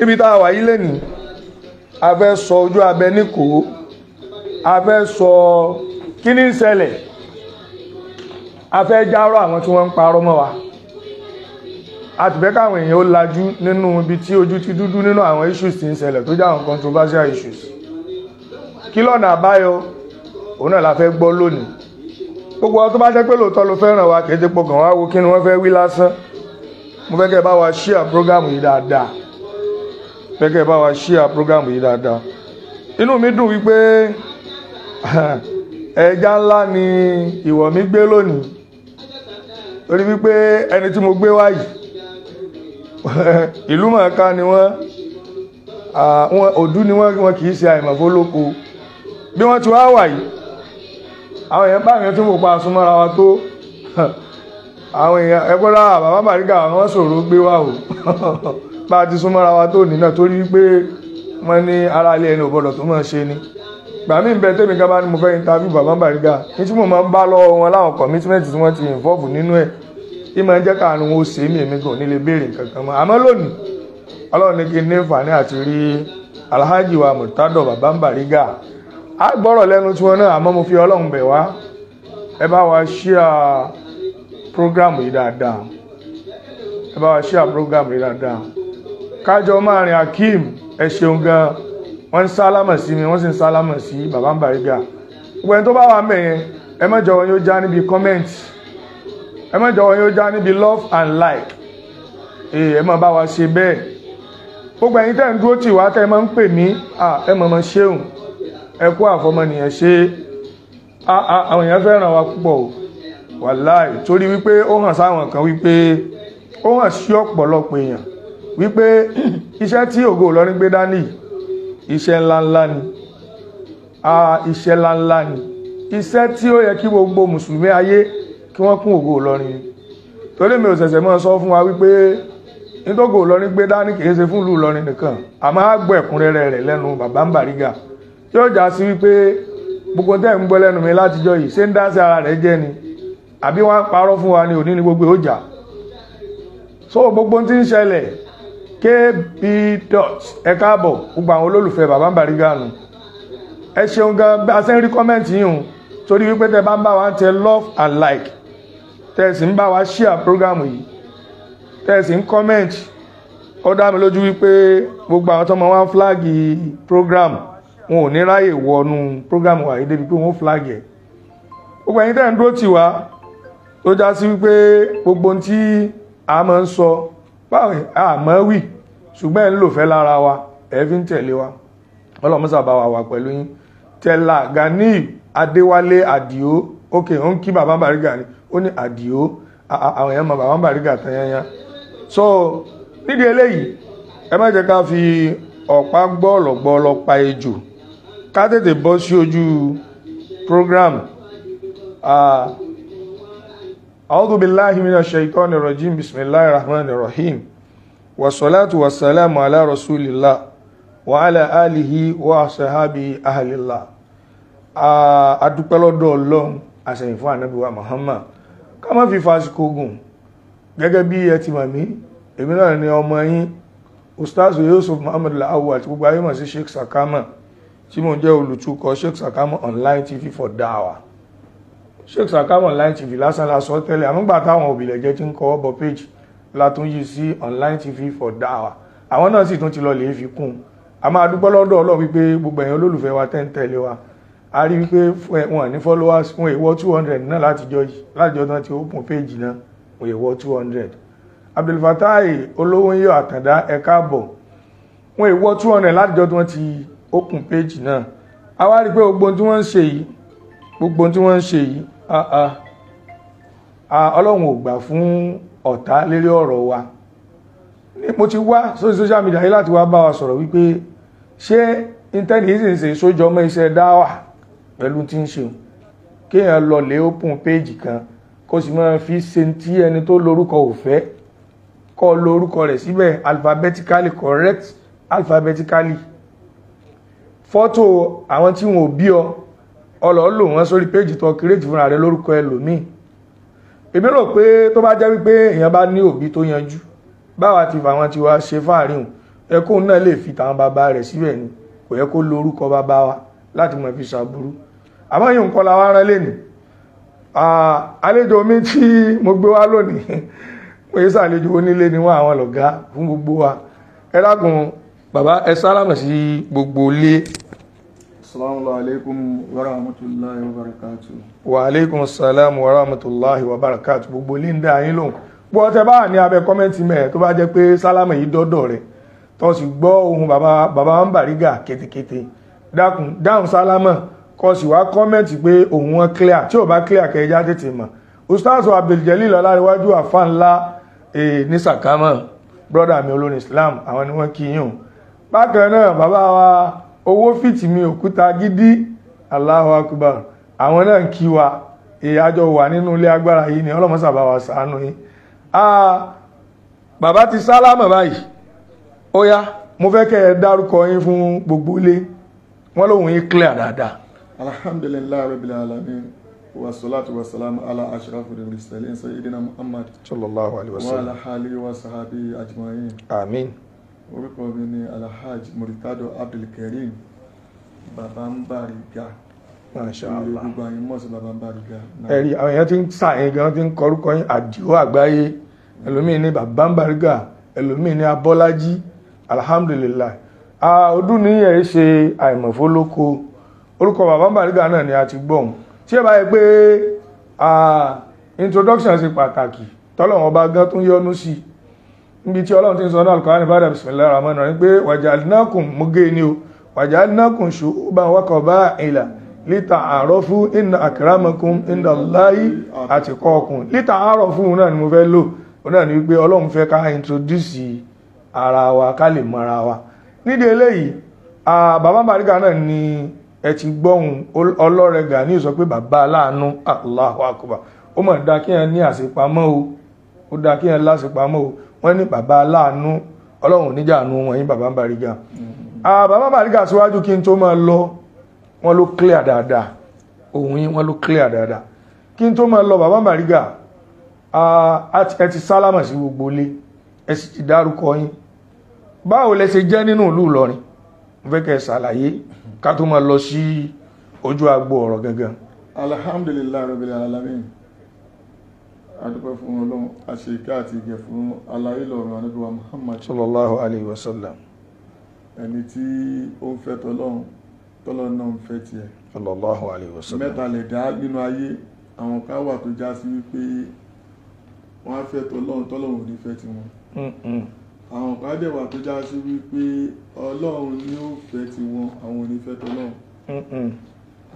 níbi tá a wà yìí lẹ́nìí a fẹ́ sọ ojú abẹ níkò a fẹ́ sọ kí ní ṣẹlẹ̀ a fẹ́ járọ àwọn tí wọ́n ń parọ́ mọ́ wa a ti fẹ́ káwọn èèyàn ó lajú nínú ibi tí ojú ti dúdú nínú àwọn issues tí ń ṣẹlẹ̀ tó jẹ́ àwọn controversial issues kí lọ́nà àbáyọ òun náà la fẹ́ gbọ́ lónìí gbogbo ọ bá jẹ́ pé lóòótọ́ ló fẹ́ràn wa kì í ti pọkàn wá wo kí ni wọ́n fẹ́ wí lásán mo fẹ́ kẹ́ bá wa share program yìí dáadáa pé kẹ́ ẹ bá wa ṣíà program yìí dáadáa inú mi dùn wípé ẹja ńlá ni ìwọ̀ mi gbé lónìí torí wípé ẹni tí mo gbé wá yìí ìlú mọ̀ọ́ká ni wọ́n òdú ni wọ́n kì í ṣe àìmọ̀fó lóko bí wọ́n ti wá wà yìí àwọn èèyàn bá èèyàn tún mọ̀ pa àsúnmọ́ra wa tó àwọn èèyàn ẹgbọ́n lára bàbá bàríkà àwọn sọ̀rọ̀ gbé wá o. bá a ti súnmọ́ ara wa tó ní náà torí pé wọ́n ní ara ilé ẹni ṣe ni gbà mí bẹ tẹ́mi ká bá ní mo fẹ́ interview Bàbá Bàrígà ní tí mo máa ń bá wọn ti involve nínú ẹ̀ tí máa ń jẹ́ káàánú wọn ṣe mí èmi gan nílé béèrè kankan mọ́ àmọ́ lónìí Alhaji wa Murtado Bàbá Bàrígà á gbọ́rọ̀ lẹ́nu tí fi Ọlọ́run bẹ̀ wá ẹ bá wa kájọ máa rìn akeem ẹ ṣeun gan wọ́n ń sálámà sí mi wọ́n sì ń sálámà sí bàbá ń bàrígà gbogbo ẹni tó bá wà ń bẹ̀ yẹn ẹ má jọ̀wọ́ yóò já níbi comment ẹ má jọ̀wọ́ yóò já níbi love and like ẹ má bá wa ṣe bẹ́ẹ̀ gbogbo ẹ̀yin tẹ́ ń dúró tì wá tẹ́ ẹ máa ń pè mí ẹ mọ̀ mọ̀ ṣeun ẹ kú àfọmọnìyàn ṣe àwọn èèyàn fẹ́ràn wa púpọ̀ wàláì torí wípé ó hàn sáwọn kan wípé ó hàn sí ọ̀pọ̀lọpọ̀ èèyàn wípé iṣẹ́ tí ògo Ìlọrin gbé dání iṣẹ́ ńláńlá ni ah iṣẹ́ ńláńlá ni iṣẹ́ tí ó yẹ kí gbogbo mùsùlùmí ayé kí wọ́n kún ògo Ìlọrin ni torí mi ò ṣẹ̀ṣẹ̀ mọ́ sọ fún wa wípé nítògo Ìlọrin gbé dání kìí ṣe fún ìlú Ìlọrin nìkan a máa gbọ́ ẹ̀kúnrẹ́rẹ́ rẹ̀ lẹ́nu bàbá ń bàrígà tí ó já sí wípé gbogbo tẹ́ ń gbọ́ lẹ́nu mi látijọ́ yìí ṣé ń dá sí ara rẹ̀ jẹ́ ni àbí wọ́n ń parọ́ fún wa ni òní ni gbogbo ó so gbogbo tí ń ṣẹlẹ̀ kb dot ẹ káàbọ̀ gbogbo àwọn olólùfẹ́ bàbá ń bàrí gànù ẹ ṣeun gan bá a ṣe ń rí kọ́mẹ́ǹtì yìí o torí wípé tẹ bá ń bá wa ń tẹ love and like tẹ sì ń bá wa share program yìí tẹ sì ń kọ́mẹ́ǹtì ó dá mi lójú wípé gbogbo àwọn tó máa wá ń flagi program wọn ò ní ráyè wọnú program wa yìí débi pé wọn ó flagi ẹ̀ gbogbo ẹ̀yin tẹ́ ń dúró tì wá tó já sí wípé gbogbo ohun tí a máa ń sọ. So, báwo àmọ́ wì ṣùgbọ́n ẹ̀ ń lò fẹ́ lára wa ẹ̀ fi ń tẹ̀lé wa ọlọ́mọ́sà bá wa wà pẹ̀lú yín tẹ́lá gani adéwálé àdìó ókè ó ń kí bàbá bàrígà ni ó ní àdìó àwọn èèyàn mọ bàbá bàrígà tán yányá so nídìí eléyìí ẹ má jẹ́ ká fi ọ̀pá gbọ́ọ̀lọ̀gbọ́ọ̀lọ̀ pa ejò ká tètè bọ́ sí ojú program. Uh, أعوذ بالله من الشيطان الرجيم بسم الله الرحمن الرحيم والصلاة والسلام على رسول الله وعلى آله وصحابه أهل الله adúpẹ́ lọ́dọ̀ Ọlọ́run àsẹ̀yìn fún ànábì wa Muhammad ká má fi fásikò gùn gẹ́gẹ́ bí ẹ ti mọ̀ mí èmi náà ni ọmọ yín ustaz Yusuf Muhammad Lawal àti gbogbo ayé mọ̀ sí Sheikh Sakama tí mo jẹ́ olùtukọ̀ Sheikh Sakama online tv for dawa Sheikh Sakam online tv lásán la sọ tẹ́lẹ̀ àmúgbà táwọn òbílẹ̀jẹ́ ti ń kọ́ bọ page la tún yí sí online tv for dawa àwọn náà sì tún ti lọ lè fi kún un a máa dúpọ́ lọ́dọ̀ ọlọ́run wípé gbogbo ẹ̀yin olólùfẹ́ wa tẹ́ ń tẹ̀lé wa a rí wípé wọn ní followers wọn èèwọ̀ two hundred náà látijọ́ yìí látijọ́ náà ti open page náà wọn èèwọ̀ two hundred Abdulfatai Olówónyọ Àtàndá ẹ káàbọ̀ wọn èèwọ̀ two hundred látijọ́ tí wọ́n ti open page náà a wá rí pé gbogbo tí wọ́n ń ṣe yìí gbogbo tí wọ́n ń ṣe yìí ọlọ́run ò gbà fún ọ̀tá lérí ọ̀rọ̀ wa mo ti wá sórí social media yìí láti wá bá wa sọ̀rọ̀ wípé ṣé intanẹ̀tì ń ṣe sójọ ọmọ iṣẹ́ dáwà pẹ̀lú tí ń ṣeun kéèyàn lọ lè open page kan kó sì máa fi ṣe tí ẹni tó lórúkọ ò fẹ́ kọ́ lórúkọ rẹ̀ síbẹ̀ alphabetically correct alphabetically fọ́tò àwọn tí wọn ò bí ọ ọlọ́ lò wọ́n sórí péjì tó kírèjì fúnra rẹ lórúkọ ẹlòmíì èmi rò pé tó bá jẹ́ wípé èèyàn bá ní òbí tó yanjú báwa ti fàwọn ti wá ṣe fáàrin ẹkún náà lè fi tàwọn bàbá rẹ̀ síbẹ̀ ni kò yẹ kó lórúkọ bàbá wa láti mọ̀ fi ṣàbúrú àmọ́ yìí nǹkan la wá rán lé ní àlejò mi tí mo gbé wá lónìí mo yẹ sàlejò onílé ni wọ́n àwọn lọ̀gá fún gbogbo wa ẹ dákun bàbá ẹ sálámọ̀ sí gbogbo ilé Assalamu alaikum warahmatullahi wabarakatuh. Wa alaikum salam warahmatullahi wabarakatuh. Gbogbo Linda yín lòun. Bọ́ tẹ bá ní abẹ kọ́mẹ́ntì mẹ́ẹ̀ tó bá jẹ́ pé sálámù yìí dọ́dọ̀ rẹ̀. Tó sì gbọ́ ohun bàbá bàbá ń bàrígà kétékété. Dákun dáhùn sálámù kọ sì wá kọ́mẹ́ntì pé òun wọn clear tí ò bá clear kẹjá tètè mọ̀. Ustaz Abduljelil Ọláríwájú àfa ńlá ní Sàkámọ̀. Brọ́dà mi olórin Islam àwọn ni wọ́n kí yín o. Bákan náà bàbá wa owó fìtì mi òkúta gidi Allahu Akbar àwọn náà ń kí wa ìyájọ wà nínú ilé agbára yìí ni ọlọ́mọsà bá wa sàánú yìí ah, bàbá ti sálámà báyìí ó yá mo fẹ́ kẹ́ ẹ dárúkọ yín fún gbogbo ilé wọ́n lóhùn yín clear dáadáa. alhamdulilayi rabbil alamin wa salatu wa salam ala ashrafu risalin sayyidina muhammad sallallahu alaihi wa sallam wa ala alihi wa sahabi ajma'in. amin. orúkọ mi ni alhaj muritado abdulkareem babambariga mashallah gbogbo àyìn mọ̀ sí babambariga. ẹ̀rí àwọn èèyàn ti ń sa yín gan ti ń kọrúkọ yín àdìó àgbáyé ẹlòmíín ní babambariga ẹlòmíín ní abọ́lájí alhamdulillah ọdún nìyẹn ṣe àìmọ̀fólókò orúkọ babambariga náà ni a ti gbọ́n tí ẹ bá yẹ pé introduction ṣe pàtàkì tọ́lọ́wọ́n ọba gan tún yọ́nú sí i níbi tí ọlọ́run ti ń sọ náà kọ́ ní bàdà bismillah rahman rahim pé wajalnakum alinakun gé e ni o wajalnakum shu'uban wa qaba'ila lítà àárọ̀fú inna akramakum inda Allahi atqakum fún àárọ̀fú náà ni mo fẹ́ lò ó náà ni wípé ọlọ́run fẹ́ ká ara wa ká mọ ara wa nídìí eléyìí bàbá náà ni ẹ ti ọlọ́rẹ̀ sọ pé bàbá aláàánú wọ́n ní bàbá aláàánú ọlọ́run níjà àánú wọn yín bàbá Bariga bàbá Bariga síwájú kí n tó máa lọ wọn ló clear dáadáa òun yín wọn ló clear dáadáa kí n tó máa lọ bàbá Bariga ẹ ti sálámà sí gbogbo ilé ẹ sì ti dárúkọ yín báwo lẹ ṣe jẹ́ nínú ìlú Ìlọrin mo fẹ́ kẹ́ ẹ ṣàlàyé ká tó máa lọ sí ojú agbo ọ̀rọ̀ gangan. alhamdulilayi rabbil alamin adúpẹ́ fún ọlọ́run àṣeká àti ìgẹ̀ fún aláyé lọ́rùn anábíwá muhammad sallallahu alayhi wa sallam ẹni tí ó ń fẹ́ tọ́lọ́run tọ́lọ́run náà ń fẹ́ tiẹ̀ sallallahu alayhi wa sallam mẹ́ta lè dá nínú ayé àwọn kan wà tó já sí wípé wọ́n á fẹ́ tọ́lọ́run tọ́lọ́run ò ní fẹ́ tiwọn àwọn kan dẹ̀ wà tó já sí wípé ọlọ́run ni ó fẹ́ tiwọn àwọn ò ní fẹ́ tọ́lọ́run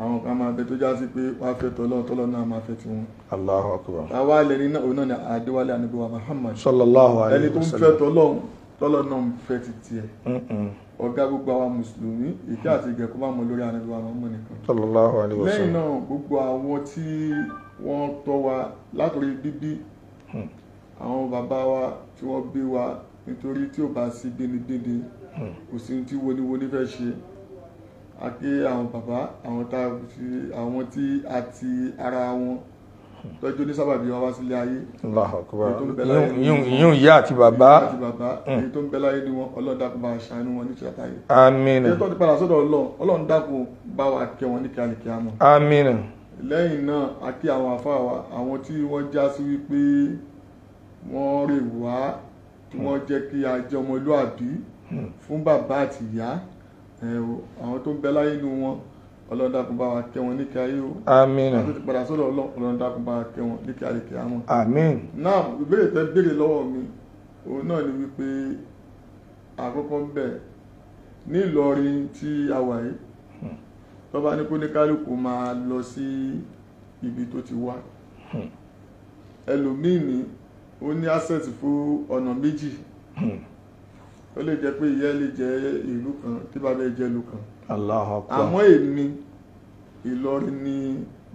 àwọn kan máa bẹ tó já sí pé wọ́n á fẹ́ tọ́lọ́ náà máa fẹ́ tiwọn. Allahu akbar. àwa lẹni náà òun náà ni àdéwálé àníbíwá Muhammad. sallallahu alayhi wa sallam ẹni tó ń fẹ́ tọ́lọ́ tọ́lọ́ náà ń fẹ́ ti tiẹ̀. ọ̀gá gbogbo àwa mùsùlùmí ìkẹ́ àti ìgẹ̀ kó mọ lórí àníbíwá Muhammad nìkan. sallallahu alayhi wa sallam. lẹ́yìn náà gbogbo àwọn tí wọ́n tọ́ wa látòrí bíbí hmm. àwọn bàbá wa tí wọ́n bí wa nítorí tí ò bá sí bínibíni hmm. kò sí tí woni woni ṣe a kí àwọn bàbá àwọn tá a fi àwọn tí a ti ara wọn tọ́jú ní sábàbí wa wá sílé ayé. yíyún ìyá àti bàbá. àti bàbá èyí tó ń bẹ láyé ni hmm. wọn ọlọ́run dákun bá aṣàánú wọn ní ti àtàyè. amínà. èyí tó ti padà sọ́dọ̀ ọlọ́run ọlọ́run dákun bá wa kẹ́ wọn ní kíákíá mọ́. amínà. lẹ́yìn náà a kí àwọn àfáà wa àwọn tí wọ́n já sí wípé wọ́n rè wá tí hmm. wọ́n jẹ́ kí a jẹ́ ọmọlúàbí hmm. fún bàbá àti ìyá àwọn tó ń bẹ láyé inú wọn ọlọ́run dákun bá wa kẹ́ wọn níkẹ́ ayé o. àmín. àti ti padà sọ́dọ̀ ọlọ́run dákun bá wa kẹ́ wọn níkẹ́ ayé kẹ́ àmọ́. àmín. náà ìbéèrè tẹ́ béèrè lọ́wọ́ mi òun náà ni wípé àkọ́kọ́ ń bẹ̀ ní Ìlọrin tí a wà yìí tó ní kó ní kálukú máa lọ sí ibi tó ti wá hmm. ẹlòmíì ni ó ní access fún ọ̀nà méjì. Hmm ó lè jẹ́ pé ìyá lè jẹ́ ìlú kan tí bàbá ẹ jẹ́ ìlú kan. àmọ́ èmi Ìlọrin ni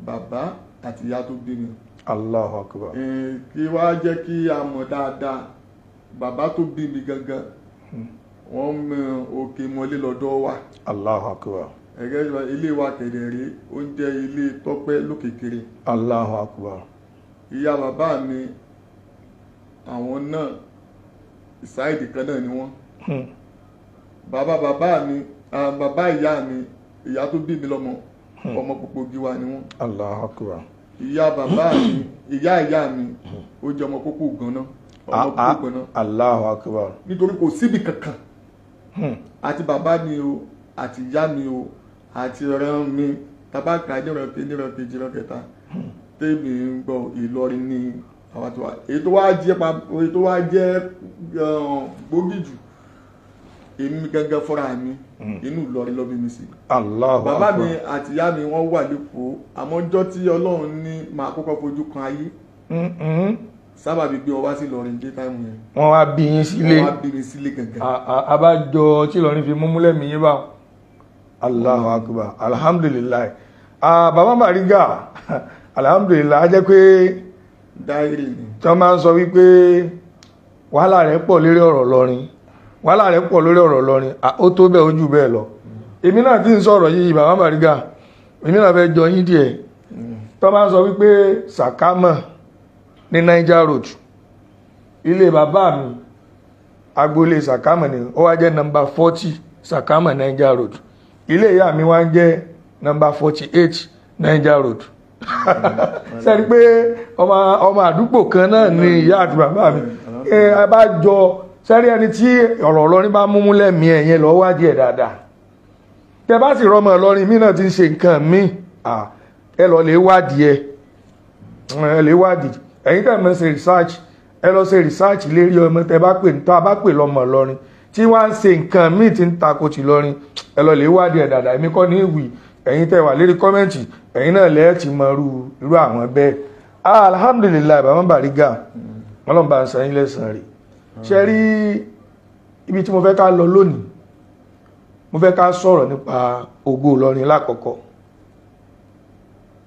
bàbá àti ìyá tó bí mi. Allahu Akbar. kí wá jẹ́ kí a mọ̀ dáadáa bàbá tó bí mi gangan hmm. wọ́n mú òkè mọ́lé lọ́dọ̀ wa. Allahu Akbar ẹ̀gẹ́ ilé wa kẹ̀dẹ̀ rí oúnjẹ ilé tọ́pẹ́ lókèkèrè. Allahu ìyá bàbá mi àwọn náà ìsáìdì kan náà ni wọ́n. Hmm. bàbá bàbá mi bàbá ìyá mi ìyá tó bí mi lọ́mọ hmm. ọmọ Pópógi wa ni wọ́n. Allahu Akbar. ìyá bàbá mi ìyá ìyá mi ó jẹ́ ọmọ Pópó gan-an ọmọ Pópó gan-an. Allahu Akbar. nítorí kò síbi kankan hmm. àti bàbá mi o àti ìyá mi o àti ọ̀rẹ́ mi tabaka nírọ̀kẹ́ nírọ̀kẹ́ jírọ̀kẹ́ta tèmi ń gbọ́ Ìlọrin ní àwọn àti wa èyí tó wá jẹ́ gbòógì jù èmi gángan fúnra mi hmm. inú Ìlọrin lọ bí mi sí. bàbá mi àti ìyá mi wọ́n wà lẹ́kọ̀ọ́ àmọ́ ọjọ́ tí Ọlọ́run ní màá kọ́kọ́ fojú kan ayé hmm, hmm. sábà bí gbé wọn wá sí Ìlọrin dé táìmù yẹn. wọ́n wá bí yín sílé wọ́n wá bí mi sílé gángan. abájọ tí Ìlọrin fi múmú lẹ́mìí yín bá Allahu Akbar alhamdulilayi bàbá Bariga alhamdulilayi a jẹ́ pé tí wọ́n máa ń sọ wípé wàhálà rẹ̀ pọ̀ lérí ọ̀rọ̀ lọ́rin. wàhálà rẹ̀ pọ̀ lórí ọ̀rọ̀ lọrin ó tó bẹ́ẹ̀ ojú bẹ́ẹ̀ lọ èmi náà ti ń sọ̀rọ̀ yìí bàbá Bariga èmi náà fẹ́ jọ yín díẹ̀ tó bá sọ wípé sàkámọ̀ ní Niger Road ilé bàbá mi agboolé sàkámọ̀ ni ó wá jẹ́ nọmba forty sàkámọ̀ Niger Road ilé ìyá mi wá ń jẹ́ nọmba forty eight Niger Road sẹ́ni pé ọmọ àdúgbò kan náà ni ìyá àti bàbá mi mm, mm, mm. ẹ abájọ sẹ́rí ẹni tí ọ̀rọ̀ ọlọ́rin bá múmú lẹ́mí ẹ̀yẹn lọ wádìí ẹ̀ dáadáa tẹ bá sì rọmọ ọlọ́rin mí náà ti ń ṣe nǹkan mí ẹ lọ lè wádìí ẹ lè wádìí ẹ̀yin tẹ̀ mọ́ ṣe research ẹ lọ ṣe research lérí ọmọ tẹ bá pè tá a bá pè lọmọ ọlọ́rin tí wọ́n á ń ṣe nǹkan mí ti ń takò tì lọ́rin ẹ lọ lè wádìí ẹ̀ dáadáa èmi kọ́ ní ìwì ẹ̀yin tẹ wà lérí kọ́mẹ́ǹtì ẹ̀yin náà lẹ́ẹ̀ ti mọ irú àwọn bẹ́ẹ̀ alhamdulilayi bàbá bàrígà ọlọ́mọba ń sanyí lẹ́sàn-án rèé ṣe rí ibi tí mo fẹ́ ká lọ lónìí mo fẹ́ ká sọ̀rọ̀ nípa ògo Ìlọrin lákọ̀ọ́kọ́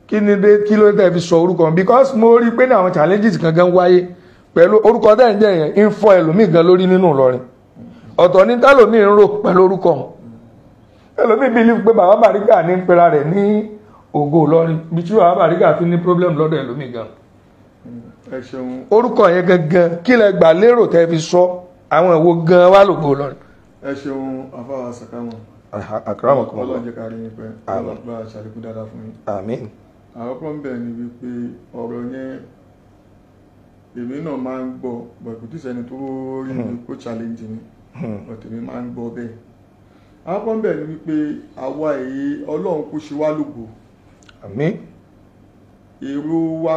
kí ni kí ló tẹ̀ fi sọ orúkọ because mo rí i pé ní àwọn challenges kan gan wáyé pẹ̀lú orúkọ tẹ̀ ń jẹ́ yẹn ń fọ ẹlòmíì gan lórí nínú Ìlọrin ọ̀tọ̀ ní tẹ́lòmíì ń rò pẹ̀lú orúkọ ẹlòmíì believe pé bàbá Bàrígà ní ń pera rẹ̀ ní ògo Ìlọrin bí tí bàbá Bàrígà fi ní problem lọ́dọ̀ ẹlòmíì gan ẹ orúkọ yẹn gangan kí lẹ gbà lérò tẹ fi sọ àwọn ìwo gan wà lóko lọrùn. ẹ ṣeun afáwa sàkámọ. àkàràmọkọ mọ Ọlọ́run jẹ́ ká rí yín pẹ́ Ọlọ́run bá aṣàlékún dáadáa fún yín. àmín. àkọ́kọ́ ń bẹ̀ ni wípé ọ̀rọ̀ yẹn èmi náà máa ń gbọ́ bọ̀dù tí sẹ́ni tó rí mi hmm. kó challenge ni bọ̀dù mi hmm. máa ń gbọ́ bẹ́ẹ̀. àkọ́kọ́ ń bẹ̀ ni wípé àwa èyí Ọlọ́run kò ṣe wá lógo. àmín. èrò wa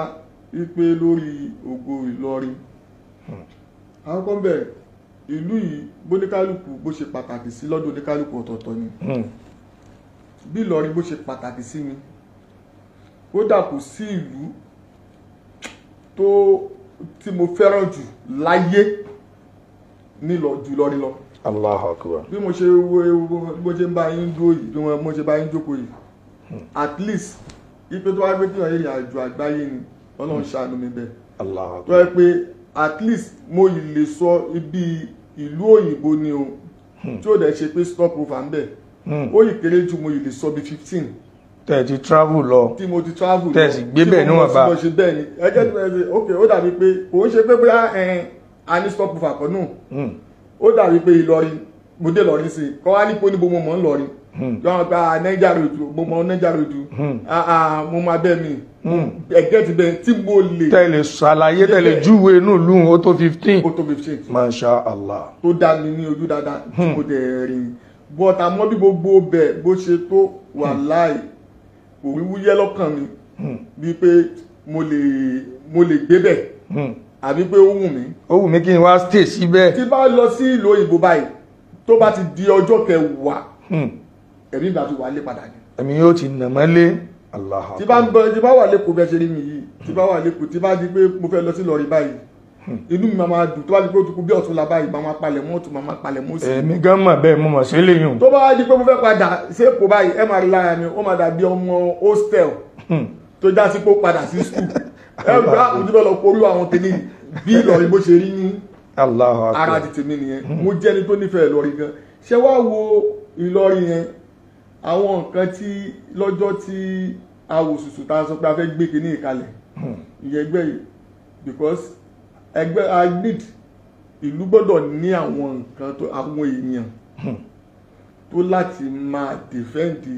wípé lórí ògo Ìlọrin hmm. àkọ́kọ́ bẹ̀ ìlú yìí bóníkálùkù bó ṣe pàtàkì sí lọ́dún oníkálùkù ọ̀tọ̀ọ̀tọ̀ ni hmm. bí Ìlọrin bó ṣe pàtàkì sí mi kódà kò sí ìlú tó tí mo fẹ́ràn jù láyé nílọ jù lọrin lọ. Allahu Akbar. bí mo ṣe wo bí mo ṣe ń bá yín dúró yìí bí mo ṣe bá yín jókòó yìí hmm. at least ipe tó wá gbé kí wọ́n yẹ ìrìn àjò àgbáyé ni ọlọ́run ṣàánú mi bẹ́ẹ̀ tó yẹ pé at least mo lè sọ ibi ìlú òyìnbó ni o hmm. tí ó dẹ̀ ṣe pé stop over ń bẹ̀ hmm. ó yìí kéré jù mo lè sọ bí fifteen tẹ̀ ti travel lọ tí mo ti travel lọ tẹ̀ sì gbé bẹ́ẹ̀ níwọ̀n bá tí mo ṣe bẹ́ẹ̀ ni ẹ jẹ́ tí ok ó dàbí pé kò ń ṣe pé bóyá a ní stop over kan náà hmm. ó dàbí pé Ìlọrin mo dé Ìlọrin sí i kọ́ wá ní pé ó mo mọ̀ ń lọrin lọ́wọ́n hmm. gba niger road mo mọ niger road hmm. ah, ah, mo mọ abẹ́ mi ẹ̀gẹ́ ti bẹ̀rẹ̀ tí mo lè. tẹ̀lé ṣàlàyé tẹ̀lé júwe inú ìlú ó fifteen. ó fifteen. masha allah. tó dá mi ní ojú dáadáa tí hmm. mo dẹ̀ rìn but àmọ́ bí gbogbo bẹ̀ bó ṣe tó wà láì òwe wúyẹ́ lọ́kàn mi bíi pé mo lè mo lè gbé bẹ̀ àbí pé ó wù mí. ó wù mí kí n wá stay síbẹ̀. tí bá lọ sí ìlú òyìnbó báyìí tó bá ti di ọjọ́ kẹwàá ẹ̀mí ìgbà tó wà lé padà ni. ẹ̀mí yóò ti nà mọ́lé Allah. tí bá ń bọ tí bá wà lẹ́kọ̀ọ́ bẹ́ẹ̀ ṣe rí mi yìí tí bá wà lẹ́kọ̀ọ́ tí bá di pé mo fẹ́ lọ sí lọ́ọ̀rì báyìí hmm. inú mi máa dùn tó bá di pé ó ti kú bí ọ̀tún la báyìí máa palẹ̀ mọ́ ọ̀tún máa palẹ̀ mọ́ sí. èmi gan mọ̀ bẹ́ẹ̀ mo mọ̀ sí lẹ́yìn. tó bá di pé mo fẹ́ padà sépò báyìí ẹ máa rí lára ó máa dàbí ọmọ hostel hmm. tó já sí pé ó padà sí school ẹ gbá òjúbọ lọ polú àwọn tèmi bí Ìlọrin bó ṣe rí ní ara ti tèmi nìyẹn hmm. mo jẹ́ni tó nífẹ̀ẹ́ Ìlọrin gan ṣé wàá wo Ìlọrin yẹn àwọn nǹkan tí lọ́jọ́ tí awòsùsù tá a sọ pé a fẹ́ gbé kinní ìkalẹ̀ ìyẹn ẹgbẹ́ yìí because ẹgbẹ́ a need ìlú gbọ́dọ̀ ní àwọn nǹkan tó àwọn èèyàn tó láti máa dìfẹ́ǹdì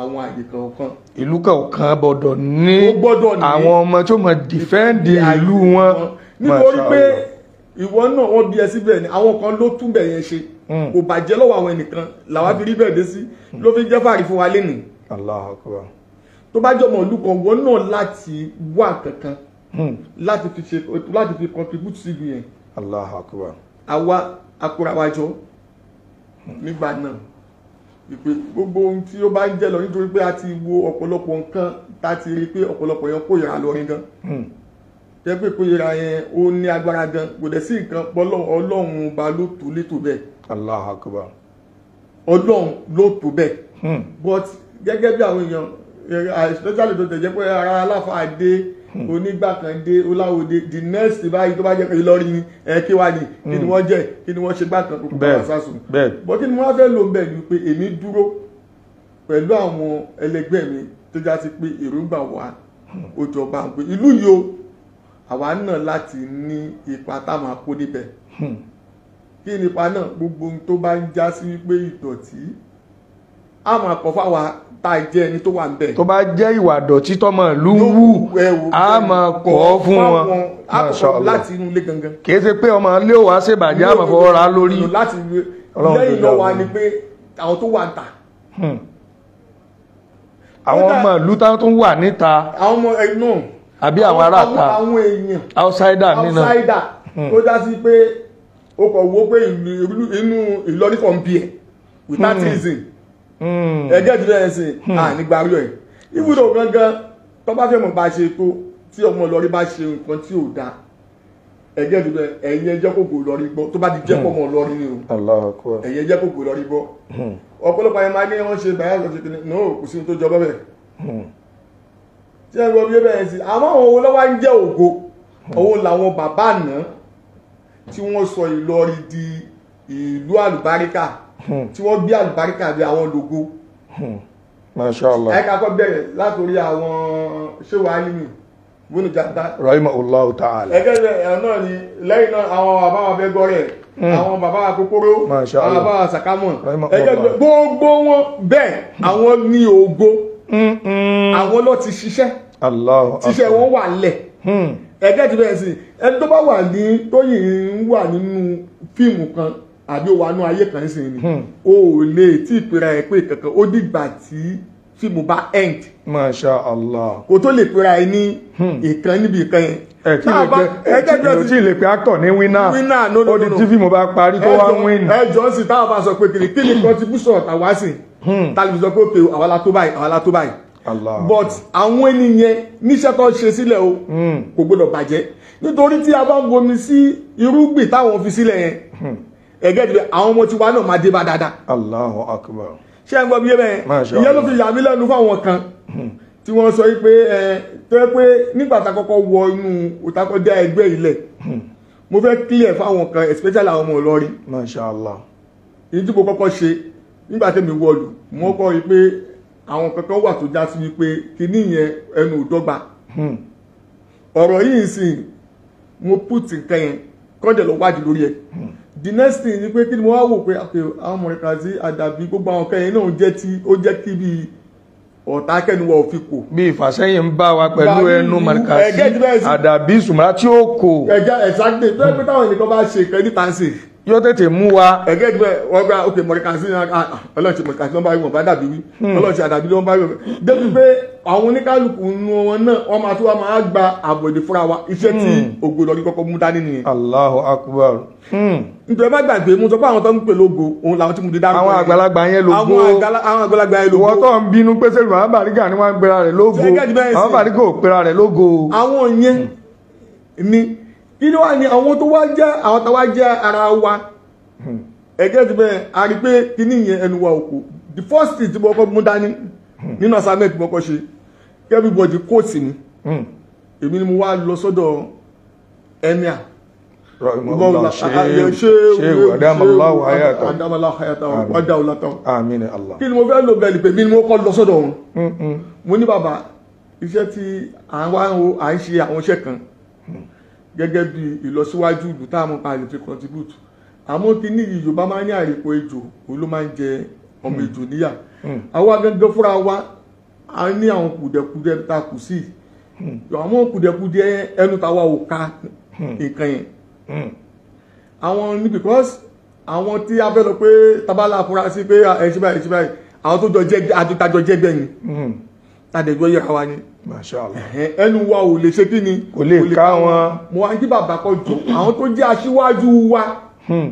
àwọn àyè kọ̀ọ̀kan. ìlú kọ̀ọ̀kan gbọ́dọ̀ ní àwọn ọmọ tó máa dìfẹ́ǹdì ìlú wọn. nítorí pé ìwọ náà wọ́n bí ẹ síbẹ̀ ni àwọn kan ló tún bẹ̀ yẹn ṣe. Mm. kò bàjẹ́ lọ́wọ́ àwọn ẹnìkan làwa fi rí bẹ́ẹ̀ dé sí mm. ló fi jẹ́ fàárí fún wa lénìí. Allahu Akbar. tó bá jọmọ olùkọ wọ náà láti wà kankan mm. láti fi ṣe láti fi contribute sí ibi yẹn. Allahu Akbar. àwa akórawájọ nígbà náà ìpè gbogbo ohun tí ó bá ń jẹ́ lọ nítorí pé a ti wo ọ̀pọ̀lọpọ̀ nǹkan tá a ti rí i pé ọ̀pọ̀lọpọ̀ yẹn kó ìra gan jẹ́ pé kó ìra ó ní agbára gan kò dẹ̀ sí nǹkan pọ́lọ́ ọlọ́run ba ló tó létò bẹ́ẹ̀ allah akbar ọlọ́run ló tó bẹ́ẹ̀ hmm. but gẹ́gẹ́ bí àwọn èèyàn eh, ah, especially tó tẹ̀ jẹ́ pé ara aláfáà dé hmm. onígbàkàndé oláwòde the next báyìí tó bá jẹ́ pé Ìlọrin ni ẹ kí wá ní kí ni hmm. wọ́n jẹ́ kí ni wọ́n ṣe gbàkan kó kó sásùn but kí ni wọ́n fẹ́ lò ń bẹ̀ ni pé èmi dúró pẹ̀lú àwọn ẹlẹgbẹ́ mi tó já sí pé èròǹgbà wà ó jọba pé ìlú yìí o àwa náà láti ní ipa táwọn akó níbẹ̀ kí nípa náà gbogbo ohun tó bá ń já sí wípé ìdọ̀tí a máa kọ̀ fáwa tá a jẹ́ ẹni tó wà níbẹ̀. tó bá jẹ́ ìwà dọ̀tí tọmọ ìlú wù a máa kọ̀ ọ́ fún wọn àkọ́kọ́ láti inú ilé gangan. kì í ṣe pé ọmọ ilé ò wá ṣèbàjẹ́ àmọ́ fọwọ́ ra lórí. lẹ́yìn náà wà ní pé àwọn tó wà ń ta hmm. àwọn ọmọ ìlú táwọn tó wà níta àwọn ọmọ ẹ̀nà àbí àwọn ará ta àwọn èèyàn outsider nínú outsider hmm. tó dá sí pé ó kọ̀ wo pé inú Ìlọrin kan bí ẹ̀ without hmm. reason ẹ̀jẹ̀ ti lẹ́yìn sí ànígbà rí ẹ̀ ibùdó gangan tó bá fẹ́ mọ̀ bá ṣe tó tí ọmọ Ìlọrin bá ṣe nǹkan tí ò dáa ẹ̀jẹ̀ ti lẹ́yìn ẹ̀yìn ẹjẹ́ kòkò Ìlọrin gbọ́ tó bá ti jẹ́ pọ̀mọ̀ hmm. Ìlọrin ni o ẹ̀yìn ẹjẹ́ kòkò Ìlọrin gbọ́ hmm. ọ̀pọ̀lọpọ̀ ayé máa ní wọ́n ṣe bàyá lọ sí kìnnì náà kò sí tó jọ bẹ́ẹ̀ tí ẹ gbọ́ bí ẹ bẹ̀rẹ̀ sí àmọ́ àwọn owó lọ́wọ́ ń jẹ́ ògo owó làwọn bàbá náà tí wọ́n sọ Ìlọrin di ìlú àlùbáríkà hmm. tí wọ́n gbé àlùbáríkà bí àwọn lògo. Hmm. mashallah ẹ kakọ bẹ̀rẹ̀ látòrí àwọn ṣéwà alimi bónú jata. rahima allah ta'ala. ẹgẹ ẹ náà ni lẹ́yìn náà àwọn bàbá wa fẹ gọrẹ hmm. àwọn bàbá wa kókóró àwọn bàbá wa sàkámọ ẹgẹ gbogbo wọn bẹ́ẹ̀ àwọn ní ògo àwọn ló ti ṣiṣẹ́ tíṣẹ́ wọn wà lẹ ẹ̀gẹ́ ti bẹ̀rẹ̀ sí ẹni tó bá wà ní tóyìn ń wà nínú fíìmù kan àbí ó wà nú ayé kan sí ni hmm. o ò lè tí ì pera ẹ pé kankan ó dìgbà tí fíìmù bá end. masha allah. kò tó lè pera ẹ ní hmm. ìkan níbi ìkan yẹn ẹ̀kí lè pe actor ní winner ó di tí fíìmù bá parí tó wá win. ẹ jọ sí táwọn bá sọ pé kí ni contribution tàwa sí hmm. tàbí sọ pé òkè àwa la tó báyìí àwa la tó báyìí but àwọn ènìyàn níṣẹ́ tó ṣe sílẹ̀ o hmm. kò gbọ́dọ̀ bàjẹ́ nítorí tí a bá ń gomi sí irúgbìn táwọn fi sílẹ̀ yẹn ẹ̀gẹ́ ti bẹ àwọn ọmọ tiwa náà máa dé bá dáadáa. Allahu akbar. ṣé ẹ ń gbọ́ bí yé bẹ́ẹ̀ ìyẹn ló fi yà mí lẹ́nu fáwọn kan hmm. tí wọ́n sọ pé ẹ tó yẹ pé nígbà tá a kọ́kọ́ wọ inú òtakọ́ dá ẹgbẹ́ ilẹ̀ hmm. mo fẹ́ clear fáwọn kan especially àwọn ọmọ Ìlọrin. Masha Allah. èyí tí mo kọ́kọ́ ṣe nígbà tẹ́mi wọlù mo kọ́ rí pé àwọn kankan wà tó já sí wípé kíní yẹn ẹnu ò dọ́gba hmm. ọ̀rọ̀ yìí sì mo put nǹkan yẹn kọ́dẹ̀ lọ wádìí lórí ẹ̀ hmm. the next thing ni pé kí ni mo wá wò pé àwọn ọmọrin kan sí àdàbí gbogbo àwọn kẹyìn náà jẹ́ tí ó jẹ́ kí bíi ọ̀tá kẹ́nuwọ̀ fi kò. bí ìfàsẹ́yìn ń bá wa pẹ̀lú ẹnu mọ̀rìkàsí àdàbí sùmọ́ra tí ó kò. ẹ̀jẹ̀ ẹ̀sàgbè bẹ́ẹ̀ pé táwọn ènìyàn bá ṣe ìkẹ́ níta sí i yóò tètè mú wa. ẹgẹ ìgbẹ wọn òkè mọrìkàsí ah, ah, ọlọ́ọ̀tì mọrìkàsí ló ń bá wọn bá dàbí wí hmm. ọlọ́ọ̀tì àdàbí ló ń bá wọn. débi pé àwọn oníkálukú nu wọn náà wọn máa tún wá máa gba ààbò èdè fúnra wa iṣẹ́ tí hmm. ògo lórí kọ́kọ́ mú dání nìyẹn. Allahu Akbar. nítorí hmm. má gbàgbé mo sọ pé àwọn tó ń pè lógo òun làwọn tí mo di dárúkọ. àwọn àgbàlagbà yẹn lógo kí ló wà ní àwọn tó wá jẹ́ àwọn tó wá jẹ́ ara wa ẹ̀gẹ́ ti bẹ́ẹ̀ a rí pé kíní yẹn ẹnu wa òkú the first thing tí mo kọ́ mú dání nínú assignment mo kọ́ ṣe everybody quote mi èmi ni mo wá lọ sọ́dọ̀ emir kí ni mo fẹ́ lò bẹ́ẹ̀lì pé mi ni mo kọ́ lọ sọ́dọ̀ òun mo ní bàbá iṣẹ́ tí à ń wá à ń ṣe àwọn iṣẹ́ kan gẹ́gẹ́ bí ìlọsíwájú ìlú tá a mọ̀ àlè fi contribute àmọ́ kí ní ìyí yorùbá máa ń ní àrèpo ejò òun ló máa ń jẹ ọmọ hmm. ejò níyà hmm. àwa gẹ́gẹ́ fúnra wa a ní àwọn kùdẹ̀kùdẹ ta kù sí hmm. àwọn kùdẹ̀kùdẹ ẹnu tàwa ò ka nǹkan yẹn àwọn ní because àwọn tí a fẹ́ lọ pé tabala afurasí pé ah, ẹ̀ ṣe báyìí ẹ̀ ṣe báyìí àwọn tó jọ jẹ́ àjọtajọ jẹ́ bẹ́ẹ̀ tàdẹ̀jọ́ yẹ wa ni. ẹnu wa ò lè ṣe kí ni. kò lè ká wọn. mo wá kí bàbá kan jù àwọn tó jẹ́ aṣíwájú wa. Hmm.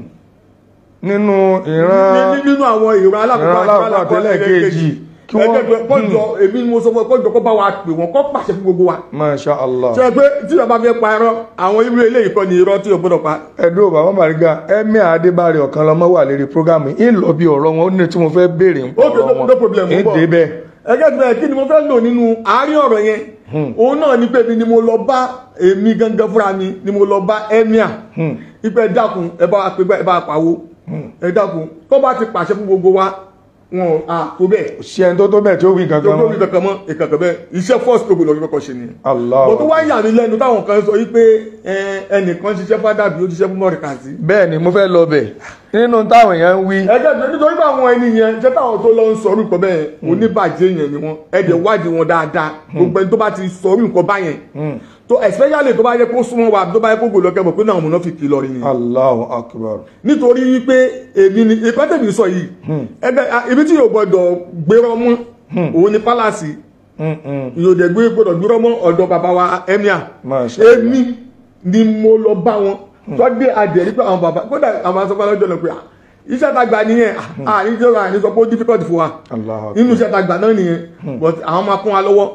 nínú ìran nínú àwọn ìran alákọ̀ọ́kọ́ àtẹ́lẹ̀ kejì kí wọ́n kọjọ hmm. èmi ni mo sọ fún ẹ kọjọ kó bá wa pè wọ́n kó pàṣẹ fún gbogbo wa. masha allah. ṣe pé tí bàbá fi pa irọ́ àwọn irú eléyìí kọ́ ni irọ́ tí o gbọ́dọ̀ pa. ẹ̀dùn bàbá Bariga ẹ̀mí Adébárí Ọ̀kanlọ́mọ wà lérí programu yìí ń lọ bí ọ̀rọ̀ wọn ó ní tí mo fẹ́ béèrè ń pọ̀ ẹgẹ́gbẹ́ kí ni mo fẹ́ lò nínú àárín ọ̀rọ̀ yẹn hmm. òun náà ni pé mi ni mo lọ bá èmi gangan fúnra mi ni mo lọ bá emir ipe hmm. dákun ẹ bá wa pé ẹ bá wa pawó hmm. ẹ dákun tó bá ti pàṣẹ fún gbogbo wa wọn a ah. tó bẹ́ẹ̀. ṣé ẹni tó tó bẹ́ẹ̀ tí ó wí kankan mọ́. tó wí kankan mọ́ ìkankan bẹ́ẹ̀ iṣẹ́ first ogun lọ́jọ́ kọ́kọ́ ṣe ni. aláwọ̀ bó tó wá yà mí lẹ́nu táwọn kan sọ yí pé ẹnìkan ṣiṣẹ́ fádà bí ó ṣiṣẹ́ fún mọ́rin sí. bẹ́ẹ̀ mo fẹ́ lọ bẹ̀ nínú táwọn èèyàn ń wí. ẹgbẹ́ nítorí pé àwọn ẹni yẹn ṣé táwọn tó lọ ń sọ orúkọ bẹ́ẹ̀ hmm. oníbàjẹ́ yẹn ni wọ́n ẹ̀jẹ̀ hmm. wádìí wọn dáadáa gbogbo hmm. ẹni tó bá ti sọ orúkọ báyẹn tó especially tó bá yẹ kó súnmọ́ wa tó bá yẹ kó gbòòlò kẹ́mọ̀ pé náà múná fi kì í lọ rí ni. Allahu akbar. nítorí wípé èmi ni ìpẹ́ tèmi sọ yìí hmm. ẹgbẹ́ ibi tí yóò gbọdọ̀ gbérọ́ mú hmm. òun ni pálásì hmm, yóò dẹ̀ gbé gbọdọ̀ gbérọ́ mọ́ ọ̀dọ̀ bàbá wa emir èmi ni mo lọ bá wọn tọ́gbé adẹ̀ nípa àwọn bàbá kódà àwọn asọ́pá lọ́jọ́ lọ pé ah, iṣẹ́ tàgbà nìyẹn àníjọba ah, ah, àníjọ pé ó difficult fún wa nínú iṣẹ́ tàgbà náà nìyẹn but àwọn máa kún wa lọ́wọ́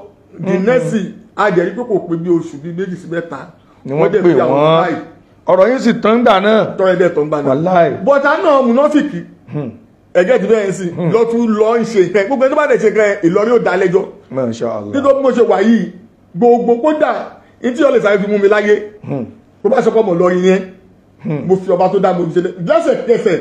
the next a jẹ́ rí pé kò pé bí oṣù bíi méjì sí mẹ́ta ni wọ́n pè wọ́n ọ̀rọ̀ yìí sì tán gbà náà tọ́rẹ́ dẹ̀ tán gbà náà bọ́tà náà múnáfìkì hmm. ẹ̀gẹ́ ti bẹ́ẹ̀ sí hmm. lọ tún lọ ń ṣe ìkẹ́ gbogbo ẹni tó bá dẹ̀ ṣe kẹ́ Ìlọrin ò dá lẹ́jọ́ nítorí bí mo ṣe wà yìí gbogbo kódà ìtí ọ̀lẹ̀ sáré fi mú mi láyé hmm. bó bá ṣe pọ̀ mọ̀ lọ yẹn mo fi ọba tó dá mo fi ṣe lẹ́sẹ̀kẹsẹ̀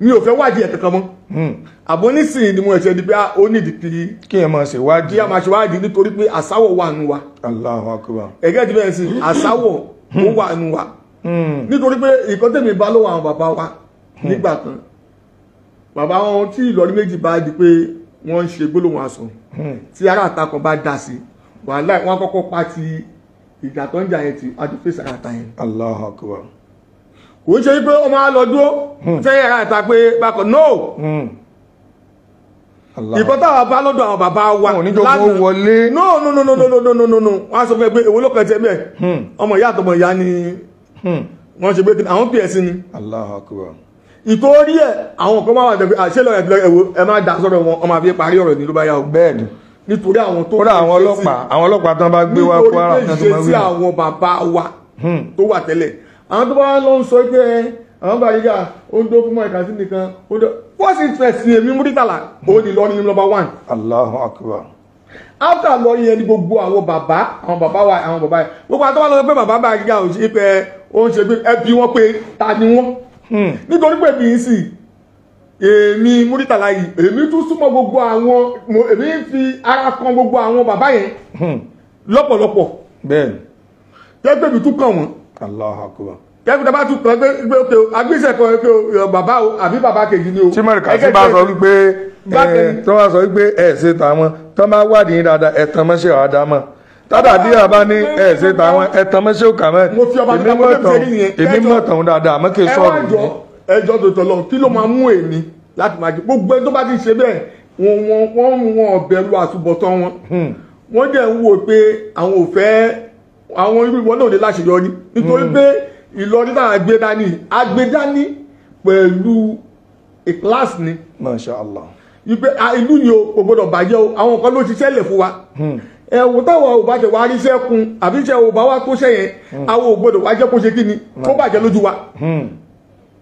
mi ò fẹ́ wádìí ẹ̀ kankan mọ́ hmm. àbọ̀ nísìnyí ni mo ẹ̀ṣẹ̀ di pé ó ní ìdí kí kí ẹ máa ṣe wádìí kí ẹ máa ṣe wádìí nítorí pé àsáwọ̀ wà nù wa Allahu Akbar ẹ̀gẹ́ ti bẹ́ẹ̀ sí àsáwọ̀ ó wà nù wa hmm. nítorí pé ìkan tèmi bá lọ́wọ́ àwọn bàbá wa hmm. nígbà kan bàbá wọn tí ìlọrí méjì bá di pé wọ́n ń ṣe gbólóhùn asọ̀ tí ará àtakọ̀ bá dá sí wàhálà wọn kọ́kọ́ pa ti ìjà tó ń jà yẹn ti adúfẹ́sàrà ta yẹn Allahu Akbar kò ń ṣe wípé ó máa lọ dúró sẹ́yìn ara ìta pé bákan no hmm. ìkọ́ táwọn bá lọ́dọ̀ àwọn bàbá wa lánàá wọlé no no no no no no no no no wọ́n á sọ fún ẹ pé èwo ló kàn tẹ́ bẹ́ẹ̀ hmm. ọmọ ìyá àtọmọ ìyá ni hmm. wọ́n ṣe pé àwọn pè é sí ni ìtorí ẹ̀ àwọn kan máa wà tẹ̀gbẹ́ àṣẹlọ ẹ̀ ẹ̀wò ẹ máa dà sọ́dọ̀ wọn ọmọ àfi parí ọ̀rọ̀ ní ló bá yá o bẹ́ẹ̀ni nítorí àwọn tó kọ́ra àwọn ọlọ́pàá àwọn ọlọ́pàá tán bá gbé wá Kwara tán tó máa wí nítorí èyí àwọn bàbá wa tó wà tẹ́lẹ̀ àwọn tó bá lọ ń sọ pé àwọn bá yíyá ó ń dókú mọ́ ìkàsí nìkan ó dó what's interest ní èmi múrítàlá ó ní lọ́ọ́ ní number one. Allahu Akbar after lọ yẹn ni gbogbo àwọn bàbá àwọn bàbá wa àwọn bàbá yẹn gbogbo àtọ́wọ́ lọ pé bàbá bá yíyá ò ṣe pé ó ń ṣe pé ẹbí wọn pé ta ni wọn hmm. nítorí pé mi ń sìn èmi múrítàlá yìí èmi tún súnmọ́ gbogbo àwọn èmi ń fi ara kan gbogbo àwọn bàbá yẹn hmm. lọ́pọ̀lọpọ̀ bẹ́ẹ̀ tẹ́gbẹ̀mí tún kàn wọ́n Allahu Akbar kẹ́kùn tó bá tún kàn pé pé agbésẹ̀ kan pé bàbá o àbí bàbá kejì ni o. tí mọ̀rìkà sí bá sọ wípé tó bá sọ wípé ẹ̀ ṣe tàwọn tó bá wádìí dáadáa ẹ̀ tán mọ́ṣẹ́ àdámọ́ tádà bí a bá ní ẹ ṣe tàwọn ẹtàn mọ́ṣẹ́ òkà mẹ́ èmi mọ̀ tàn dáadáa àmọ́ kí n sọ̀rọ̀ ní. ẹjọ́ tó tọ̀ lọ kí ló máa mú èmi láti máa jẹ gbogbo ẹni tó bá ti ṣe bẹ́ẹ̀ wọ́n wọ́n wọ́n bẹ̀rù àtúbọ̀tán wọn hmm. wọ́n dẹ̀ ń wò pé àwọn ò fẹ́ àwọn irú ìwọ náà lè láṣeyọrí nítorí hmm. pé Ìlọrin tá a gbé dání a gbé dání pẹ̀lú ìkíláàsì ni. Masha Allah. ìpè ah, ìlú yìí o gbọ́dọ̀ bàjẹ́ o àwọn nǹkan ló ṣiṣẹ́ lẹ̀ fún wa hmm. ẹ̀wù táwọn ò bá ṣe wá ríṣẹ́ kun àbí ṣe ò bá wá tó ṣe yẹn hmm. àwọn ò gbọ́dọ̀ wá jẹ́ kó ṣe kí ni kó bàjẹ́ lójú wa.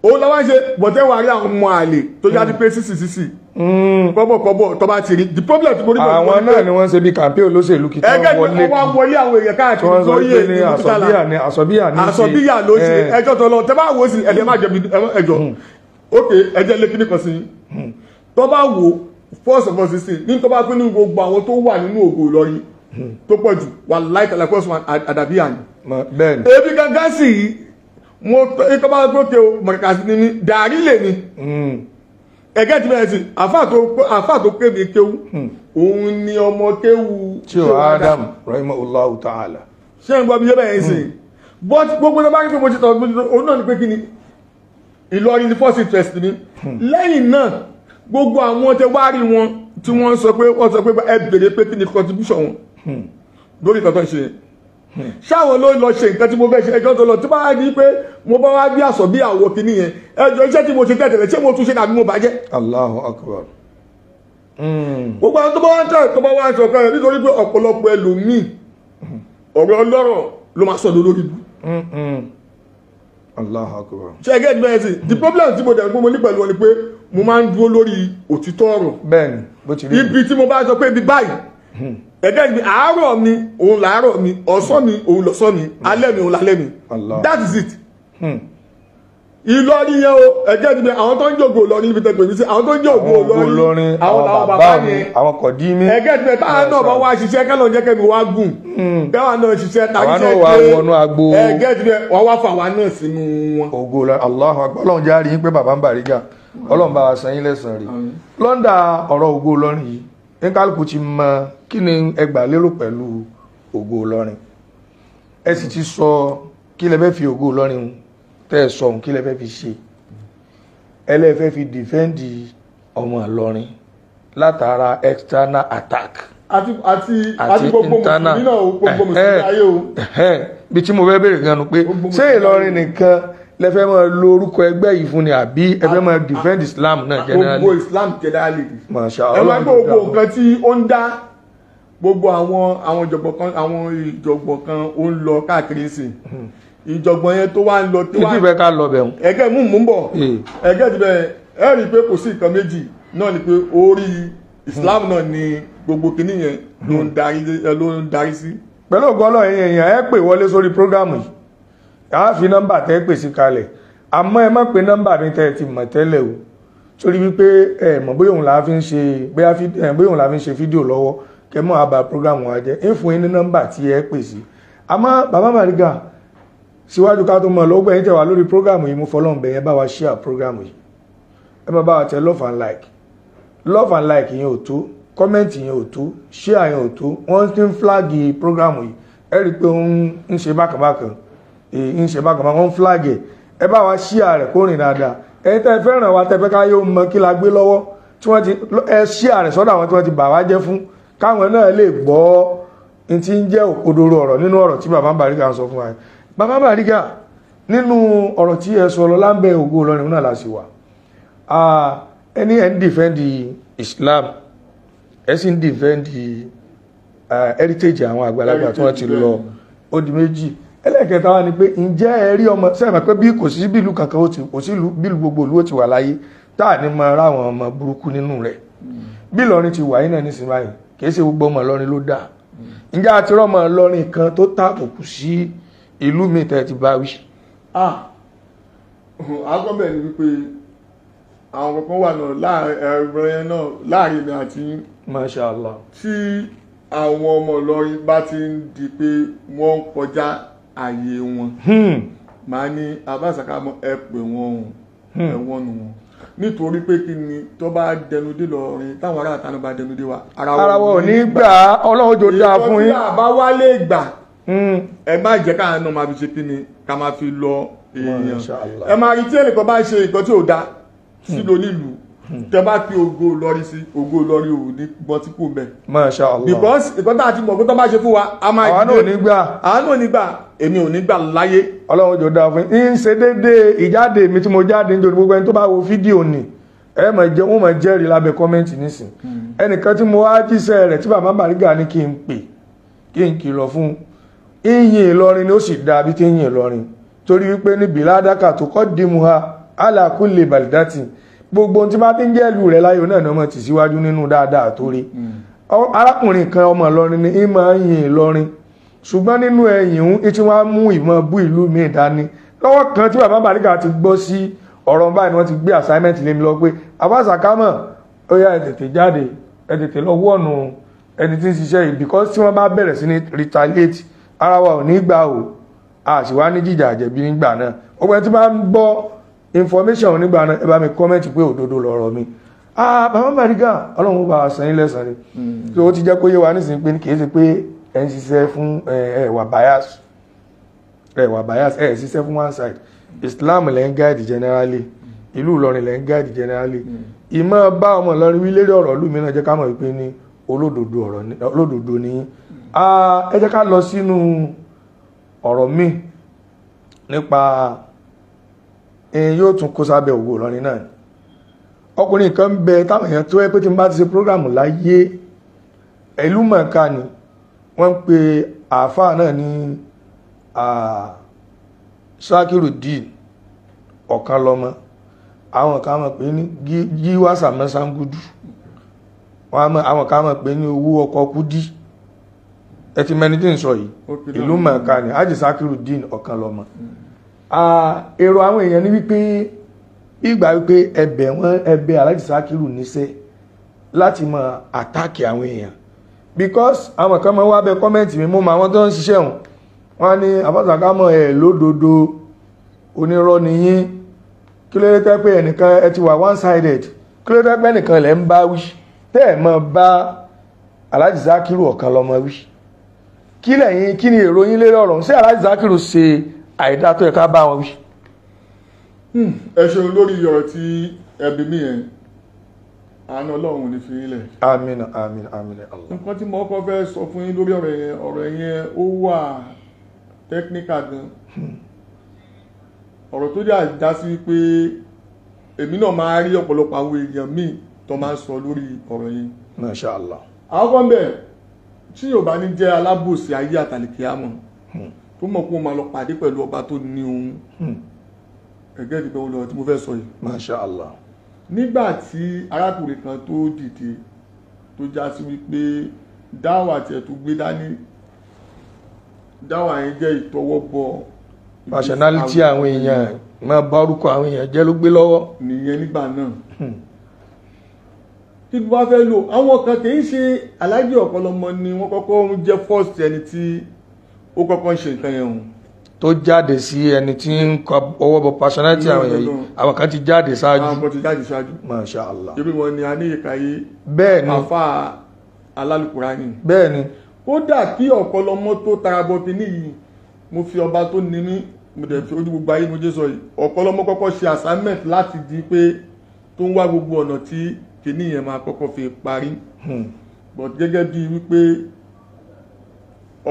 òun lọ́wọ́ ṣe bọ̀tẹ́wà rí àwọn ọmọ àlè tó yá ní pé sísì sísì kọ́bọ̀kọ́bọ̀ hmm. tó bá ti the problem ti borí bọ́ọ̀lù. àwọn ni wọ́n se ṣe bí kàmpé olóṣèlú kí tán wọlé kí wọ́n wọlé àwọn èèyàn káàkiri ní ní ṣe ló ṣe eh. ẹjọ́ tó lọ sí ẹjọ́ hmm. ok ẹjẹ́ kan sí hmm. first of all ní gbogbo àwọn tó wà nínú ògo Ìlọrin tó pọ̀ jù wà láì ẹgẹ ti bẹ̀rẹ̀ sí àfà tó kébi kéwú hmm. òun ni ọmọ kéwú tí ó adam rahimahullahu ta'ala ṣe ń gbọ́ bí yẹ́bẹ̀ yẹn sí hmm. but gbogbo ọba rí pé mo ti tọ̀ òun náà ni pé kí ni Ìlọrin ni first interest mi hmm. lẹ́yìn náà gbogbo àwọn tẹ wá rí wọn tí wọ́n sọ pé wọ́n sọ pé ẹ bèrè pé kí ni contribution wọn lórí ìtọ́tọ́ ṣe ṣáwọn ló lọ ṣe nǹkan tí mo fẹ́ ṣe ẹjọ́ tó lọ tí bá ní pé mo bá wá bí àsọ bí àwọ̀ kìíní yẹn ẹjọ́ iṣẹ́ tí mo ṣe tẹ̀tẹ̀lẹ̀ ṣé mo tún ṣe tàbí mo bàjẹ́. Allahu akbar. Hmm. gbogbo àwọn tó bá wá ń tẹ̀ tó bá wá ń sọ̀kan rẹ̀ nítorí pé ọ̀pọ̀lọpọ̀ ẹlòmíì ọ̀rọ̀ ọlọ́rọ̀ ló máa sọ̀dọ̀ lórí ibu. Hmm. Allahu akbar. ṣé ẹ ẹ̀dẹ́ àárọ̀ mi òun làárọ̀ mi ọ̀sán mi òun lọ̀sán mi alẹ́ mi òun lálẹ́ mi that is it. Hmm. Ìlọrin yẹn o ẹ̀jẹ̀ àwọn tó ń jòkó Ìlọrin níbi tẹ̀gbẹ̀ mi àwọn tó ń jòkó Ìlọrin àwọn làwọn bàbá mi àwọn kò dí mi. ẹ̀jẹ̀ táwọn náà bá wá ṣiṣẹ́ kẹ́lọ̀ jẹ́ kẹ́mi wá gùn hmm. káwọn náà ṣiṣẹ́ tàbí ṣe pé ẹ̀jẹ̀ mi wá fà wá náà sínú wọn ní kálukú ti mọ kí ni ẹ gbà lérò pẹ̀lú ògo Ìlọrin ẹ sì ti sọ kí lẹ fẹ́ fi ògo Ìlọrin tẹ́ ẹ sọ kí lẹ fẹ́ fi ṣe ẹ fẹ́ fi dìfẹ́ǹdì ọmọ Ìlọrin látara external attack àti àti àti gbogbo mùsùlùmí náà gbogbo mùsùlùmí ayé o. bí tí mo fẹ́ béèrè gan nu pé ṣé Ìlọrin nìkan lẹ́fẹ́ máa lo orúkọ ẹgbẹ́ yìí fún ni àbí ẹgbẹ́ máa defend islam náà generally. gbogbo islam generally. masha allah ẹ máa gbọ́ gbogbo nǹkan tí ó ń dá gbogbo àwọn àwọn ìjọ̀gbọ̀n kan àwọn ìjọ̀gbọ̀n kan ó ń lọ káàkiri sí i hmm. ìjọ̀gbọ̀n yẹn tó wá ń lọ tó wá. títí bẹ́ẹ̀ ká lọ bẹ̀ wọn. ẹ̀gẹ́ mú mú bọ̀ hmm. ẹ̀gẹ́ ti bẹ̀ ẹ rí i pé kò sí nǹkan méjì náà ni pé orí islam hmm. náà ni gbogbo kinní yẹn ló ń darí sí. pẹ̀lú ògbọ́n náà èèyàn ẹ pè wọlé sórí prógámù yìí a fi nọ́mbà tẹ́ pè sí kalẹ̀ àmọ́ ẹ má pe nọ́mbà mi tẹ́ ti mọ̀ tẹ́lẹ̀ o torí wípé ẹ mọ̀ bóyá òun la fi ń ṣe bóyá òun la fi ń ṣe fídíò lọ́wọ́ kẹ mọ́ àbá program wa jẹ́ ń fún yín ní nọ́mbà tí ẹ pè àmọ́ bàbá Màrígà síwájú ká tó mọ̀ lọ́gbọ̀n yín tẹ̀ lórí program yìí mo fọlọ́run bẹ̀ bá wa share program yìí ẹ má bá wa tẹ love and like love and like yẹn ò tó comment yẹn ò tó share yẹn ò tó wọ́n ti ń flag program yìí ẹ rí i pé ó ń ṣe bákàbákan ń ṣe bákan máa ń ẹ bá wa rẹ̀ kó rìn dáadáa ẹ̀yin wa tẹ́ ká yóò mọ kí la gbé lọ́wọ́ tí wọ́n ti ẹ share rẹ̀ sọ́dọ̀ àwọn tí ti bà wá jẹ́ fún káwọn náà lè ti ń òkodoro nínú tí sọ fún wa nínú ọrọ tí ẹ sọ lọ ògo náà la sì wà ń dìfẹ́ǹdì Islam ẹ sì ń dìfẹ́ǹdì heritage àwọn àgbàlagbà tí ti lọ ó di ẹlẹ́ẹ̀kẹta wá ni pé ǹjẹ́ ẹ rí ọmọ sẹ́ẹ̀mọ̀ pé bí kò sí bílù kankan ó ti kò sí bílù gbogbo ìlú ó ti wà láyé táà ní mọ ráwọn ọmọ burúkú nínú rẹ̀ bí Ìlọrin ti wà yín náà nísìnyí báyìí kì ṣe gbogbo ọmọ Ìlọrin ló dáa ǹjẹ́ àti rọ́mọ Ìlọrin kan tó tàbùkù sí ìlú mi tẹ́ ti bá wí. àgọ́bẹ̀ ni wípé àwọn kankan wà náà ẹ̀rọ yẹn náà láàrin mi àti yín. Masha Allah. tí àwọn ọmọ Ìlọrin bá ti ń di pé wọ́n kọjá ààyè wọn hmm. màá ní abáṣàkámọ́ ẹ pè wọ́n o hmm. ẹ wọ́nu wọn nítorí pé kí ni tó bá dẹnudé lọrin táwọn ará àtàlù bá dẹnudé wa ara wọn ò ní gbà ọlọ́run tó dáa fún yín ìtọ́jú àbáwálé gbà hmm. ẹ má jẹ́ káà náà máa fi ṣe kí ni ká máa fi lọ èèyàn ẹ máa rí tí ènìkan bá ṣe nǹkan tí ò dáa sílò nílùú tẹ bá pe ògo Ìlọrin sí ògo Ìlọrin ò ní gbọ́n tí kò mẹ́. Masha Allah. because ìkọ́ tá a ti mọ̀ pé tó bá ṣe fún wa a máa gbé àwọn náà ò ní gbà àwọn náà ò ní gbà èmi ò ní gbà láyé. ọlọ́run jò dáa fún yín ń ṣe déédéé ìjáde mi tí mo jáde nítorí gbogbo ẹni tó bá wo fídíò nì ẹ mọ̀ jẹ́ wọ́n mọ̀ jẹ́rìí lábẹ́ kọ́mẹ́ǹtì nísìn hmm. ẹnìkan tí mo wá jíṣẹ́ rẹ̀ tí bàbá Bariga ní kí n pè kí n kìlọ̀ fún ìyìn Ìlọrin ni ó sì dáa bí ti ìyìn Ìlọrin torí wípé níbi ládàkà tó kọ́ dimuha ala kulli baldatin gbogbo ohun tí bá ti ń jẹ́ ìlú rẹ̀ láyò náà ni ọmọ tì síwájú nínú dáadáa torí mm. arákùnrin kan ọmọ ìlọrin ni ìmọ̀ ẹ̀yìn ìlọrin ṣùgbọ́n nínú ẹ̀yìn òun ìtí wọn á mú ìmọ̀ bú ìlú mi dání lọ́wọ́ kan tí bàbá Bàríkà ti gbọ́ sí ọ̀rọ̀ báyìí ni wọ́n ti gbé assignment lé mi lọ pé abáṣà kámọ̀ ó yá ẹ tètè jáde ẹ tètè lọ wọ́ọ̀nù ẹni tí ń ṣiṣẹ́ yìí because tí wọ́n bá bẹ̀rẹ̀ sí ní retaliate ara wa ò ní gbà o àṣìwá ní jìjà àjẹbí nígbà náà ọgbẹ́ni tí wọ́n bá ń gbọ́ information nígbà náà ẹ bá mi comment pé òdodo lọ̀rọ̀ mi ah bàbá Bariga ọlọ́run bá a sàn ilẹ̀ sàn ni hmm. so ó ti jẹ́ kó yé wa nísìnyí pé kì í ṣe pé ẹ̀ ń ṣiṣẹ́ fún ẹ̀wà bias ẹ̀wà bias ẹ̀ ṣiṣẹ́ fún one side Islam lẹ́ ń guide generally ìlú Ìlọrin lẹ́ ń guide generally hmm. ìmọ̀ bá ọmọ Ìlọrin wí lérí ọ̀rọ̀ ìlú mi náà jẹ́ ká mọ̀ wípé ní olódodo ni ah, ẹ jẹ́ ká lọ sínú ọ̀rọ̀ mi nípa ẹ̀yìn yóò tún kó sábẹ́ òwò ìlọrin náà ọkùnrin kan bẹ táwọn èèyàn tó ẹ pé tí n bá ti ṣe prógrámù láyé ìlú mọ̀ọ́ká ni wọ́n ń pe àáfàá náà ní Sakirudeen ọ̀kan lọ́mọ àwọn kan mọ̀ pé ní gíwá sàmọ́sángúdù àwọn kan mọ̀ pé ní owó ọkọ̀ kúdí ẹ ti mẹni tí ń sọ yìí ìlú mọ̀ọ́ká ni Haji Sakirudeen ọ̀kan lọ́mọ. Mm -hmm èrò àwọn èèyàn ni wípé ìgbà wípé ẹbẹ̀ wọn ẹbẹ̀ aláàjì sákìrù níṣẹ́ láti mọ àtáàkì àwọn èèyàn because àwọn kan máa wá bẹ kọ́mẹ́ǹtì mi mú ma àwọn tó ń ṣiṣẹ́ hùn wọ́n ní àbọ̀tàkà mọ̀ ẹ̀ lódodo onírọ́ nìyín kí ló dé tẹ́ pé ẹnìkan ẹ ti wà one sided kí ló dé tẹ́ pé ẹnìkan lẹ́ ń bá wí tẹ́ ẹ̀ mọ̀ bá aláàjì sákìrù ọ̀kan lọ́mọ wí kí lẹ́yìn kí ni èrò yín lé lọ́rọ̀ ṣé aláàjì ṣe àìdá tó yẹ ká bá wọn wí. Hmm, ẹ ṣeun lórí ọ̀rọ̀ tí ẹbí mi yẹn àánú ọlọ́run ní fi ilẹ̀. amina amina amina allah. nǹkan tí mo kọ́ fẹ́ sọ fún yín lórí ọ̀rọ̀ yẹn ọ̀rọ̀ yẹn ó wà tẹ́kníkà gan. Hmm. ọ̀rọ̀ tó dà já sí pé èmi náà máa rí ọ̀pọ̀lọpọ̀ àwọn èèyàn míì tó máa ń sọ lórí ọ̀rọ̀ yẹn. masha allah. àwọn kan bẹ̀ tí yóò bá ní jẹ́ alábòsí ayé àtàlìkíyàmọ̀. Hmm tó mọ̀ pé o máa lọ pàdé pẹ̀lú ọba tó ní ohun hmm. ẹ̀gẹ́ ìdìbẹ̀ olùrọ̀ tí mo fẹ́ sọ yìí. masha allah. nígbà tí arákùnrin kan tó dìde tó já sí wípé dáwà tiẹ̀ tó gbé dání dáwà yẹn jẹ́ ìtọwọ́bọ. pàṣánálítì àwọn èèyàn máa bá orúkọ àwọn èèyàn jẹ́ ló gbé lọ́wọ́. nìyẹn nígbà náà tí hmm. bí wọ́n fẹ́ lò àwọn kan kì í ṣe aláàjì ọ̀pọ̀lọmọ ni wọ́n kọ́kọ́ ń jẹ́ first ẹni ó kọ́kọ́ ń ṣe nǹkan yẹn hùn tó jáde sí ẹni tí ń kọ ọwọ́ bọ personality àwọn èèyàn àwọn kan ti jáde ṣáájú àwọn kan ti jáde ṣáájú masha allah ibi wọn ni a ní ìka yìí bẹ́ẹ̀ ni àfa alálùkùránì bẹ́ẹ̀ ni kódà kí ọ̀pọ̀lọmọ tó tarabọ fi níyì mo fi ọba tó ní mí mo dẹ̀ fi ojú gbogbo ayé mo jẹ́ sọ yìí ọ̀pọ̀lọmọ kọ́kọ́ ṣe assignment láti di pé tó ń wá gbogbo ọ̀nà tí kìíní máa kọ́kọ́ fi parí hmm. but gẹ́gẹ́ bíi wípé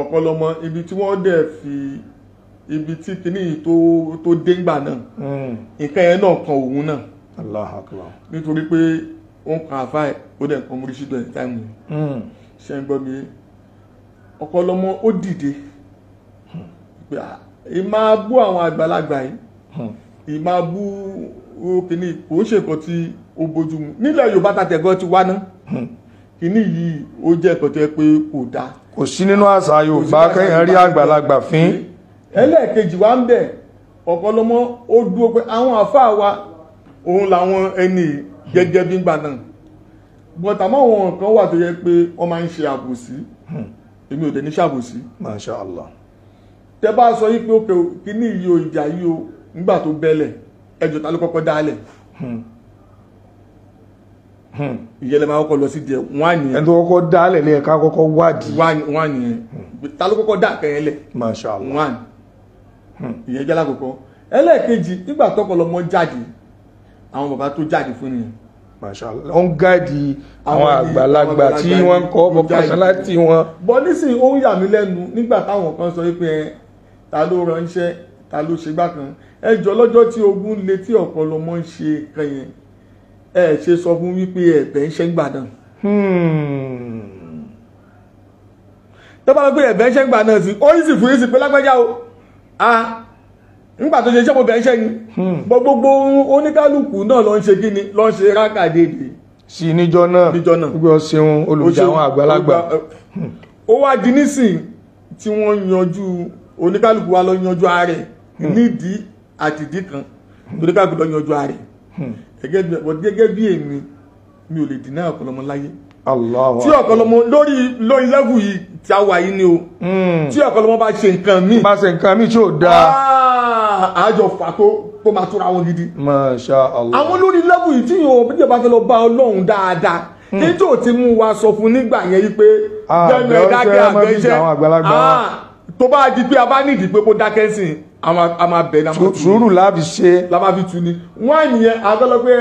ọ̀pọ̀lọmọ ibi tí wọ́n dẹ̀ fi ibi tí kinní yìí tó tó dé ńgbà náà hmm. nǹkan yẹn náà kan òun náà Allahu Akbar nítorí pé ó ń kan àfáà ó dẹ̀ kan múrí ṣídọ̀ ẹ̀ táìmù yìí hmm. ṣe ń gbọ́ mi ọ̀pọ̀lọmọ ó dìde hmm. pé ah, ì máa bú àwọn àgbàlagbà yìí ì máa bú kinní kò ń ṣe tí ó bójú mu nílẹ̀ Yorùbá tàtẹ̀gọ́ ti wá ná kinní yìí ó jẹ́ nǹkan tó yẹ pé kò dáa kò sí nínú àṣà Yorùbá kẹ́yìn rí àgbàlagbà fín. ẹlẹ́ẹ̀kejì wa ń bẹ̀ ọ̀pọ̀lọmọ ó dúró pé àwọn àfáà wa òun làwọn ẹni gẹ́gẹ́ bí gbà náà but àmọ́ àwọn nǹkan wà tó yẹ pé wọ́n máa ń ṣe àbòsí èmi ò dẹ̀ ní ṣàbòsí. masha allah. tẹ bá sọ yí pé ó kí ní iye ìjà yìí o nígbà tó bẹ́lẹ̀ ẹjọ́ ta ló kọ́kọ́ dálẹ̀. Hmm. Hmm. ìyẹlẹ máa kọ́kọ́ lọ sí díẹ̀ wọ́n á nìyẹn. ẹni tó kọ́kọ́ dá lẹ̀ ní ẹ̀ka kọ́kọ́ wádìí. wọ́n á nìyẹn ta ló kọ́kọ́ dá kẹ́yẹ lẹ̀. masha allah wọ́n á hmm. ìyẹn jẹ́ lákòókò ẹlẹ́ẹ̀kejì nígbà tọkọlọmọ jáde àwọn bàbá tó jáde fún nìyẹn. masha allah ó ń gáàdì àwọn àgbàlagbà tí wọ́n ń kọ́ bọ́pàṣálá tí wọ́n. bọ́ nísìnyí ó ń yà mí lẹ́nu nígbà táwọn kan sọ pé ta ló ránṣẹ́ ta ló ṣe gbá kan ẹjọ́ lọ́jọ́ tí ogun le tí ọ̀pọ̀lọmọ ń ṣe kẹyìn ẹ ṣe sọ fún wípé ẹ̀bẹ̀ ń ṣe ń gbàdàn hmm. tó bá lọ pé ẹ̀bẹ̀ ń ṣe ń gbàdàn sí ó yìí sì fún yìí sì pé lágbájá o a nígbà tó ṣe iṣẹ́ mo bẹ̀ ń ṣe ni hmm. gbogbo oníkálukú náà ló ń ṣe kí ni ló ń ṣe rákàdédé sí níjọ́ náà níjọ́ náà gbogbo ṣeun olùjà àwọn àgbàlagbà ó wá di nísìn tí wọ́n yanjú oníkálukú wa lọ yanjú ààrẹ hmm. nídìí àtìdí kan oníkálukú lọ yanjú ààrẹ gẹ́gẹ́ bí èmi mi ò lè dínà ọ̀pọ̀lọmọ láyé tí ọ̀pọ̀lọmọ lórí lórí lẹ́gù yìí tí a wà yìí ni o hmm. tí ọ̀pọ̀lọmọ bá ṣe nǹkan míì bá ṣe nǹkan míì tí ò dáa ah, àjọ fà tó tó máa tóra wọn gidi. àwọn olórí lẹ́gù yìí tí yóò bí jẹ́ fẹ́ lọ bá ọlọ́run dáadáa kí hmm. tó ti mú wa sọ fún nígbà yẹn yìí pé jẹ́nu ẹ̀dákẹ́ àgbẹ̀ṣẹ́ tó bá di pé a bá nídìí pé kó a máa bẹ̀ ní a máa tu ní. sùúrù láàbì ṣe. la máa fi tu ni wáìnì yẹn agbọ́dọ̀ pé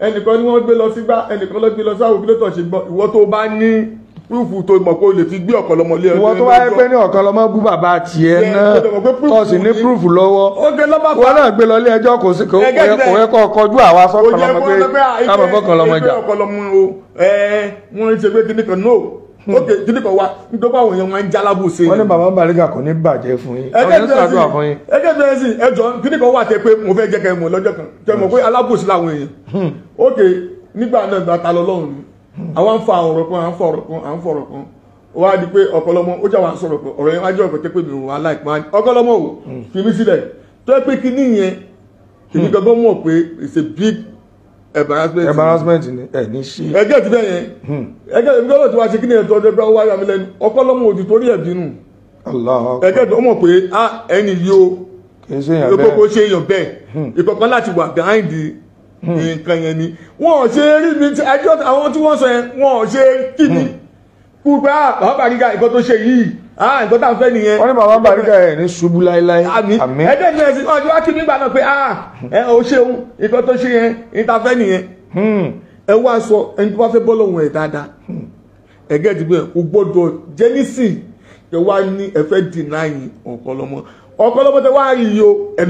ẹnìkan ni wọ́n gbé lọ sígbà ẹnìkan ló gbé lọ sáwọ́ kílótò ṣe gbọ́ ìwọ tó bá ní púrúfù tó mọ̀ pé o lè fi gbé ọ̀kọ̀lọmọ lé ọdún. ìwọ tó wáyé pé ní ọ̀kọ̀lọmọ bú bàbá tiẹ̀ náà tó sì ní púrúfù lọ́wọ́ wọn náà gbé lọ ilé ẹjọ́ kò sí kò yẹ kó kọjú àwa fọkànlọmọ pé ah, káàmọ̀ fọkànlọmọ ìjà. ọ̀kọ̀lọmọ o ẹ wọ́n ń ṣe pé kíníkan náà Hmm. ok jíní kan wá nítorí àwọn èèyàn máa ń jálábù sí i. wọ́n ní bàbá Bariga kò ní bàjẹ́ fún yín. ẹgẹ́ bẹ́ẹ̀ sì ẹjọ́ jíní kan wà tẹ pé mo fẹ́ jẹ́ kẹ́ mọ̀ lọ́jọ́ kan tẹ mọ̀ pé hmm. alábòsí làwọn èèyàn hmm. ok nígbà náà gba ta lọ́lọ́run ni àwọn ń fa ọ̀rọ̀ kan à ń fọ̀rọ̀ kan à ń fọ̀rọ̀ kan wá di pé ọ̀pọ̀lọmọ ó jà wá sọ̀rọ̀ kan ọ̀rọ̀ yẹn wá jẹ́ ọ̀pọ̀ tẹ́ pé mi ò wá láìpẹ́ ọ̀pọ̀lọmọ wò fi mí sílẹ̀ tó yẹ pé kí níyẹn kìnnìkan gbọ́ mọ̀ pé it's a big embarrassment embarrassment ni ẹ ní ṣe. ẹgẹ́ ti bẹ́ẹ̀ yẹn hmm. ẹgẹ́ ìbí kọ́lọ́ ti wá ṣe kí ni ẹ̀tọ́ ọdẹ bá wáyà mi lẹ́nu ọkọ lọ́mọ òdì torí ẹ̀ bínú. ẹgẹ́ tó mọ̀ pé a ah, ẹni yìí o ìkókó ṣe èèyàn bẹ́ẹ̀ hmm. ìkọ̀kan láti wà behind hmm. nǹkan yẹn ni wọ́n ò ṣe rí mi I just I want sọ yẹn wọ́n ò ṣe kí ni kú pé a ah, bàbá gíga ìkọ́ tó ṣe ah nǹkan tá a fẹ́ nìyẹn. wọ́n ní bàbá Bàrígà ẹ̀ ní ṣubú láéláé. àmín ẹjọ́ ìgbìyànjú sí ọjọ́ wá kí nígbà náà pé ah ẹ o ṣeun nǹkan tó ṣe yẹn ní ta fẹ́ nìyẹn. Hmm. ẹ wá sọ ẹni tó bá fẹ́ bọ́ọ̀lù òun ẹ̀ dáadáa ẹ̀gẹ́ ti gbìyànjú kò gbọ́dọ̀ jẹ́ nísìn ẹ wá ní ẹ fẹ́ dìnnáyìn ọ̀pọ̀lọmọ ọ̀pọ̀lọmọ tẹ wá rí yìí o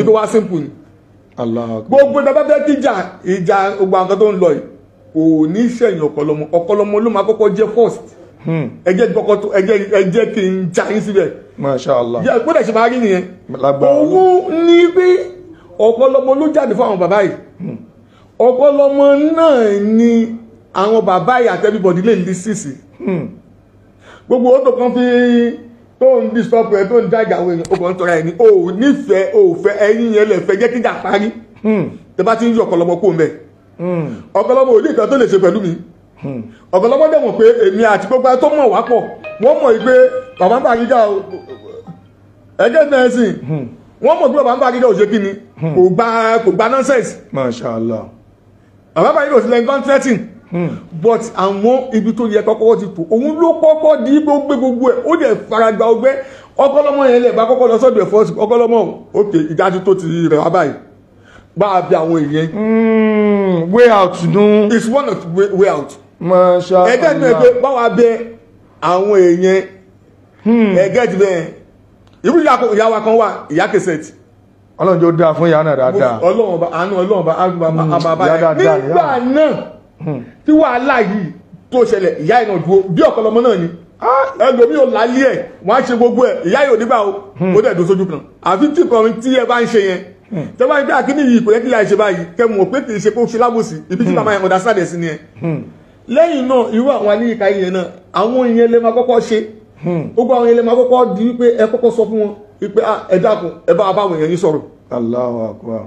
tó wá simple ni. gbogbo ìjọba fẹ́ kíjà ìjà gbogbo àwọn kan tó ń lọ yìí kò ní í ṣẹ̀yìn first Hmm. ẹjẹ́ gbọ́kọ́ tó ẹjẹ́ ẹjẹ́ kí n já yín síbẹ̀. masha allah yà gbọ́dọ̀ ṣe máa rí nìyẹn. owó ní bí ọ̀pọ̀lọpọ̀ ló jáde fún àwọn bàbá yìí hmm. ọ̀pọ̀lọpọ̀ náà ni àwọn bàbá yìí àtẹ́bíbọ̀dì lè lè sísì. Hmm. gbogbo ó tó kan fi tó ń disturb ẹ tó ń já ìyàwó èèyàn ọkọ̀ ń tọrọ ẹni o ò nífẹ̀ẹ́ o ò fẹ́ ẹyin yẹn lè fẹ́ jẹ́ kíjà parí tẹ bá ti ń yọ ọ̀pọ̀lọpọ̀ kó ń bẹ̀ ọ̀pọ̀lọpọ̀ ò ní ìkan tó lè ṣe pẹ̀lú mi. Hmm. ọ̀gọ́lọ́gbọ́n dẹ̀ mọ̀ pé èmi àti gbogbo tó mọ̀ wá pọ̀ wọ́n mọ̀ pé bàbá ń bàgídà ẹgẹ́ mẹ́sìn hmm. wọ́n mọ̀ pé bàbá ń bàgídà òṣè kí ni hmm. kò gba kò gba nonsense. Masha Allah. bàbá bàgídà òṣèlè nǹkan threatening but àwọn ibi tó yẹ kọ́kọ́ ti tò òun ló kọ́kọ́ di gbogbo gbogbo ẹ̀ ó dẹ̀ faragba ọgbẹ́ ọgọlọmọ yẹn lẹ bá kọ́kọ́ lọ sọ́dọ̀ ẹfọ ọgọlọmọ òkè ìdájú tó ti rẹ wá báyìí gbá abẹ àwọn èèyàn. way out dun. it's one of way, way out. Masha Allah ti bẹ̀ pé báwa bẹ àwọn èèyàn hmm. ẹgẹ́ ti bẹ̀ irú ìyá wa kan wà ìyá kẹsẹ̀tì ọlọ́run jó dáa fún ìyá náà dáadáa ọlọ́run bá àánú ọlọ́run bá àbàbà hmm. nígbà náà hmm. tí wàhálà yìí tó ṣẹlẹ̀ ìyá ìnà dúró bí ọ̀pọ̀lọmọ náà ni ah. ẹlòmí ò lálé ẹ̀ á ṣe gbogbo ẹ̀ ìyá yóò nígbà o ó dẹ̀ dosójú kan àfi tí kan tí ẹ bá ń ṣe yẹn tẹ ń gbé àkíní yìí kò yẹ kí láì ṣe báyìí kẹ mọ̀ pé kì í ṣe kó ṣe lábòsí ibi tí màmá yẹn ọ̀dà sáàdẹ̀ sí ni ẹ lẹ́yìn náà irú àwọn aníyíká yẹn náà àwọn ìyẹn lè máa kọ́kọ́ ṣe hmm. gbogbo àwọn ìyẹn lè máa kọ́kọ́ di wípé ẹ kọ́kọ́ sọ fún wọn wípé ah, ẹ dákun ẹ bá bá àwọn èèyàn yín sọ̀rọ̀ Allahu akbar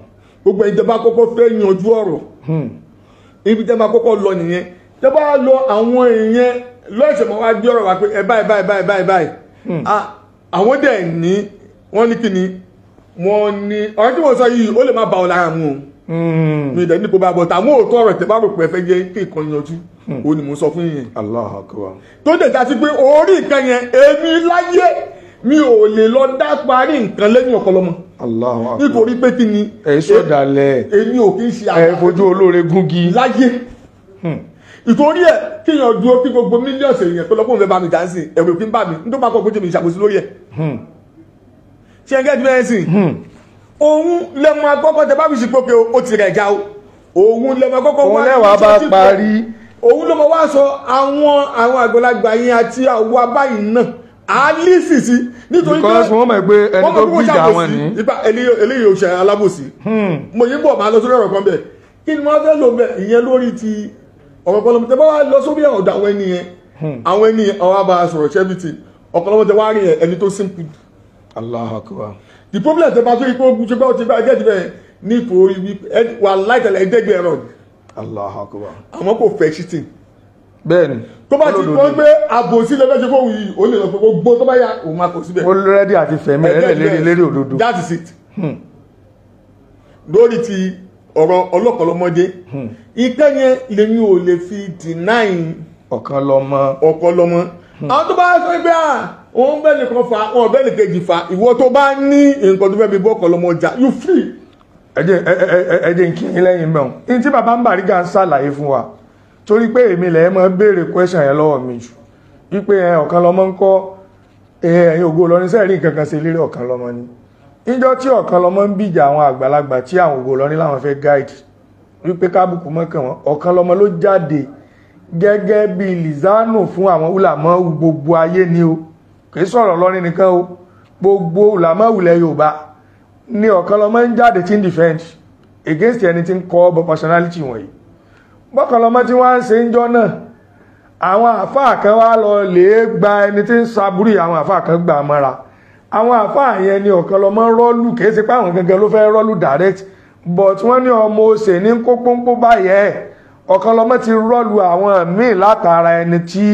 gbogbo ìjọba kọ́kọ́ fẹ́ yanjú ọ̀rọ̀ hmm. ibi tẹ́ máa kọ́kọ́ lọ nìyẹn tẹ́ bá lọ àwọn èèyàn lọ́ọ̀ṣẹ̀ mọ́ wá gbé ọ̀rọ̀ wá pé ẹ báyìí báyìí báyìí báyìí báyìí hmm. ah, àwọn dẹ̀ ní wọ́n ní kíni wọ́n ní ọ̀rọ̀ tí mo sọ yìí ó lè má ba ọ lára mu Hmm. mi dẹ̀ ní kó bá bọ̀ tàwọn òótọ́ ọ̀rọ̀ tẹ́ bá rò pé fẹ́ jẹ́ kí ìkan yanjú ó hmm. ní mo sọ fún yín. Allahu Akbar. tó dẹ̀ já sí pé orí nǹkan èmi láyé mi ò lè lọ dá parí nǹkan lẹ́yìn ọ̀pọ̀lọmọ. Allahu Akbar. nítorí pé kí ni. ẹ sọdalẹ èmi ò kí ń ṣe àgbà. ẹ fojú olóore gúngi. láyé ìtorí hmm. ẹ kíyàn dúró kí gbogbo mílíọ̀nù èèyàn tó lọ́pọ̀ ń fẹ́ bá mi dá sí ẹ̀rù kí ń bà mí nítorí pàkọ́ kó jẹ́ mi ìṣàkóso lórí ẹ̀. ṣé ẹ òun lẹ́mọ akọ́kọ́ tẹ bá fi ṣìpòkè ó ti rẹ̀ já o òun lẹ́mọ akọ́kọ́ wá lẹ́wàá bá parí òun ló wá sọ àwọn àwọn àgbàlagbà yẹn àti àwọn abáyìí náà àálìsì sí nítorí pé wọ́n mọ̀ pé ẹni tó bí ìjà wọn ní. eléyìí ò alábòsí hmm. mo yí bọ̀ máa lọ sórí ọ̀rọ̀ kan bẹ́ẹ̀ kí ni wọ́n fẹ́ lò bẹ́ẹ̀ ìyẹn lórí ti ọ̀rọ̀ tẹ bá wà lọ sórí ọ̀dọ̀ àwọn ẹni hmm. àwọn ẹni ọ̀rọ̀ the problem is bá tó ipò ogun tó bá ti bá ẹgbẹ́ ti we ní ipò wà láìtẹ̀lẹ̀ ẹgbẹ́gbẹ̀ ẹ̀rọ. Allahu Akbar. àmọ́ kò fẹ́ cheating. bẹ́ẹ̀ni tó bá ti gbọ́ pé àbòsí lọ́dọ̀ ṣe fóun yìí ó lè lọ pé gbogbo tó bá yá òun máa kó síbẹ̀. ó rẹ́dí àti fẹ̀mí ẹlẹ́lẹ́rìí lérí òdodo. that is it. Hmm. lórí ti ọ̀rọ̀ ọlọ́kọ̀lọ́mọdé hmm. ìkẹ́ yẹn lèmi ò lè fi deny ọ̀kan lọ́mọ. ọ̀kan lọ́mọ. Hmm. àwọn tó bá sọ pé ah òun bẹ́ẹ̀ nìkan fa òun bẹ́ẹ̀ nìkan jì fa ìwọ tó bá ní nǹkan tó fẹ́ bí bọ́ọ̀kọ̀ lọ́mọ ọjà you free. ẹ̀jẹ̀ ń kí ni lẹ́yìn mẹ́wọ̀n ní tí bàbá ń bàrígà ń ṣàlàyé fún wa torí pé èmi lẹ́ẹ̀ mọ́ béèrè question yẹn lọ́wọ́ mi jù wípé ọ̀kan lọ́mọ ń kọ́ ẹ̀yìn ògo lọ́rin sẹ́ẹ̀rí nǹkan kan ṣe lérí ọ̀kan lọ́mọ ni níjọ́ tí ọ̀kan lọ́mọ ń bìjà àwọn àgbàlagbà tí àwọn ògo lọ́rin láwọn fẹ́ guide wípé kábùkù mọ́kàn wọn ọ̀kan lọ́mọ ló jáde gẹ́gẹ́ bíi lizano fún àwọn húlàmọ́ gbogbo ayé ni o kìí sọ̀rọ̀ lọ́rin nìkan o gbogbo làmọ́wùlẹ̀ yorùbá ní ọ̀kan lọ́mọ ń jáde tí ń defend against ẹni tí ń kọ́ ọbọ̀ personality wọ̀nyí bọ́kan lọ́mọ tí wọ́n ń ṣe ń jọ náà àwọn àfáà kan wá lọ lè gba ẹni tí ń saburú àwọn àfáà kan gbà mọ́ra àwọn àfáà yẹn ni ọ̀kan lọ́mọ rọ́ọ̀lù kìí ṣe pé àwọn gangan ló fẹ́ rọ́ọ̀lù direct but wọ́n ní ọmọ òsè ní kópónpó báyẹn ọ̀kan lọ́mọ ti rọ́ọ̀lù àwọn míì látara ẹni tí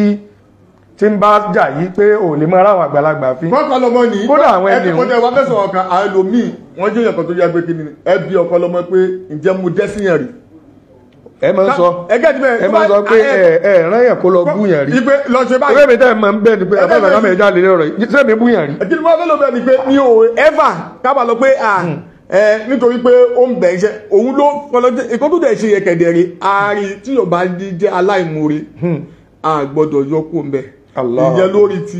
tí ń bá jà yìí pé ò lè mọ́ aráwọ̀ àgbàlagbà fi. wọ́n kọ́ lọ́mọ ní kódà àwọn ẹni òun. ẹni wọ́n fẹ́sọ̀ ọ̀kan àlòmíì wọ́n jẹ́ ìyànkan tó yá pé kíni ẹbí ọkọ lọ́mọ pé ǹjẹ́ mo dẹ́sí yẹn rí. ẹ máa ń sọ ẹ máa ń sọ pé ẹ ẹ rán kó lọ bú yẹn rí. ipe lọ ṣe báyìí. ewébẹ̀ tẹ́ ẹ máa ń bẹ̀ ni pé àbẹ́ bàbá mi jáde lérò rí. kí ni wọ́n ni pé mi ò ever kábà lọ pé à ẹ nítorí pé ó ń bẹ̀ iṣẹ́ òun ló fọlọ́jẹ́ ìkọ́tù dẹ̀ ṣe yẹkẹ̀dẹ̀ rí ààrí tí yóò bá jẹ́ aláìmoore àgbọ̀dọ̀ hmm. yọkùn bẹ́ẹ̀ ìyẹn lórí ti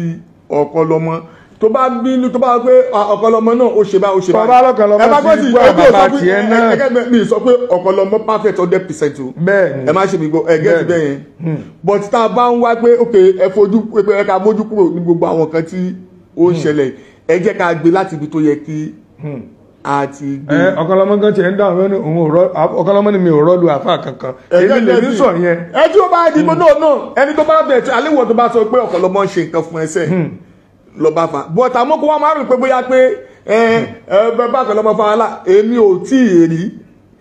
ọ̀pọ̀lọmọ tó bá bínú tó bá pé ah, ọ̀pọ̀lọmọ náà ó ṣe bá ó ṣe bá tọ́ba lọ́kànlọ́mọ sí gbọ́ bàbá tiẹ̀ náà ẹgbẹ́ mi sọ pé ọ̀pọ̀lọmọ perfect hundred percent o bẹ́ẹ̀ni ẹ má ṣe mi gbọ́ ẹgẹ́ ti bẹ́ẹ̀ yẹn hmm. but tá a bá ń wá pé ok ẹ fojú pé ẹ ká mójú kúrò ní gbogbo àwọn nǹkan tí ó ń hmm. ṣẹlẹ̀ ẹ jẹ́ ká gbé láti ibi tó yẹ kí hmm àti gbé. ẹ ọ̀kanlọ́mọ́gán tiẹ̀ ń dà wọ́n ní òun òrọ́ ọ̀kanlọ́mọ́ ni mi ò rọ́lu àfa kankan èmi lè ní sọ yẹn. ẹ tí ó bá di mo hmm. náà náà ẹni tó bá bẹ̀ tí aléwọ̀ tó bá sọ pé ọ̀kanlọ́mọ́ ń ṣe nǹkan fún ẹsẹ̀ hmm. lọ fa but àmọ́ kó wá máa rò pé bóyá pé ẹ ẹ bá ọ̀kanlọ́mọ́ fa la èmi ò tí ì rí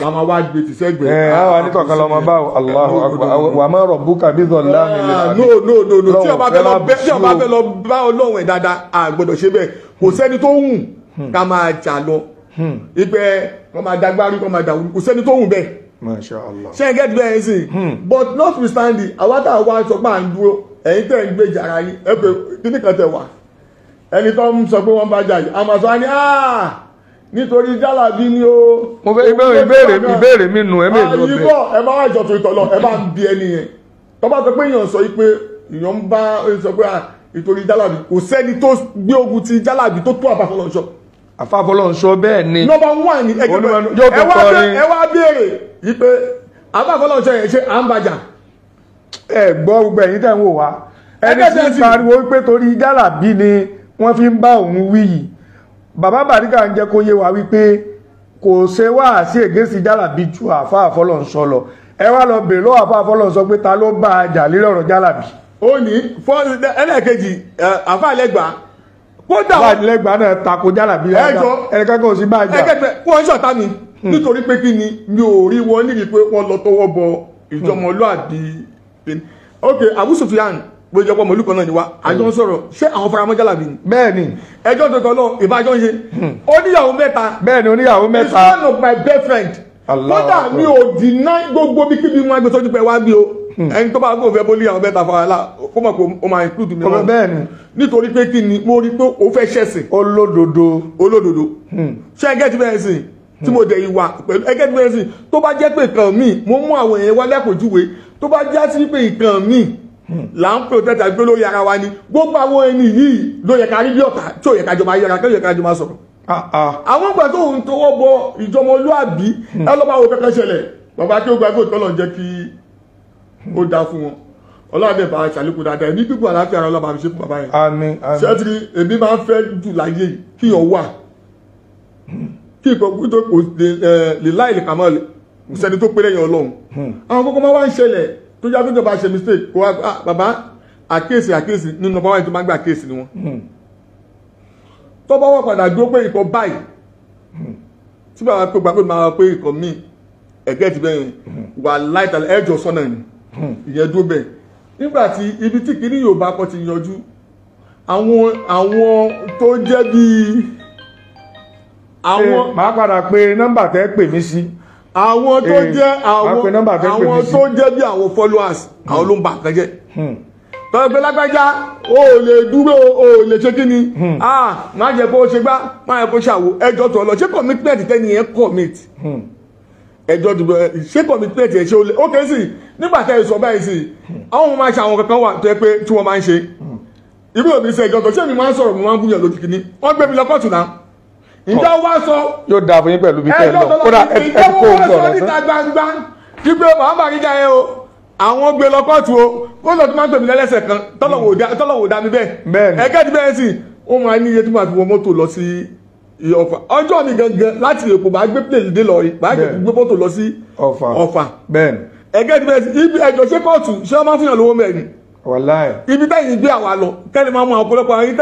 la máa wá gbé ti sẹ́gbẹ̀ẹ́. ẹ eh, á wà ní kankan lọ́mọ bá eh, Allahu akbar wà á má rọ̀ búkà bí zọ̀ láàmì lè fà. no no no no tí ọba fẹ́ lọ bẹ́ tí ọba fẹ́ lọ bá ọlọ́run ẹ̀ dáadáa a gbọ́dọ̀ ṣe bẹ́ẹ̀ kò hmm. sẹ́ni tó hùn hmm. ká máa jà lọ ìpẹ́ hmm. wọ́n máa dagbárí wọ́n máa dàwú kò sẹ́ni tó hùn bẹ́ẹ̀. ṣé ẹ gẹ́gẹ́ bẹ́ẹ̀ ẹ but notwithstanding àwa tá a wá sọ pé à ń dúró ẹ̀yin tẹ̀ ń gbé jàrá yín ẹ pé kíníkan tẹ̀ wà ẹni tó ń sọ pé wọ́n bá jà yìí àmọ̀ sọ á ní áà ah, nítorí jálàbí ni o. mo fẹ́ ìbéèrè ìbéèrè mi nù ẹ́ mélòó bẹ́ẹ̀. àyíbọ̀ ẹ bá wà ìjọ̀tún ìtọ̀lọ̀ ẹ bá ń bi ẹni yẹn tó bá sọ pé èèyàn sọ pé èèyàn ń bá sọ pé ìtorí jálàbí kò sẹ́ni tó gbé ogun ti jálàbí tó tó àbáfọlọ́nṣọ́. àfàfọlọ́nṣọ́ bẹ́ẹ̀ ni. nọ́mbà wà ní ẹgbẹ́ ẹ wá béèrè yìí pé àbáfọlọ́nṣọ́ yẹn ṣe à ń bàjà. ẹ gbọ́ gbogbo ẹ̀yin tẹ̀ ń wò wá ẹni tí ń pariwo pé torí jálàbí ni wọ́n fi ń bá òun wí yìí bàbá Bàríkà ń jẹ́ kó yé wa wípé kò ṣe wá sí ègésì jálàbí ju àfa àfọlọ̀ ń sọ lọ ẹ wá lọ bèèrè lọ́wọ́ àfa àfọlọ̀ ń sọ pé ta ló bá a jà lílẹ̀ ọ̀rọ̀ jálàbí. ó ní fọ́ọ̀sì ẹlẹ́ẹ̀kejì àfa lẹ́gbàá kódà wà lẹ́gbàá náà tako jálàbí ẹ̀ẹ́dẹ́gbẹ́ kò sí bá a jà. ẹ̀ẹ́dẹ́gbẹ́ wọ́n ń ṣọ̀tá mi hmm. nítorí pé kí ni mi ò rí wọn nídìí pé wọ́n lọ tọwọ́ bọ ìjọmọlúàbí. Hmm. ok Abu Sufyan gbẹjọ pọ mọlúkọ náà ni wa àjọ ń sọ̀rọ̀ ṣé àwọn faramọ jálàbí ni. bẹ́ẹ̀ni ẹjọ́ tuntun náà ìbájọ ń ṣe oníyàwó hmm. mẹ́ta bẹ́ẹ̀ni oníyàwó mẹ́ta is one of my best friend kódà mi ò deny gbogbo bí kíbi wọn gbé sójú pé wá bí o hmm. ẹni tó bá gbọ́ fẹ́ bólú ìyàwó mẹ́ta fara la kó mọ̀ pé o máa include mi. ọmọ bẹ́ẹ̀ni nítorí pé kí ni mo rí pé o fẹ́ ṣẹ̀sìn. olódodo olódodo hmm. ṣé ẹgẹ́ ti bẹ́ẹ̀ sìn tí mo dẹ̀ ìwà pẹ̀lú ẹgẹ́ ti bẹ́ẹ̀ sìn tó bá jẹ́ pé nǹkan míì mo mú àwọn èèyàn wálé àpòjúwe tó bá já sí pé nǹkan là ń protect àgbẹ̀ lórí ara wa ni gbogbo àwọn ẹni yìí ló yẹ ká rí bí ọ̀tá tí ò yẹ ká jọ máa yẹra kí ó yẹ ká jọ máa sọ̀rọ̀ ah, ah. àwọn ìgbà tó ń tọwọ́ bọ ìjọmọlúàbí hmm. ẹ lọ́ máa wo kẹ́kẹ́ ṣẹlẹ̀ bàbá kí ó gba ẹgbẹ́ òtọ́lọ̀ jẹ́ kí ó dá fún wọn ọlọ́dẹ̀ bá ṣàlékún dáadáa ẹ̀mí gbígbó àlàáfíà ara ọlọ́ba àfiṣe fún bàbá yẹn àmín àmín ṣẹ́tìrì èmi máa ń fẹ́ jù láyé kí yàn wà kí nǹkan kú tó kò lè láì eh, lè kàmọ́ sẹ́ni tó pé lẹ́yìn ọlọ́run hmm. àwọn kókó máa wá ń ṣẹlẹ̀ tó jẹ́ pé tó bá ṣe mistake kó wá ah, bàbá àkíyèsí àkíyèsí nínú ọba wáyé tó máa ń gbà àkíyèsí ni wọn. Hmm. tó bá wọ́n padà dúró pé ìkọ̀ báyìí hmm. tí bàbá pé gbàgbé máa pé ìkọ̀ míì ẹ̀gẹ́ ti bẹ́ẹ̀ hmm. wà láìta ẹ̀jọ̀ sọ́nà ni ìyẹn dúró bẹ́ẹ̀ nígbà tí ibi tí kìíní Yorùbá kọ́ ti yanjú àwọn àwọn tó jẹ́ bíi àwọn. màá padà pé nọ́mbà tẹ́ pè mí sí àwọn tó eh, jẹ́ àwọn àwọn tó jẹ́ bí àwọn followers hmm. àwọn ló ń bà kan jẹ́ hmm. tọ́gbẹ́ lágbájá o lè dúró o lè ṣe kí ni ah má jẹ́ kó o ṣe gbá má jẹ́ kó o ṣàwò ẹjọ́ tó lọ ṣé commitment tẹ́ni yẹn commit ẹjọ́ dùbọ̀ ṣé commitment yẹn ṣe o lè ó kéré sí nígbà tẹ́ ẹ sọ báyìí sí àwọn máa ṣe àwọn kankan wà tó yẹ pé tí wọ́n máa ń ṣe irú òbí sẹ́yìn gangan ṣé mi máa ń sọ̀rọ̀ mo máa ń gúnyàn lójú kìíní wọ́n gbé mi lọ kóòtù náà ìjọ wá sọ yóò dáa fún yín pẹ̀lú bí pẹ̀lú kódà ẹ kó o sọ̀rọ̀ níta gbangba kí pé màmá gíga yẹn o àwọn gbé lọ kóòtù o kó lọ́ọ́ tó máa ń tòmí lẹ́lẹ́sẹ̀ kan tọ́lọ̀wò dá mi bẹ́ẹ̀ ẹ̀kẹ́ ti bẹ́ẹ̀ sì ó máa ní iye tó máa fi wọ mọ́tò lọ sí ọ̀fà ọjọ́ mi gangan láti èkó bá gbé plẹ̀ dé lọ́ọ̀rì bá gbé mọ́tò lọ sí ọ̀fà ẹ̀kẹ́ ti bẹ́ẹ̀ sì ibi ẹ̀jọ̀ ṣé kóòtù ṣé wọ́n máa ń fìyàn lówó mẹ́rin ibi táyìn gbé àwa lọ kẹ́ni máa mú àwọn ọ̀pọ̀lọpọ̀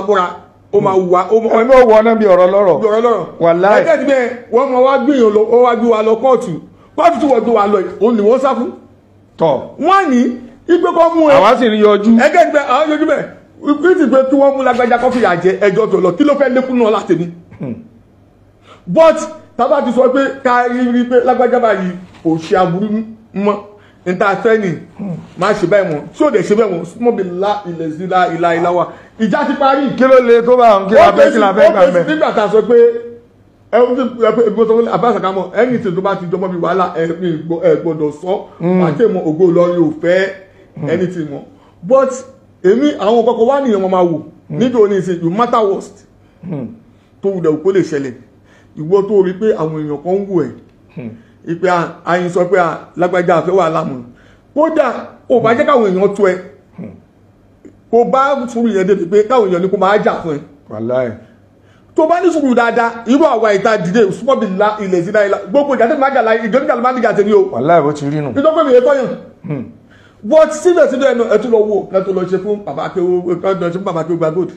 àwọn ó máa wà ó máa. ẹ̀mí ò wọ náà bí ọ̀rọ̀ lọ́rọ̀ bí ọ̀rọ̀ lọ́rọ̀ wàláì. ẹ̀jẹ̀ ti bẹ́ẹ̀ wọ́n máa wá gbìyàn lọ ó wá gbé wa lọ kóòtù kóòtù tí wọ́n tó wa lọ òun ni wọ́n sá fún. tọ́ wọ́n ní ipe kọ́ mú ẹ. àwa sì rí yọjú. ẹ̀jẹ̀ ti bẹ́ẹ̀ àwọn yọjú bẹ́ẹ̀ ìpínlẹ̀ pé kí wọ́n mú lágbájá kọ́fì àjẹ ẹjọ́ tó lọ kí ló fẹ́ lékún náà láti mi. Hmm. but tábà ti sọ pé ká rí pé lágbájá báyìí kò ṣe aburú mọ́ níta fẹ́ ni hmm. má ṣe bẹ́ẹ̀ mọ́ tí ò la ilẹ̀ sí wa ìjà ti parí. kí ló le tó bá àwọn kí la fẹ́ kí la fẹ́ gbà mẹ́. nígbà tá a sọ pé àbáṣàkámọ ẹni tí tó bá ti jọmọ bí wàhálà ẹni gbọ́dọ̀ sọ pàtẹ hmm. mọ ògo Ìlọrin ò fẹ́ ẹni tí mọ but èmi àwọn kọkọ wà nìyẹn wọn máa wò hmm. níjọ ní ìsìn you matter worst hmm. tó wùdẹ̀ òkú lè ṣẹlẹ̀ ìwọ tó rí pé àwọn èèyàn kan ń wù ẹ́ ìpè àyìn sọ pé lágbájá àfẹ́ wà lámù kódà ò bá jẹ́ káwọn èèyàn tó ẹ kò bá sùúrù yẹn débi pé káwọn èèyàn ní kó máa jà fún ẹ. wàláì. tó bá ní sùúrù dáadáa irú àwa ìta dìde súnmọ́ bí la ilẹ̀ gbogbo ìjà tẹ́lẹ̀ máa jà láì ìjọba ìjà ló máa ń dìjà tèmi o. wàláì bó ti rí nù. ìjọba mi yẹn tọ́yàn. but síbẹ̀síbẹ̀ ẹnu ẹ̀ tún lọ wò ẹ̀ tún lọ ṣe fún bàbá akéwò gba gold.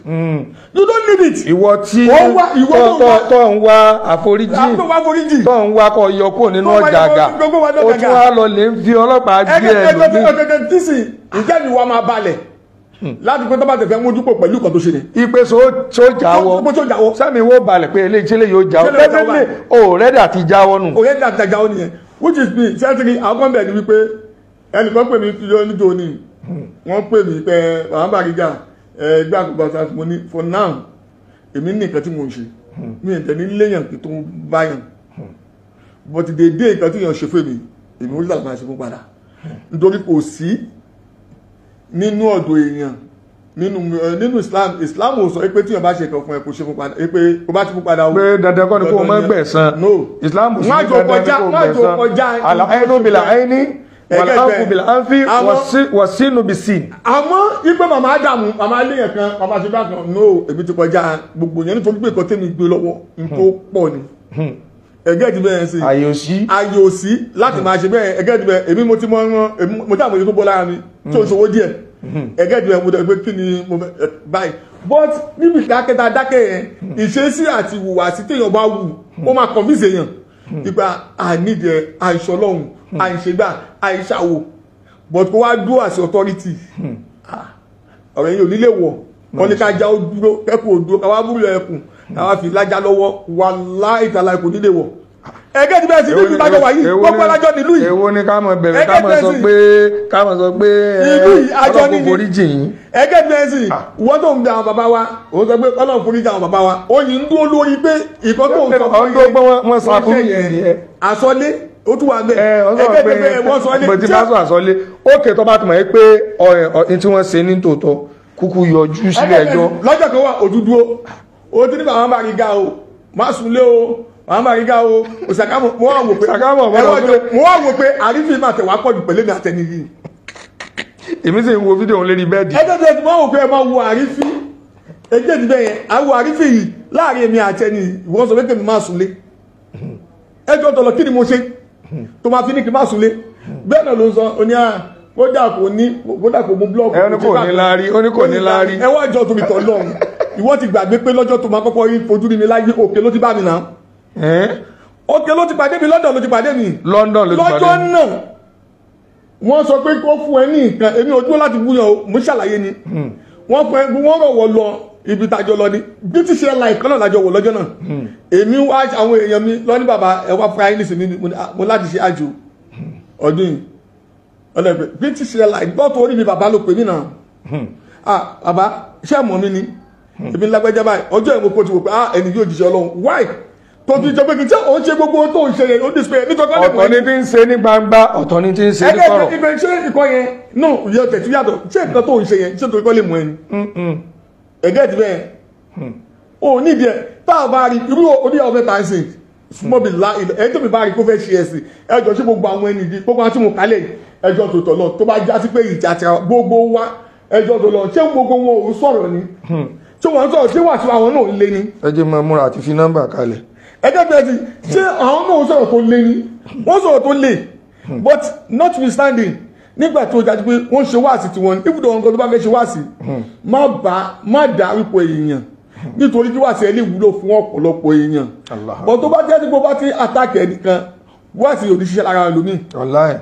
you don't need it. ìwọ tí tó ń wá àforíjì tó ń wá kọ yọ kúrò nínú ọjà àgà ó tún wá lọ lè ń fi ọlọ́pàá gbé ẹ lómi. ẹgbẹ́ ẹgbẹ́ ẹgbẹ́ tíṣì ìjẹ́ mi wá máa balẹ̀ láti pé tó bá tẹ̀fẹ́ mójúpò pẹ̀lú ìkan tó ṣe ni. ipe so so jáwọ́ sẹ́mi wo balẹ̀ pé eléyìí tí eléyìí ó jáwọ́ lẹ́gbẹ̀lẹ́ o rẹ́dà ti jáwọ́ nù. o rẹ́dà ti jáwọ́ nìyẹn which is me sẹ́sìkì àwọn kan bẹ̀ ni wípé ẹnìkan pè mí lónìjó ni wọ́n pè mí pé bàbá bàgíga ẹgbẹ́ àkùkọ sars mo ní for now èmi ní nǹkan tí mo ń ṣe mi ò tẹ̀lé léyàn tó ń báyàn but the day nǹkan tí yàn ṣe fún mi èmi ó lè nínú ọ̀dọ̀ èèyàn nínú eh, nínú islam islam ò sọ pé tíyàn bá ṣe kan fún ẹ kò ṣe fún padà eh, pé kò bá ti fún padà o. pé dandan kọ́ ni kò mọ́ gbẹ̀san. no islam ò sí dandan kò gbẹ̀san. wọ́n jò kọjá àlọ́ ẹnu bìlà ẹni wàlúkàkù bìlà á wàsínú bí sí. àmọ́ ipe màmá àdàmú màmá aléyàn kan màmá ṣe kan no èmi ti kọjá gbogbo yẹn nítorí pé ìkọ́tẹ́mi gbé lọ́wọ́ n tó hmm. pọ̀ ni. Hmm ẹgẹ́ ti bẹ́ẹ̀ sí àyè òsí àyè òsí láti máa ṣe bẹ́ẹ̀ ẹgẹ́ bẹ́ẹ̀ èmi mo ti mọ ọ́n mo tí àmọ̀jẹ́ tó bọ́ lára mi tó ìṣòwò díẹ̀ ẹgẹ́ bẹ́ẹ̀ mo dẹ̀ pé kí ni mo báyìí but níbi dákẹ́ta dákẹ́ yẹn ìṣesí àti ìhùwàsí téèyàn bá wù ó máa convince èèyàn nípa àníjẹ àìṣọlọ́hùn àìṣègbà àìṣàwò but kó wá dúró àṣẹ authority ah, ọ̀rẹ́ yìí ò nílé wọ̀ kọ́ni ká já ó dúró kẹ́kù dúró ká wá búrò àwa fi lájà lọ́wọ́ wà láì tàlà kò nílé wọ̀ ẹgẹ́ ti bẹ́ẹ̀ sí níbi ìbájọ́ wà yìí gbogbo alájọ́ nílù yìí. èwo ni ká mọ̀ bẹ̀rẹ̀ ká mọ̀ sọ pé ká mọ̀ sọ pé ọlọ́run forí jìn ẹgẹ́ ti bẹ́ẹ̀ sí ah. wọ́n tó ń bẹ àwọn bàbá wa ó sọ pé ọlọ́run forí jìn àwọn bàbá wa ó yìí ń dúró lórí pé ìkọ́ tó ń sọ fún yẹn wọ́n sọ fún yẹn àsọlé o tún wà bẹ́ẹ̀ ẹgẹ́ ti bẹ́ẹ̀ wọ́n sọlé. bẹ̀tí bá sọ àsọlé ó tó bá tó mọ̀ pé ọ̀rẹ́ tí wọ́n ṣe ní tòótọ́ kúkú yọjú sílẹ̀ ẹjọ́. lọ́jọ́ kan wà òdúdúró o ti ní bàbá bá o má súnlé o bàbá bá gíga o òsàkámọ̀ mo wà wò pé mo wà wò pé àrífín máa tẹ̀wá pọ̀ jù pẹ̀lú èmi àtẹni yìí. èmi sì ń wo fídíò òun lérí bẹ́ẹ̀dì. ẹjọ́ tẹ̀ mo wò pé ẹ máa wo àrífín ẹjẹ́ ti bẹ́yẹn àwo àrífín yìí láàrin èmi àtẹni ìwọ́n sọ pé kèmi má súnlé ẹjọ́ tọ̀lọ̀ kí ni mo ṣe tó máa fi ní kí má súnlé bẹ́ẹ̀ náà ló ń sọ oní kódà kò ní kódà kò mú blọọkù. ẹ ó ní kò ní láárí ó wá jọ tóbi tọ lọ́run ìwọ ti gbàgbé pé lọ́jọ́ tó máa kọ́kọ́ rí fojú rí mi láyé òkè ló ti bá mi nà. òkè ló ti pàdé mi London ló ti pàdé mi. London ló ti pàdé mi. lọ́jọ́ náà wọ́n sọ pé kó fún ẹ ní nǹkan èmi ojú láti búyàn o mo ṣàlàyé ni. Hmm. wọ́n pẹ́ wọ́n rọ̀ wọ lọ ibi tàjọ lọ ni British Airlines kan náà lájọ wò lọ́jọ́ náà. Hmm. èmi wá àwọn èèyàn mi lọ ní bàbá ẹ wá fúra english mi mo láti ṣe àjò hmm. ọdún yìí. ọlọ́pẹ́ British Airlines gbọ́ tó orí mi bàbá ló pè mí náà. ah bàbá ṣé ẹ mọ̀ mi ni. Hmm. èmi lágbájá báyìí ọjọ́ ìmọ̀ kó ti wò pé ah ẹni yóò jíṣẹ́ ọlọ́run why tó ti jẹ́ pé kìí ṣe òun ṣe gbogbo tó ń ṣe yẹn ó display nítorí kọ́lé kò ní. ọ̀tọ̀ ni ti ń ṣe ní gbangba ọ̀tọ̀ ni ti ń ṣe ní kọ̀rọ̀. ẹgbẹ́ ìfẹ́ ṣe ìkọ́ yẹn nù yọ tẹ̀tí yàtọ̀ ṣé nǹkan tó ń ṣe yẹn ṣé torí kọ́lé mú ẹni. ẹgbẹ́ ti hmm. ẹ̀ tá a bá rí irú oníyàwó mẹ́ta ṣe mọ́ bí la ẹni tó mi bá rí kó fẹ́ ṣe ẹ̀sìn ẹjọ́ ṣé gbogbo àwọn ẹni yìí gbogbo àti mò kálẹ̀ ẹjọ́ já sí ẹjọ́ tó lọ ṣé gbogbo wọn ò sọ̀rọ̀ ni. Hmm ṣé wọ́n sọ̀rọ̀ ṣé wàásù àwọn náà lé ní. ẹ jẹ́ máa múra àti fi nọ́mbà kalẹ̀. ẹ jẹ́ bẹ́ẹ̀ ti ṣé àwọn náà sọ̀rọ̀ tó lé ní wọ́n sọ̀rọ̀ tó lé but notwithstanding nígbà tó dájú pé wọ́n ṣe wáàsí tiwọn ibùdó ọ̀nkọ́ tó bá fẹ́ ṣe wáàsí má bá má dá ipò èèyàn nítorí kí wáàsí ẹni wúlò fún ọ̀pọ̀lọpọ̀ èèyàn but tó bá jẹ́ tí gbogbo bá ti attack ẹnìkan wá sí òdíṣẹ́ lára lómi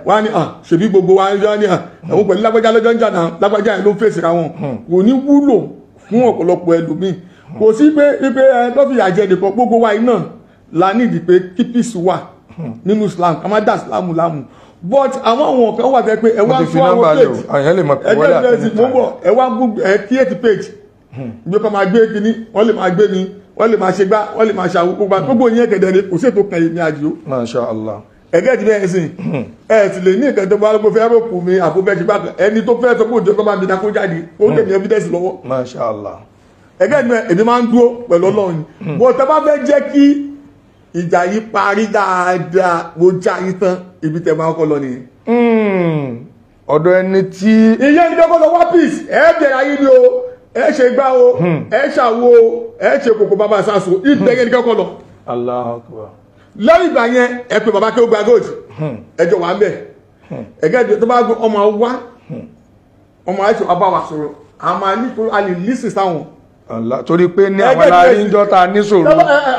wá ní hàn ṣèbí gbogbo wa ń yọ ní hàn àwọn pẹ̀lú lágbájá lọ́jọ́ ń jà náà lágbájá yẹn ló fèsì ra wọn hmm. kò ní wúlò fún ọ̀pọ̀lọpọ̀ ẹlòmíì kò sí pé pé ẹ lọ́fì àjẹ nìkan gbogbo wa iná la nídìí pé kí peace wà nínú Islam ká má dà Islam láàmú but àwọn àwọn kan wà bẹ́ẹ̀ pé ẹ wá fún àwọn plate ẹgbẹ́ bẹ́ẹ̀ sì mú bọ̀ ẹ wá gún ẹ create page ìgbé hmm. kan máa gbé kínní wọ́n lè máa gbé mi wọ́n lè máa ṣe gbá wọ́n lè máa ṣàwùkú gbá gbogbo ìyẹn kẹ̀dẹ̀ ni kò sí ètò kan yìí ní àjò. Masha Allah ẹgẹ́ ti bẹ́ẹ̀ sìn ẹ ti lè ní ìkẹtọ́ bá gbọ́ fẹ́ rọ́pù mi àfọ́bẹ́sì bákan ẹni tó fẹ́ sọ pé òjò tó bá mi dákó jáde ó lè ní evidence lọ́wọ́. Masha ti bẹ́ẹ̀ èmi máa ń dúró pẹ̀lú ọlọ́run hmm. bó tẹ bá fẹ́ jẹ́ kí ìjà yìí parí dáadáa mo já yín tán ibi tẹ máa kọ́ lọ nìyẹn. Hmm. ọ̀dọ̀ ẹni tí. ìyẹn ìjọba lọ wá peace ẹ̀ẹ́dẹ̀rẹ̀ ayé ni o ẹ ṣe gbá o hmm. ẹ ṣàwo ẹ ṣe kòkò bàbá sàṣọ lẹ́yìn ìgbà yẹn ẹ pé bàbá kí ó gba gold ẹjọ́ wà ń bẹ̀ ẹgẹ́ tó bá gún ọmọ wá ọmọ àìsàn ọba wà sọ̀rọ̀ a máa ní kúrò a lè lísì sáwọn. torí pé ní àwọn aláríjọ́ ta níṣòro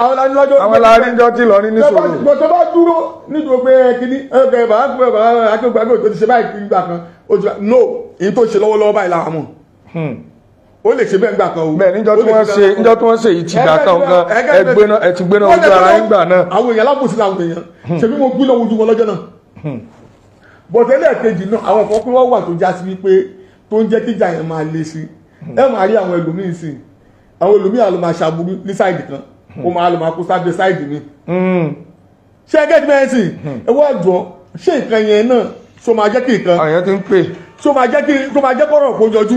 àwọn aláríjọ́ tí lọ ní níṣòro. tó bá dúró nídùú pé kíní ẹgbẹ́ bàbá kí bàbá akíngbàgbọ́ tó ti ṣe báyìí nígbà kan no èyí tó ṣe lọ́wọ́lọ́wọ́ báyìí làwọn mọ̀ ó lè ṣe bẹ́ẹ̀ gbà kan o. bẹ́ẹ̀ níjọ́ tí wọ́n ṣe níjọ́ tí wọ́n ṣe yìí ti gbà kan gan ẹgbẹ́ná ẹ ti gbẹ́ná ojú ara yín gbà náà. àwọn èèyàn alábòsí làwọn èèyàn hmm. ṣe bí mo gbí lọ́wọ́ ojú wọn lọ́jọ́ náà. Hmm. bọ̀tẹ́lẹ̀ kejì náà àwọn kan pé wọ́n wà tó já sí wípé tó ń jẹ́ kíjà yẹn máa le sí hmm. ẹ máa rí àwọn ẹlòmíì sí àwọn ẹlòmíì àlọ́ máa ṣàbùrú ní sáìdì kan ó máa lọ máa kó sábẹ́ sáìdì mi. ṣé ẹ gẹ́gẹ́ bẹ́ẹ̀ sì ẹ wá jọ ṣé nǹkan yẹn náà ṣó máa jẹ́ kí nǹkan ṣó máa jẹ́ kọ́rọ̀ kó yọjú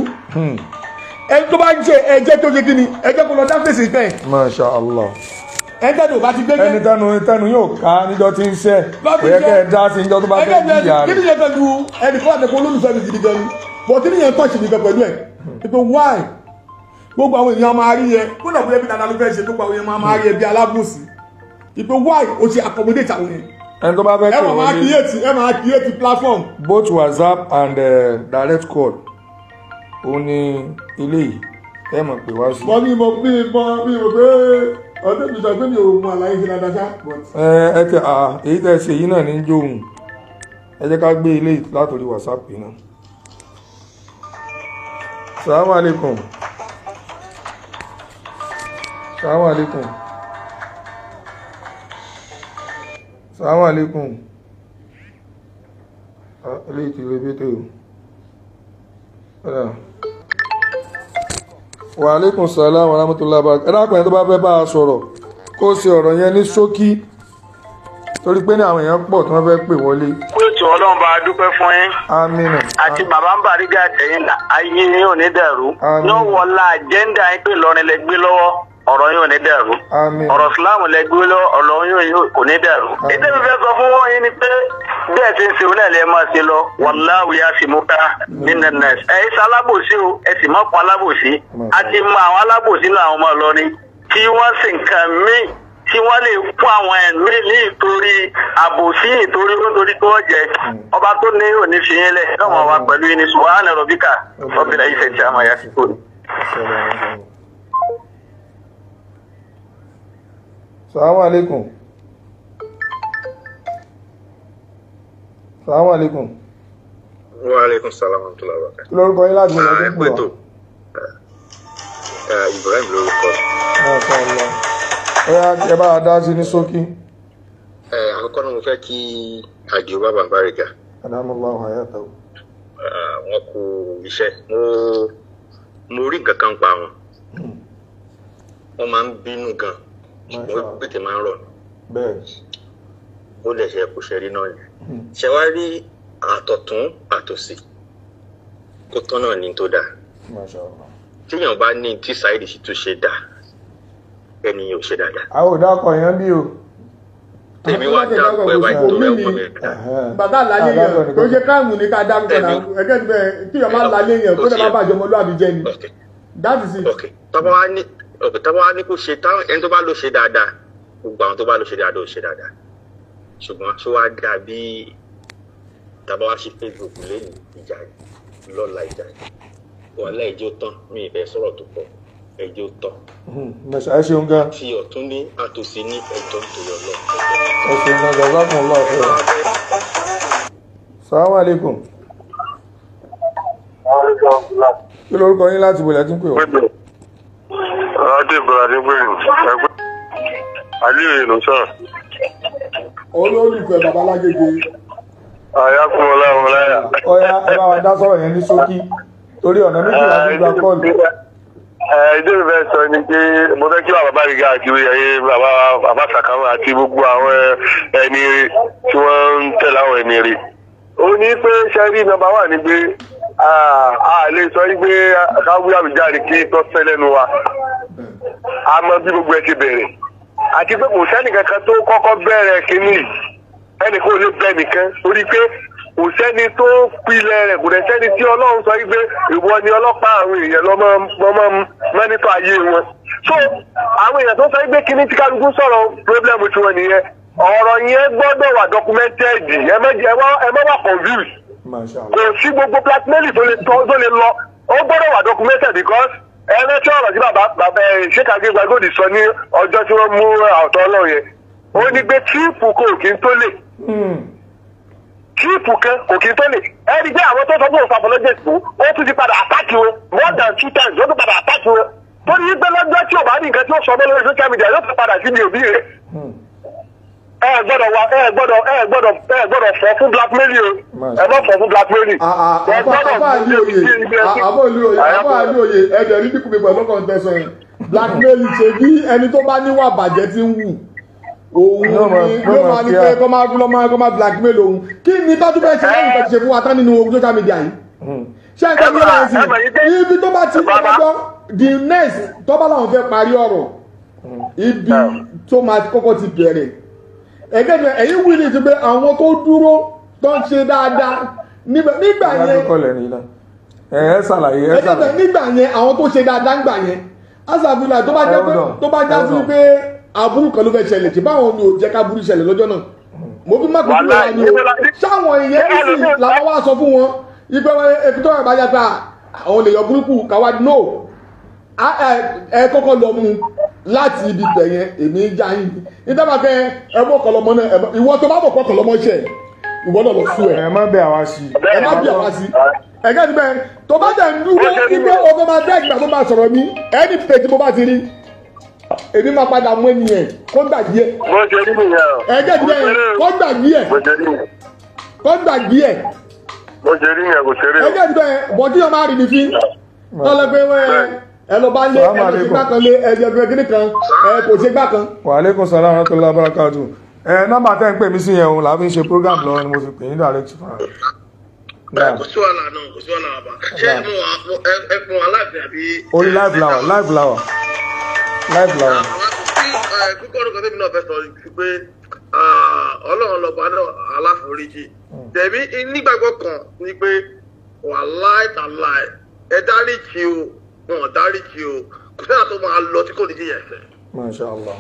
ẹ tó bá jẹ ẹjẹ tó ṣe kíni ẹjẹ kó lọ dá fèsì bẹ́ẹ̀. masha allah. ẹjẹ tó bá ti gbé kí. ẹni tẹnu tẹnu yóò ká níjọ tí ń ṣe kò yẹ kẹ ẹ dá sí níjọ tó bá fẹ́ bí ìyá rẹ. kíni yẹn pẹ̀lú ẹnì kan àtẹkọ olólùfẹ́ mi gidi gan ni bọ̀ kíni yẹn tọ́sí mi gan pẹ̀lú ẹ̀ pípé wáì gbogbo àwọn èèyàn máa rí yẹ kó lọ bóyá bí dada ló fẹ́ ṣe gbogbo àwọn èèyàn máa rí yẹ bí alábùsì pípé wáì o ṣe accommodate àwọn yẹn ẹni tó bá fẹ́ pè wọ́n ní ẹ máa create platform both whatsapp and uh, direct call ó ní ilé yìí ẹ mọ̀ pé wá sí. wọ́n ní mo bí mo bí mo pé ọdún mi sọ pé mi ò mọ àlàyé ṣe dáadáa ṣá. ẹ ẹ tẹ à èyí tẹ ṣe yìí náà ní jóun ẹ jẹ́ ká gbé ilé yìí látòrí whatsapp yìí náà. salamu alaikum salamu alaikum salamu alaikum ilé ìtìlẹ̀ bẹ́tẹ̀ o wa aleykum salaam wa rahmatulah barak ẹ dákun ẹ tó bá fẹ́ bá a sọ̀rọ̀ kó o ṣe ọ̀rọ̀ yẹn ní ṣókí torí pé ní àwọn èèyàn pọ̀ tí wọ́n fẹ́ pè wọlé. pẹ̀tù ọlọ́run bá a dúpẹ́ fún yín. amínà. àti bàbá ń bàrígà àtẹ̀yìn ayé yín ò ní dàrú. amínà. yóò wọlá àjẹ́ńdà yín pé lọ́rin lẹ gbé lọ́wọ́ ọ̀rọ̀ yóò ní dàrú ọ̀rọ̀ Islam lẹ́gbẹ́ lọ ọ̀rọ̀ yóò kò ní dàrú. ètò ìfẹ́ sọ fún wọn yìí ni pé bí ti ń sèwọ́n náà lè máa ṣe lọ wàláwù yá ní nẹ́ẹ̀nẹ́sì. ẹ ṣe alábòsí o ẹ sì má alábòsí a ti mọ àwọn alábòsí náà àwọn ọmọ Ìlọrin kí wọ́n sì nǹkan míì tí wọ́n lè kó àwọn ẹ̀mí ní ìtorí àbòsí ìtorí nítorí tó wọ́n jẹ ọba tó ní òní fi yín lẹ̀ lọ́wọ́ wa pẹ̀lú yín ní subhana rabbika rabbil izzati amma yasifun. salamu alaikum salamu alaikum. wa alaikum salam wa rahmatullahi wa barakatuh. kí lórúkọ yín láti ọjọ́ tó ń pè Ibrahim lórúkọ. ọ̀ya ẹ bá a dá sí ní ṣókí. àkọ́kọ́ ni mo fẹ́ kí àjò bàbá ń bárẹ̀ ga. adamallahu hayatahu. wọn kú iṣẹ́ mo mo rí nǹkan kan pa wọn hmm. wọn máa ń bínú gan-an ṣùgbọ́n tètè máa ń rọ̀ ó lè ṣe kò ṣe rí náà yẹn hmm. ṣe wá rí àtọ̀tún àtòsí kó tán náà ní tó dáa tíyàn bá ní tí Saheed sì tún ṣe dáa ẹni ò ṣe dáadáa. àwọn ò dákọ̀ yẹn bí o èmi wá dákọ̀ ẹ̀ báyìí tó rẹ̀ wọ́n mi. bàbá àlàyé yẹn kò ṣe káàmù ní ká dákọ̀ náà ẹgbẹ́ tí bẹ́ẹ̀ kí ọmọ àlàyé yẹn kó dẹ̀ má bàjẹ́ ọmọlúwàbí jẹ́ ni. that is it. tọ́ba ní ọ̀pẹ̀ táwa ní kò ṣe táwọn ẹni tó bá lọ ṣe dáadáa gbogbo àwọn tó bá lọ ṣe dáadáa ò ṣe dáadáa ṣùgbọ́n tó wá dà bí tàbá wá sí Facebook lẹ́yìn ìjà lọ́la ìjà wàhálà ẹjọ́ tán mi ìfẹ́ sọ̀rọ̀ tó pọ̀ ẹjọ́ tán. Hmm, ẹ ṣeun gan. ti ọ̀tún ní àtòsí ní ẹjọ́ nítorí ọlọ́run. ẹ ṣeun gan gbàgbọ́ kan lọ fẹ́. salamu aleykum. kí lorúkọ yín láti wọlé tí adébọ̀ adégbèrè ẹgbẹ́ aliyu ìlú sọ. olólùfẹ́ torí ọ̀nà méjìlá ló gba kọ́ọ̀lù ìdí mi fẹ́ sọ ni pé mo fẹ́ kí bàbá ga àti ẹyẹ bàbá bàbá àti gbogbo àwọn ẹni tí wọ́n ń tẹ̀lé àwọn ẹni rè. ó ní pé ṣẹ́rí nọ́mbà wà a ah, ah, lè sọ wípé káwíyà mi jáde kí tó sẹ́ lẹ́nu wa a mọ bí gbogbo ẹ ti bẹ̀rẹ̀ àti pé kò sẹ́ni kankan tó kọ́kọ́ bẹ̀rẹ̀ kínní ẹnì kò lè bẹ̀ nìkan torí pé kò sẹ́ni tó pilẹ̀ rẹ̀ kò dẹ̀ sẹ́ni tí ọlọ́run sọ wípé ìwọ ni ọlọ́pàá àwọn èèyàn lọ́mọ mọ́nítọ̀ ayé wọn so àwọn èèyàn tó sọ wípé kínní tí kálukú sọ̀rọ̀ pírọ́blẹ́mù tiwọn nìyẹn ọ̀rọ̀ yẹn gbọ́dọ̀ wà dọ́kúmẹ́ntẹ́ẹ̀dì ẹ kò sí gbogbo blackmail tó lè lọ ó gbọ́dọ̀ wà documented because ẹni tí ọ̀rọ̀ sí bàbá bàbá ṣèkà gbígbà gòdì sọ ní ọjọ́ tí wọ́n mú àwòtọ́ ọlọ́run yẹn ó ní gbé tíìpù kò kí n tó lè hmm. tíìpù kan kò kí n tó lè ẹni gbé àwọn tó sọ fún òfàfọlọ́jẹ̀ sí ó tún ti padà àtàkì wọn more than two times ó tún padà àtàkì wọn tó ní gbẹ́lọ́jọ́ tí ò bá ní nǹkan tí ó sọ mọ́ lórí social media yóò ẹ gbọ́dọ̀ wa ẹ gbọ́dọ̀ ẹ gbọ́dọ̀ ẹ gbọ́dọ̀ fọ fún blackmail o ẹ má fọ fún blackmail. àbọ̀ olóye àbọ̀ olóye ẹ̀jẹ̀ rí dípò pípẹ́ lọ́kàn tẹ̀sán yẹn blackmail ṣe bí ẹni tó bá níwà bàjẹ́ ti ń wù òun ni ló máa ní pé kọ́ máa lọ́ máa kọ́ máa blackmail òun kí ni tọ́jú bẹ́ẹ̀ ṣe lẹ́yìn ìtọ́jú ṣe fún wa tán nínú ogun social media yìí hmm. ṣé nǹkan ní ọ̀rọ̀ ẹ̀sìn ibi tó bá ti ní ọjọ́ the next tó bá láwọn fẹ́ parí ọ̀rọ̀ hmm. ibi tó máa kọ́kọ́ ti bẹ̀rẹ̀ ẹ̀gẹ́ mi ẹ̀yin wí ni ti pé àwọn tó dúró tó ń ṣe dáadáa nígbà yẹn ẹ ẹ ṣàlàyé ẹ ṣàlàyé nígbà yẹn àwọn tó ṣe dáadáa ń gbà yẹn asàfihàn tó bá jẹ́ pé tó bá já sí pé aburú kan ló fẹ́ ṣẹlẹ̀ tí báwọn ni ò jẹ́ ká burú ṣẹlẹ̀ lọ́jọ́ náà mo fi má pẹ̀lú ẹ̀yà ni o ṣáwọn ìyẹn sì làwọn wá sọ fún wọn ìgbẹ́ wọn èpì tó yàgbá yàgbá ah, àwọn lè no ẹ kọ́kọ́ lọ mú láti ibi tẹ̀yẹn èmi ń já yín ní dábà kẹ ẹ mọ kọlọmọ náà ìwọ tó bá bọ̀ pọ̀ kọlọmọ ṣẹ ìwọ náà lọ sùn ẹ. ẹ má bẹ àwa sí. ẹ má bẹ àwa sí. ẹgẹ́ ti bẹ́ẹ̀ tó bá tẹ̀ ń dúró ibẹ̀ ọgbẹ́ máa dẹ́ ìgbà tó máa sọ̀rọ̀ mi ẹni pèjì mo bá ti rí èmi máa padà mọ ènìyàn kó gbàgbé ẹ. mo jẹ nínú ìyá o. gbàgbé ẹ. mo jẹ gbàgbé ẹ. mo jẹ nínú ìyá kò ṣeré o ẹ lọ bá lé ẹ ti gbá kan lé ẹ jẹ gbẹ kíní kan ẹ kò ṣe gbá kan. wàhálẹ́kùn sàlámù rahmatullahi barakatu ẹ nọ́mbà tẹ́ ń pè mí sí yẹn òun làá fi ń ṣe program lọ ni mo fi pè yín direct fún wa. kò sí wàhálà náà kò sí wàhálà bàbá ṣé ẹ mú wa láìpẹ́ àbí. orí live lawa live lawa live lawa. kíkọ́ ọdún kan tẹ́mi náà fẹ́ sọ ni pé ọlọ́run lọ́ba náà aláforíjì hmm. tẹ̀mí nígbàgbọ́ kan ni pé wàhálà ìtàláì ẹ dáríjì o wọn ò dáríjì o kò sẹ́yà tó máa lọ tí kò ní jìyà ẹ̀ṣẹ̀. Masha Allah.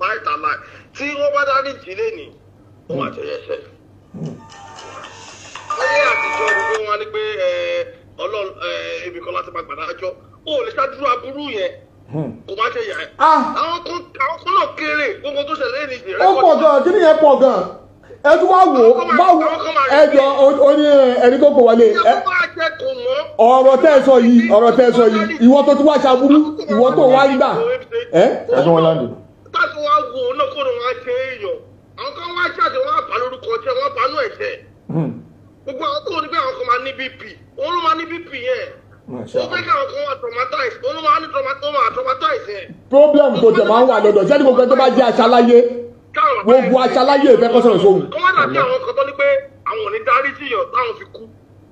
báyìí tá a láì tí wọ́n bá dáríjì lẹ́nìí wọ́n àti ẹ̀ṣẹ̀. Hmm. ayé àtijọ́ ni pé wọ́n á ní pé ọlọ́run ibi kan láti máa gbàdá ọjọ́ ó lè ṣáájú aburú yẹn hmm. kò má ṣe yà ẹ́. Ah! àwọn kan náà kéré gbogbo tó ṣẹlẹ̀ ní ìjìnlẹ̀. ó pọ̀ gan-an kí ni yẹn pọ̀ gan-an. ẹ tún wá wò báwo ẹjọ onye eh, ẹni tó kò wọlé ọrọ tẹ́ ẹ sọ yìí ọ̀rọ̀ tẹ́ sọ yìí ìwọ tó eh. tún wá ṣàbúrú ìwọ tó wá ń gbà ẹjọ wọn láǹdì. táàtì wá wo ṣe àwọn kan wá wọn bá lórúkọ wọn bá nú hmm. gbogbo àwọn ní àwọn kan máa ní bp òun ló máa ní bp gbogbo aṣáláyé ìfẹ́ kọ́ sọ̀rọ̀ sóhun. kọ́ wọ́n dàbí àwọn kan tó ní pé àwọn ò ní darí sí yàn táwọn fi kú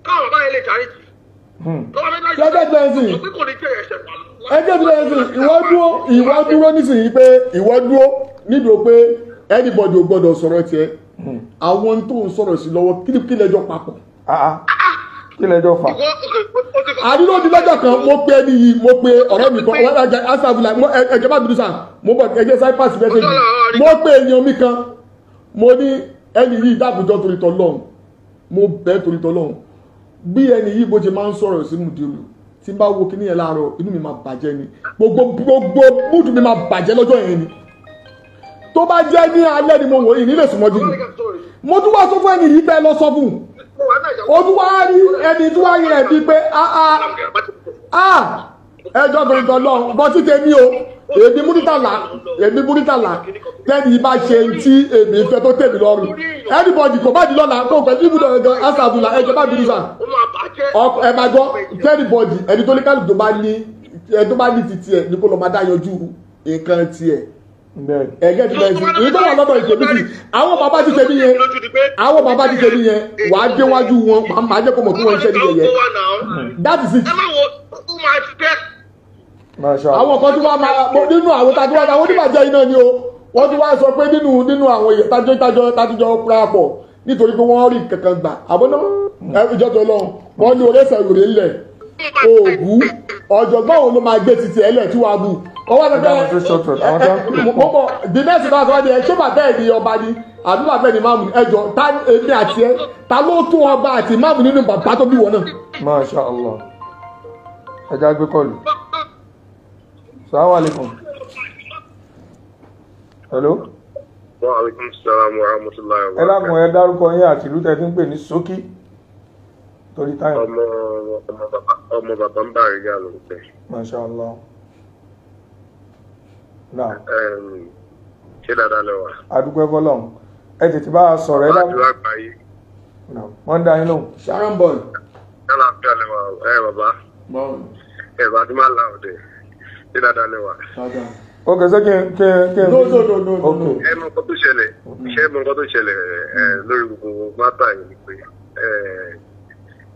káwọn báyìí lè darí sí. lọ́jọ́ ìfẹ́ ẹ̀sìn ẹjọ́ ìfẹ́ ẹ̀sìn ìwọ dúró ìwọ dúró nísìnyí pé ìwọ dúró nídò pé anybody ò gbọ́dọ̀ sọ̀rọ̀ tiẹ̀ àwọn tó ń sọ̀rọ̀ sí lọ́wọ́ kí lẹ́jọ́ papọ̀. kí lẹ́jọ́ fà. àdúró di lọ́jọ́ kan mo pe ẹni yìí mo pe ọ̀rẹ́ mi kan wọ́n ẹ̀jẹ̀ bá mi dùn sàn mo bọ̀ ẹ̀jẹ̀ cypress mẹ́tẹ̀ẹ̀jì mo pe èèyàn mi kan mo ní ẹni yìí dákùjọ torí tọlọ́hún mo bẹ̀ torí tọlọ́hún bí ẹni yìí bó ṣe máa ń sọ̀rọ̀ sí mùdírù tí n bá wo kíní yẹn láàárọ̀ inú mi máa bàjẹ́ ni gbogbo gbogbo múdù mi máa bàjẹ́ lọ́jọ́ yẹn ni tó bá jẹ́ ní alẹ́ ni mo wò yìí nílé sùmọ́jú ni mo tún wá sọ fún ẹni yìí bẹ́ẹ̀ lọ sọ fún o tún wá rí ẹni tún wá yẹn bíi pé ah ah ah ẹjọ́ torí tọlọ́hún bọ́ èmi múrítàlá èmi múrítàlá lẹ́yìn ibà ṣe tí èmi fẹ́ tó tèmi lọ́rùn anybody kò bá di lọ́la kó fẹ́ ibùdó ẹ̀gán asàdùlà ẹ̀jẹ̀ bá bìrì sàn ẹ̀ máa gbọ́ anybody ẹni tó ní kálù tó bá ní ẹni tó ní kó lọ́ọ́ máa dá yanjú nǹkan tiẹ̀ ẹgẹ ti bẹ sí èyí tó wà lọ́dọ̀ ìtẹ̀mí sí àwọn bàbá ti tẹ̀mí yẹn àwọn bàbá ti tẹ̀mí yẹn wàá déwájú wọn màá jẹ́ kó mọ̀ kí wọ́n ń ṣẹ́ ní yẹyẹ that is it àwọn kan tí wọ́n máa nínú àwọn tàbí wọ́n àwọn oníbàjẹ́ iná ni o wọ́n ti wá sọ pé nínú nínú àwọn èèyàn tájọ́ tájọ́ tájọ́ prapọ̀ nítorí pé wọ́n rí kankan gbà àbọ̀nà ìjọ tó lọ́hùn wọ́n ní orí ẹ̀sẹ̀ rèé lẹ̀ ọ̀jọ̀gbọ́n òun ló máa gbé titi ẹ̀lẹ̀ tí wàá bù ọwọ́ ẹgbẹ́ mọ́mọ́ the next thing that's why they ṣé bàbá ẹ̀ ní ọba ni àbí bàbá ẹ̀ ní máàmù ẹjọ́ ta èmi àti ẹ ta ló tún ọba àti máàmù nínú bàbá tó bí wọn náà. Masha Allah ẹ já gbé kọlù. Assalamu alaikum. Hello. Wa alaikum assalam wa rahmatullahi wa barakatuh. Ẹ lákùn ẹ dárúkọ yín àti ìlú tẹ́tí ń pè ní Sókí. Torí táyọ̀. Ọmọ ọmọ bàbá ń bá rí gà ló ń pẹ́. Masha Allah. Náà. Ṣé dáadáa lẹ wà? Adúgbò ẹ̀fọ́ lọ́hùn. Ẹ tètè bá a sọ̀rọ̀ ẹ lákùn. Wọ́n á dúró àgbáyé. Wọ́n dá yín lóhùn. Sharon Ball. Ẹ láàbí àlẹ́ wa ẹ bàbá. Bọ́ọ̀lù. Ẹ bàbá tí máa la òde ṣé dáadáa lẹ́wà. ok ṣé kí n kí n kí n. no no no no no. ẹ eh, mọ nǹkan tó ṣẹlẹ̀ ṣé mọ nǹkan tó ṣẹlẹ̀ ẹ eh, mm. lórí gbogbo mátà yìí ni pé ẹ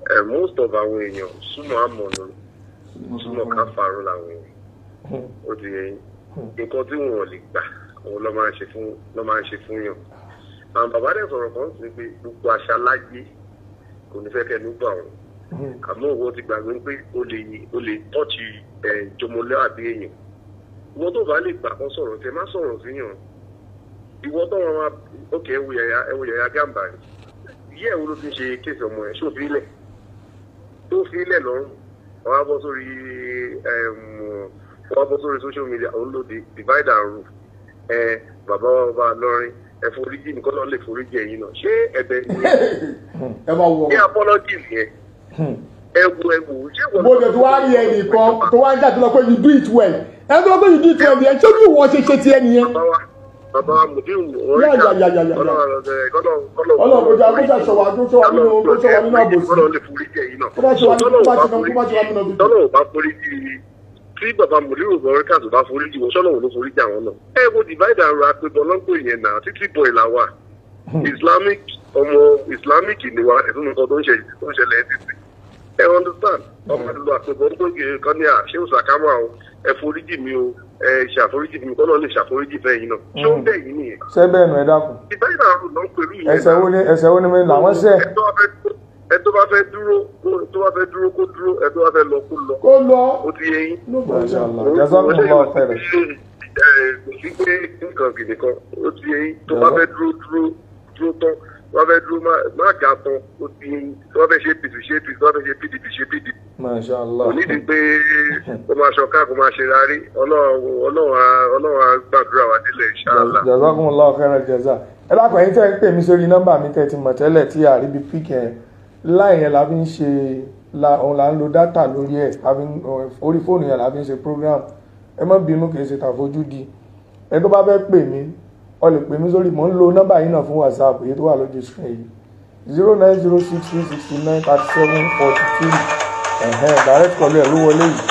eh, most of àwọn èèyàn súnmọ́ àmọ̀nà mm. súnmọ́ káfàárù làwọn èèyàn mm. ó ti yẹ nǹkan tí wọn ò lè gbà òun ló máa ń ṣe fún ló máa ń ṣe fún yàn àwọn bàbá dẹ̀ sọ̀rọ̀ kan sí pé gbogbo àṣà láyé kò ní fẹ́ kẹ́ ló bà wọ́n àmọ́ ìwọ ti gbàgbé pé o lè o lè tọ́ọ̀tì eh, jọmọlẹ́ àbí èèyàn ìwọ tó bá lè gbà kan sọ̀rọ̀ tẹ má sọ̀rọ̀ síyàn ìwọ tó wọn máa ok ẹwù yàyà ẹwù yàyà gàmbà yìí ẹwù ló fi ṣe kéèsì ọmọ yẹn ṣòfin ilẹ̀ tó fi ilẹ̀ lọ́rùn wọn á bọ́ sórí wọn á bọ́ sórí social media òun ló divide and rule ẹ bàbá wa bá lọ́rin ẹ foríjì nìkan lọ́ọ́ lè foríjì ẹ̀yin náà ṣé ẹ̀bẹ̀ ni ẹ ní apologies yẹn ẹwù ẹwù ṣé ìwọ. mo lè tó wá rí ẹnì kan tó wá ń jà tó lọ pé you do it well ẹ tó lọ pé you do it well yẹn ṣé bí ìwọ ṣe ṣe ti ẹni yẹn. bàbá mùdí wọn rí ká ọlọ́run kọjá kọjá sọwọ àdó sọwọ nínú ọgbọ sọwọ nínú àbòsí. ọlọ́run lè forí jẹ yìí náà. kó bá sọwọ nínú bá ti nà kó bá ti wà nínú ọdún. tọ́lọ̀ bá forí jì tí bàbá mùdí wọn rí ká tó bá forí jì wọn sọ́nà wọn ló forí jà wọn náà. ẹ wo divide and rap bọ́ lọ́gbọ̀n yẹn náà títí bọ̀ ìlà wa hmm. islamic ọmọ islamic ni wa ẹ̀sùn nǹkan tó ń ṣẹlẹ̀ ẹ̀ ẹ understand ọmọ àdúgbò àpòpọ̀ ń gbòógè kan ní àṣẹ òṣàkámọ́ àwọn ẹ foríjì mi o ẹ ṣàforíjì mi kọ́ náà lè ṣàforíjì fẹ́ yìí náà ṣé ó bẹ́ẹ̀ yìí nìyẹn. ṣé bẹ́ẹ̀ nù ẹ dákun. ìfẹ́ ìdàrú ló ń pẹ̀lú ìyẹn. ẹsẹ̀ wo ni ẹsẹ̀ wo ni mi làwọn ṣe. ẹ tó bá fẹ́ dúró tó bá fẹ́ dúró kó dúró ẹ tó bá fẹ́ lọ kó lọ. kó lọ ó ti yẹ yín. kò sí pé nǹkan gidi kan ó ti yẹ yín tó bá fẹ́ dúró dúró dúró tán wọ́n fẹ́ dúró máàkì àtọ̀ ó ti wọ́n fẹ́ ṣe pdp ṣe pdp wọ́n fẹ́ ṣe pdp ṣe pdp. kò nídìí pé kó máa ṣọ̀ká kó máa ṣe rárí ọlọ́run á gbàdúrà wá nílẹ̀ ìṣáàlá. jazakumullahu khairan jaza ẹ lákọ̀ ẹ̀yin tẹ́ ń pè mí sórí nọ́mbà mi tẹ́ ti mọ̀ tẹ́lẹ̀ tí àríbi píkẹ́ láì yẹn la fi ń ṣe òun là ń lo dátà lórí ẹ̀ orí fóònù yẹn la fi ń ṣe program ẹ má bínú kì í ṣe tàfojúdi ẹ tó bá fẹ́ pè mí wọ́n lè pè mí sórí mò ń lo nọ́mbà yìí náà fún whatsapp èyí tó wà lójú screen yìí zero nine zero six three sixty nine thirty seven forty two ẹ̀hẹ́n direct call ẹ̀ ló wọlé yìí.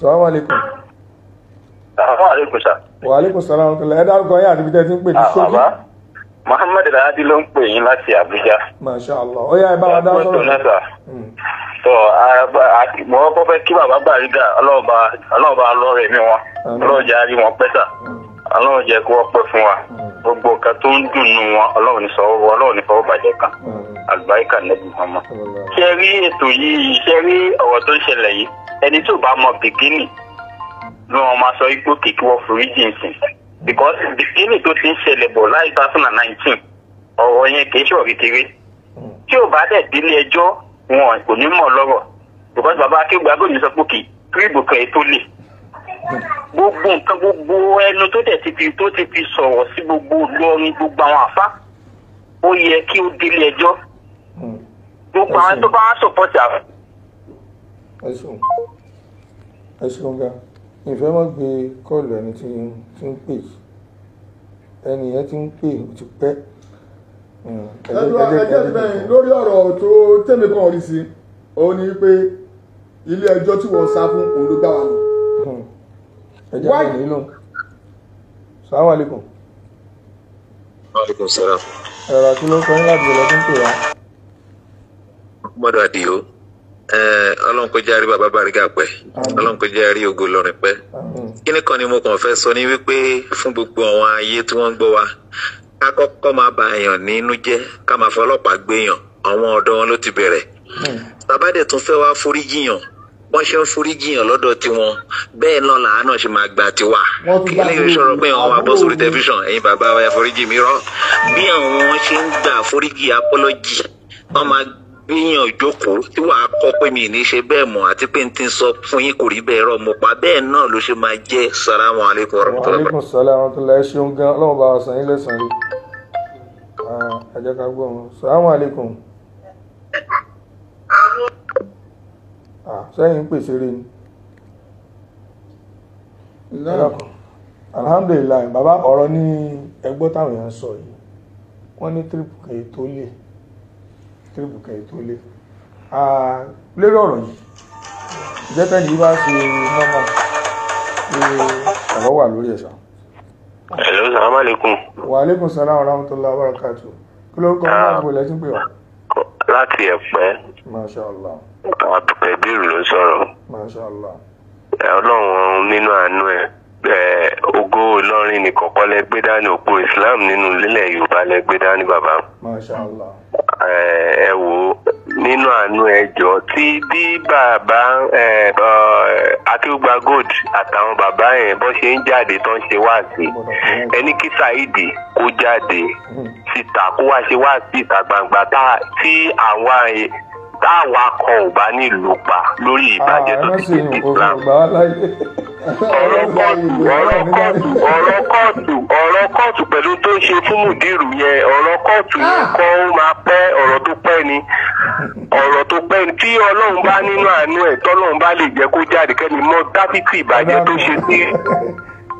salamu aleykum. salamu aleykum sa. wa aleykum salaam tó lẹ ẹ dárúkọ yín àti ibi tẹ́ ti ń pè ní sókè. Ah, àbá muhammed alhadi ló ń pè yín láti abuja. masha allah ó yá ẹ bá wa dá sọ̀rọ̀ tọ hmm. mo kọ́ fẹ́ kí bàbá Bariga ọlọ́ọ̀ba ọlọ́ọ̀ba lọ́ọ̀rẹ́ mi wọn ọlọ́ọ̀jà rí wọn pẹ́ sà ọlọ́run jẹ́ kó ọpẹ́ fún wa gbogbo nǹkan tó ń dùn nù wọn ọlọ́run ní sọ̀rọ̀ wọn ọlọ́run ní fọwọ́ bàjẹ́ kan àlùbáríkà nẹ́bí mọ́mọ́. ṣé rí ètò yìí ṣé rí ọ̀rọ̀ tó ń ṣẹlẹ̀ yìí ẹni tó bá mọ bìkínì ni wọ́n máa sọ ipò kìkì wọ́n forí jìnsìn because bìkínì tó ti ń ṣẹlẹ̀ bọ̀ láì two thousand and nineteen ọ̀rọ̀ yẹn kì í ṣọ̀rí kéré tí ò bá dẹ̀ délé ẹjọ́ wọn kò ní mọ̀ lọ́rọ̀ because bàbá akéwì agbóyún sọ pé kì í kírìbù kan ètò lè gbogbo nǹkan gbogbo ẹnu tó dẹ̀ ti fi tó ti fi sọ̀rọ̀ sí gbogbo olórin gbogbo àwọn àfa ó yẹ kí ó délé ẹjọ́ hmm. gbogbo àwọn tó bá wá sọ̀pọ̀tì àwọn. ẹ ṣeun ẹ ṣeun ga ìfẹ́ mọ́ gbé kọ́ọ̀lù ẹni tí ń pè ẹni yẹn ti ń pè ó ti pẹ́. ẹnu hmm. ẹjẹ bẹ́ẹ̀ lórí ọ̀rọ̀ tó tẹ̀mí kan rí sí òun ni pé ilé ẹjọ́ tí wọ́n sá fún òun ló gbá wa nù ẹjẹ àwọn ènìyàn náà salamu alaikum. aleykum salaam. ẹ̀rọ àti ló sọ yín láti ìlọ tó ń pè wá. mọ́dọ̀ àdìo ọlọ́run kó jẹ́ àrí bàbá bàrígà pẹ́ ọlọ́run kó jẹ́ àrí ògo lọ́rin pẹ́ kíní kan ni mo kàn fẹ́ sọ ní wípé fún gbogbo àwọn ayé tí wọ́n ń gbọ́ wa ká kọ́kọ́ máa ba èèyàn nínú jẹ́ ká máa fọlọ́pàá gbéyàn àwọn ọ̀dọ́ wọn ló ti bẹ̀rẹ̀ tàbá dẹ̀ tún fẹ́ wá foríjìyàn wọ́n ṣe ń foríjì yàn lọ́dọ̀ tiwọn bẹ́ẹ̀ náà làánà ṣe máa gba tiwa kí lẹ́yìn sọ̀rọ̀ pé àwọn abọ́ sórí tẹlifíṣàn ẹ̀yin bàbá wa foríjì mi rọ́ bí àwọn ṣe ń gbà foríjì apọ́lọ́jì wọ́n máa gbìyàn jókòó tí wàá kọ́ pé mi ní ṣe bẹ́ẹ̀ mọ̀ àti pé n ti sọ fún yín kò rí bẹ́ẹ̀ rọ́ mo pa bẹ́ẹ̀ náà ló ṣe máa jẹ́ salamu alaykum wa rahmatulahi. aleykum salaam wa rahmatulahi ṣeun gan ọlọ́run bá wa sàn yín lẹ́sàn-án ajá ah, ká gbọ́ ọ̀run salamu alaykum sẹ́yìn ń pèsè rí ni alhamdulilayi bàbá ọ̀rọ̀ ní ẹgbọ́ táwọn èèyàn sọ yìí wọ́n ní tírípù kẹ̀yì tó lè tírípù kẹ̀yì tó lè lérí ọ̀rọ̀ yìí jẹ́tẹ̀ yìí bá ṣe nọ́mà pé ọ̀rọ̀ wà lórí ẹ̀sà. hello salaam aleykum. wa aleykum salaam wa rahmatullahi wa barakatuh kí lórúkọ ọmọ àgbò ah. lẹ́sìn pé wà. láti ẹ̀pẹ́. allah abdulkabir ló sọ̀rọ̀ ọlọ́run nínú àánú ẹ̀ ògo ìlọrin nìkan kọ́ lẹ gbé dání òpó islam nínú lílẹ̀ yorùbá lẹ gbé dání bàbá ẹ wò ó nínú àánú ẹjọ́ tí bí bàbá akíwúgba gold àtàwọn bàbá yẹn bó ṣe ń jáde tó ń ṣe wáàsí ẹni kí Saidi kó jáde hmm. síta kó wá ṣe wáàsí ìta gbangba tí àwọn táwọn akọ ò bá nílùú pa lórí ìbàjẹ́ tó ti ṣe ah, Islam. ọ̀rọ̀ kóòtù ọ̀rọ̀ kóòtù ọ̀rọ̀ kóòtù ọ̀rọ̀ kóòtù pẹ̀lú tó ṣe fún mùdírù yẹn ọ̀rọ̀ kóòtù yẹn ah! kọ́ ó máa pẹ́ ọ̀rọ̀ tó pẹ́ ni ọ̀rọ̀ tó pẹ́ ni tí ọlọ́run bá nínú àánú ẹ̀ tọ́lọ́run bá lè jẹ́ kó jáde kẹ́ni mọ́ dábìtì ìbàjẹ́ tó ṣe sí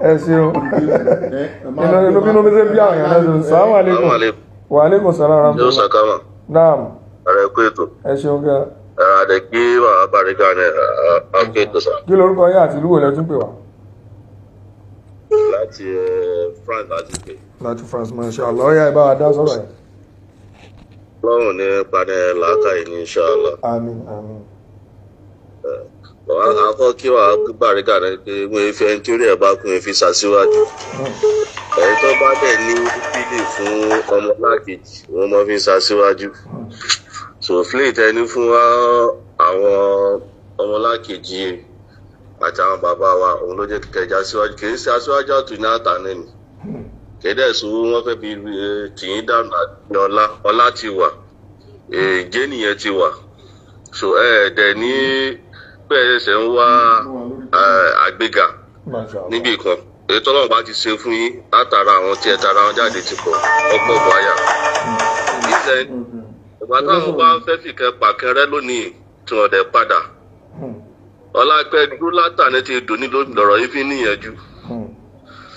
ẹ ṣeun inú inú mi ṣe bí àwọn èèyàn náà ṣe sàmàlẹ́kùn wàhálẹ́kùn sàlámù. naam ààrẹ kú ètò. ẹ ṣeun ga. ara rẹ kí màá baríga ní àkókò ètò sá. kí lorúkọ yín àti ìlú wo lẹ tún pè wá. láti France láti pè. láti France masha Allah ọ̀yà ìbá wa dá sọ̀rọ̀ yẹn. lọ́rùn ní panẹ́ làákàyè ní insha Allah. àmín àmín akọ kí wà á bàríkà rẹ pé mo fi ẹni tó rí ẹ bá kún ẹ fi ṣàṣíwájú hmm. ẹni tó bá dẹ ní pílì fún ọmọ lákejì wọn máa fi ṣàṣíwájú sòfìlì tẹni fún wa àwọn ọmọlákejì àti àwọn bàbá wa òun ló jẹ́ kẹjà síwájú kì í ṣe aṣíwájú àtúnyẹ àtàní ni kéde ìṣòwò wọn fẹ́ bí tìyín dànù àti ọlá ọlá ti wà èjé nìyẹn ti wà so ẹ dẹ ní bẹ́ẹ̀ ṣe ń wá àgbéga níbì kan èyí tọ́lọ́run bá ti ṣe fún yín látara àwọn tí ẹ tara wọn jáde ti pọ̀ ọ̀pọ̀ bọ̀ àyà. Hmm ìgbà táwọn bá fẹ́ fìkẹ́ pàkẹrẹ lónìí tí wọ́n dẹ̀ padà hmm. ọlápẹ́ dúró látàní ti dùn ní lọ́rọ̀ yìí fi níyànjú hmm.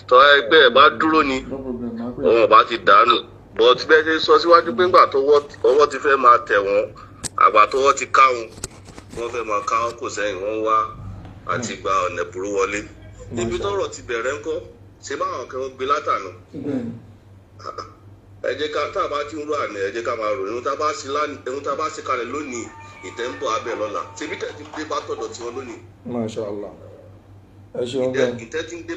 tọ́ ẹgbẹ́ ẹ̀ bá hmm. dúró ni òun ọba ti dànù but bẹ́ẹ̀ ṣe sọ síwájú pé ńgbà tọwọ́ ti fẹ́ máa tẹ̀ wọ́n àgbà tọwọ́ ti ká wọn wọ́n fẹ́ máa ká wọn kò sẹ́yìn wọ́n wá àti gba ọ̀nà burú wọlé níbi tọ́rọ̀ ti bẹ̀rẹ̀ ńkọ́ ṣe máa hàn wọ́n gbé látànà ẹ jẹ́ ká tá a bá ti ń rú àná ẹ jẹ́ ká máa rò ẹ̀hún tá a bá ṣe kalẹ̀ lónìí ìtẹ́ ń bọ̀ abẹ́ lọ́la tèmi tẹ̀ ti ń dé bá tọ̀dọ̀ tiwọn lónìí. Masha Allah ẹ ṣeun bẹ́ẹ̀. ìtẹ́ ti ń dé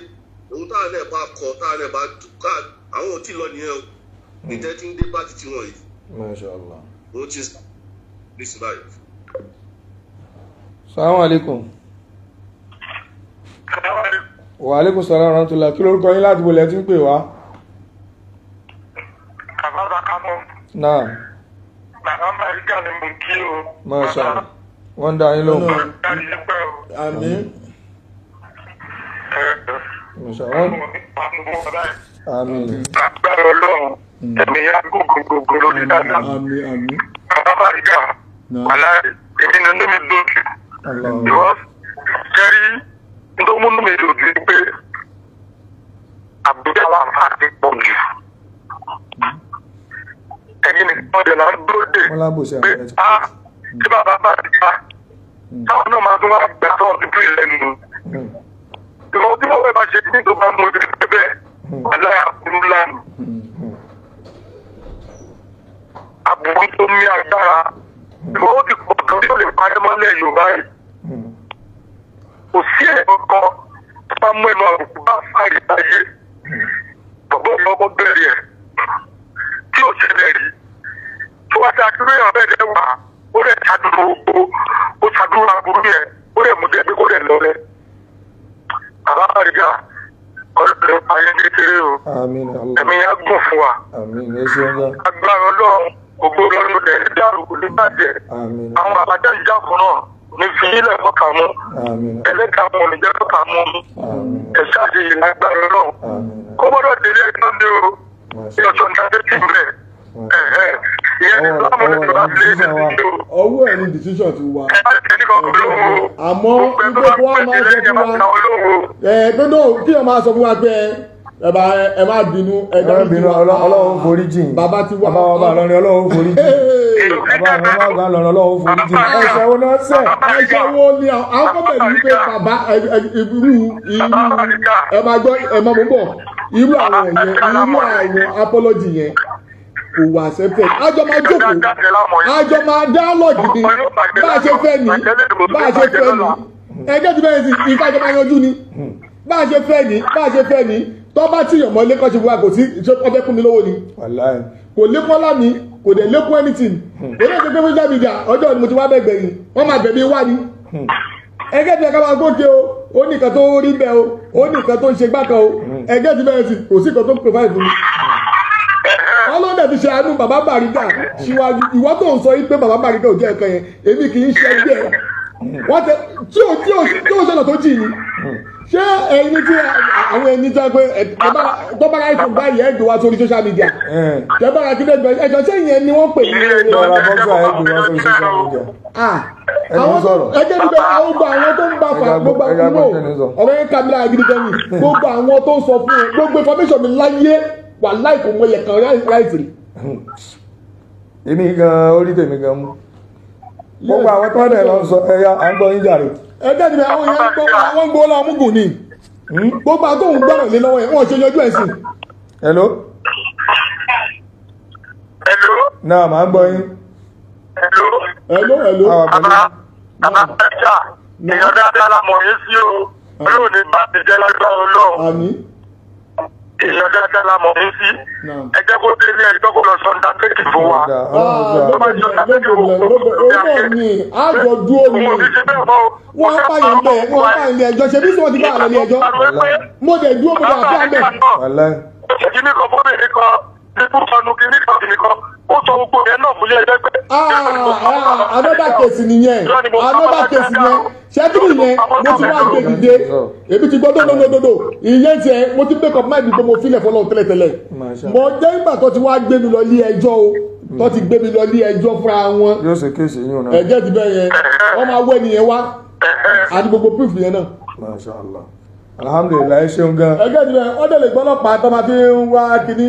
ohun tá a náà bá kọ tá a náà bá ká àwọn ò tí lọ nìyẹn o hmm. ìtẹ́ ti ń dé bá titi wọn yìí. Masha Allah. o ti this life. salamu alaikum. salamu alaikum. wa alaikum salaam wa rahmatulah kí lórúkọ yín láti bolẹ̀ tí Naam. Màmá Ìgbà ni mo kí o. Masha Allah. Wọ́n dá yín lóhùn. Àmín. Masha Allah. Àmín. Agbára Ọlọ́run. Mm. Ẹ̀mí yá gbogbo gbogbo lórí dáadáa. Àmín àmín. Màmá Ìgbà. Wàlá èmi ni mi lójú. Ìwọ kẹ́rí tó múnú mi lójú pé àbújá wà fún àti pọ̀ jù ẹ̀yin nìkan ọ̀dẹ̀ là ń dúró dè pé a tí ah, bàbá bá ti gbà hmm. táwọn náà máa tún wá gbà tó ọdún tó ilẹ̀ nù. ìwọ tí wọ́n fẹ́ bá ṣe ní ìjọba mú ibi bẹ́ẹ̀ aláya burú lánàá. àbùkù tó ní agbára hmm. ìwọ ó ti pọ̀ kan tó lè parẹ́ mọ́lẹ̀ Yorùbá yìí. Hmm. kò sí ẹ̀rọ kan tó bá mú ẹnu àbùkù bá fàyè báyé bọ̀bọ̀ ìfọwọ́ bẹ̀rẹ̀ ẹ̀ tí ò ṣẹlẹ̀ rí tó wá sí akíndóyè ọ̀bẹ rẹ̀ wà ó rẹ̀ ṣàdúró gbogbo ó ṣàdúró aburú yẹn ó rẹ̀ mú dẹ́bi kó rẹ̀ lọ́rẹ́ bàbá àríga ọ̀rẹ́ ayé kékeré o ẹ̀mí yẹn á gùn fún wa agbára ọlọ́run gbogbo ọlọ́run rẹ̀ ń dàrú kò ní bàjẹ́ àwọn àbájá ìjà kan náà ní fìyílẹ̀ kọ́kà mú ẹlẹ́ka mú oníjẹ́ kọ́kà mú ẹ̀ṣáàjì ìlàgbára ọlọ́run kó gbọ́dọ̀ délé ẹ̀gbọ́n yọ̀tọ̀ ní adé ti bẹ̀ decision ti wà àmọ́ nígbà tó wà máa sọ fún wa ẹ̀ gbọ́dọ̀ eh, kí ẹ máa sọ fún wa pé ẹ̀bá ẹ má bínú ẹ̀dá bínú ọlọ́run forí jìn bàbá ti wá bàbá bàbá lọ́rin ọlọ́run forí jìn bàbá àwọn ọmọ ọgbà lọ́rin ọlọ́run forí jìn ẹ̀ṣẹ̀ wo náà ṣẹ̀. ẹ̀ṣẹ̀ wo ni àkọ́bẹ̀ ní pé bàbá irú irú ẹ máa gbọ́ ẹ máa bọ̀ irú àwọn yẹn irú àwọn apology yẹn kò wà sẹ́fẹ̀ àjọ máa jókòó àjọ máa dialogue ni bá a ṣe fẹ́ ni bá a ṣe fẹ́ ni ẹgbẹ́ ti bẹ́ẹ̀ sí ìfàjọba yanjú ni bá a ṣe fẹ́ ni bá a ṣe fẹ́ ni tó bá tí yọ̀mọ́ ilé kan ṣe wá kò sí ọbẹ̀ kún mi lówó ni kò lékún ọlá mi kò dẹ̀ lékún anything orí hmm. ètò pé fúnjẹ́ bìjà ọjọ́ ni mo ti wá bẹ̀ gbẹ̀yìn wọ́n máa bẹ̀ mí wá ni. Hmm. ẹgẹ́ ti ẹ̀ka máa gòkè o ó ní nǹkan tó rí bẹ́ẹ̀ o ó ní nǹkan tó ń ṣe gbákan o hmm. ẹgẹ́ ti bẹ̀rẹ̀ sí kò sí nǹkan tó ń provide fún mi ọlọ́dẹ ti ṣe àánú bàbá Bàrígà síwájú ìwọ tó ń sọ yìí pé bàbá Bàrígà ò jẹ́ ẹ̀kan yẹn èmi kì í ṣe wọ́n tẹ tí o tí o tí o sọ̀nà tó jì yìí ṣé ẹni tí àwọn ẹni tó pé tọ́bára iphone báyìí ẹ̀dùn wa sórí social media eh. tẹ́bára kí lẹ́gbẹ̀ẹ́ ẹ̀jọ̀ ṣé ìyẹn ni wọ́n pè ní ẹ̀rọ bọ́sà ẹ̀dùn wa sórí social media. Ah, àwọn ẹgbẹ́ mi bẹ àwọn gbogbo àwọn tó ń bá fa gbogbo àwọn ọ̀rọ̀ yẹn kamila agidigani gbogbo àwọn tó ń sọ fún un gbogbo information mi láyé wà láì kò mọ ẹ̀yẹ̀ kan láì tì. èmi gan orí tèmi gan mú. gbogbo àwọn tó ń dẹ̀ lọ sọ ẹ̀yà à ń gbọ́ yín jàre. ẹ jẹ́ níbẹ̀ àwọn èèyàn gbọ́ hmm? gbogbo àwọn tó ń gbọ́rọ̀ lé lọ́wọ́ yẹn wọ́n hello. náà màá gbọ́ yín. hello. èèyàn dáadáa yín sí o ah. olóòní bá ti èèyàn dáadáa la mọ̀ ní sí ẹ jẹ́ kó dé ní ẹjọ́ kó lọ sọ ní dábẹ́kì fún wa ló máa sọ dábẹ́kì fún wa. ọ̀rọ̀ mi àjọ dúró mi wọ́n á epo sọnù kìíní kan kìíní kan ó sọ gbogbo yẹn náà fún yẹn jẹ pé. Ah, ah, another case nìyẹn another case nìyẹn ṣẹ́kìrì yẹn mo ti wá gbé dìde èmi ti gbọ́ dòdòdòdò ìyẹn tiẹ̀ mo ti make up mind pé mo filẹ̀ fọlọ́ tẹ́lẹ̀tẹ́lẹ̀ mo jẹ́ ìgbà tó ti wá gbé mi lọ ilé ẹjọ́ o tó ti gbé mi lọ ilé ẹjọ́ fúnra wọn ẹ̀jẹ̀ ti bẹ́ẹ̀ yẹn wọ́n máa wẹ́ nìyẹn wá àti gbogbo proof yẹn náà. Alhamdulillah ṣeun gan. ẹgbẹ́ ìdílé ọdẹ lè gbọ́ ọlọ́pàá tó máa fi ń wá kínní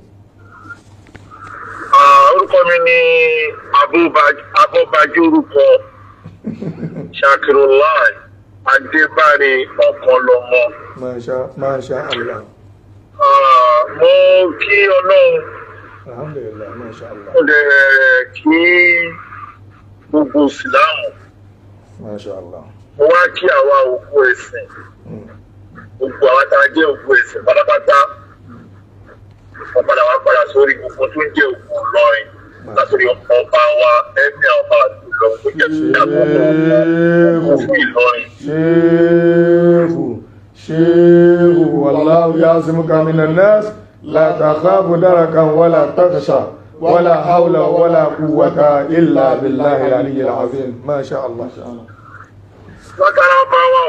orúkọ mi ni abọ́bájú orúkọ Shakirulai Adébárí Ọ̀kanlọ́mọ. Masha Masha Allah. Ah, mo kí ọlọ́run. Alhamdulillah Masha Allah. mo dẹ̀ kí gbogbo ìsìláàmù. Masha Allah. mo wá kí àwa òkú ẹ̀sìn. Hmm. gbogbo àwọn tá òkú ẹ̀sìn pátápátá wọ́n padà wá padà sórí gbogbo tó ń jẹ́ òkú lọ́rin látòrí ọba wa ẹ̀mí ọba ìlọrin tó jẹ́ sí àkọ́kọ́ fún ìlọrin. ṣéèfù ṣéèfù wàláwù yá símúkà mìnà nẹ́ẹ̀sì látàkàbù dára kan wàlà tàkàṣà wàlà hàwùlà wàlà kúwàtà ìlà bìláhì àlìyé làbín máṣá allah. látara bá wa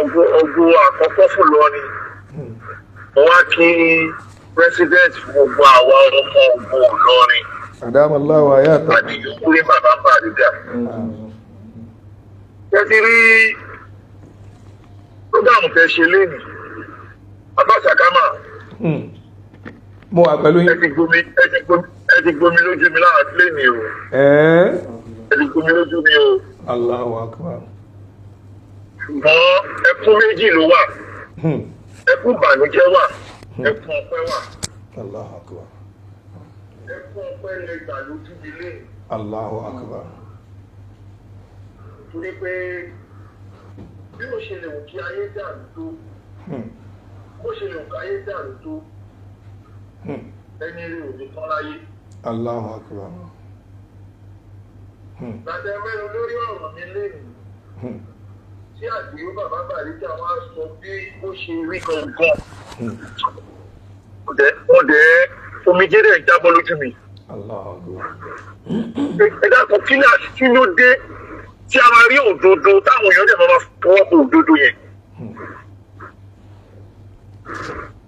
ògo àkọ́kọ́ fún lọ́rin wọ́n á kí president gbogbo àwa ọmọ ogun Ìlọrin. àdámọ̀ láwa yàtọ̀. àdìyẹ kúrè bàbá Bariga. ẹ ti rí programu tẹ ṣe lẹ́nu bàbá Sàkámà. Hmm. mo wà pẹ̀lú yín. ẹ ti gbomi ẹ ti gbomi ẹ ti gbomi lójú mi láwọn àti lẹ́nu o. ẹ ti gbomi lójú mi o. Allahu akbar. ṣùgbọ́n ẹkún méjì ló wà hmm. ẹkún bànújẹ́ wà ẹkún ọpẹ́ wà. Allahu akbar. ẹkún ọpẹ́ lè gbà lójú ilé. Allahu akbar. torí pé bí mo ṣe lè wò kí ayé dàrú tó hmm. bó ṣe lè wò kí ayé dàrú tó hmm. ẹni rí òní kan láyé. Allahu akbar. Hmm. bàtà mẹ́rin lórí ọ̀rọ̀ mi lẹ́nu tí àgbẹ̀ bàbá bàríjà wá sọ bí ó ṣe rí gangan ọdẹ omijé rẹ̀ jábọ́ lójú mi. ẹ dákun kí ni àti ló dé tí a máa rí òdodo táwọn èèyàn dẹ̀ máa fọwọ́ pọ̀ òdodo yẹn.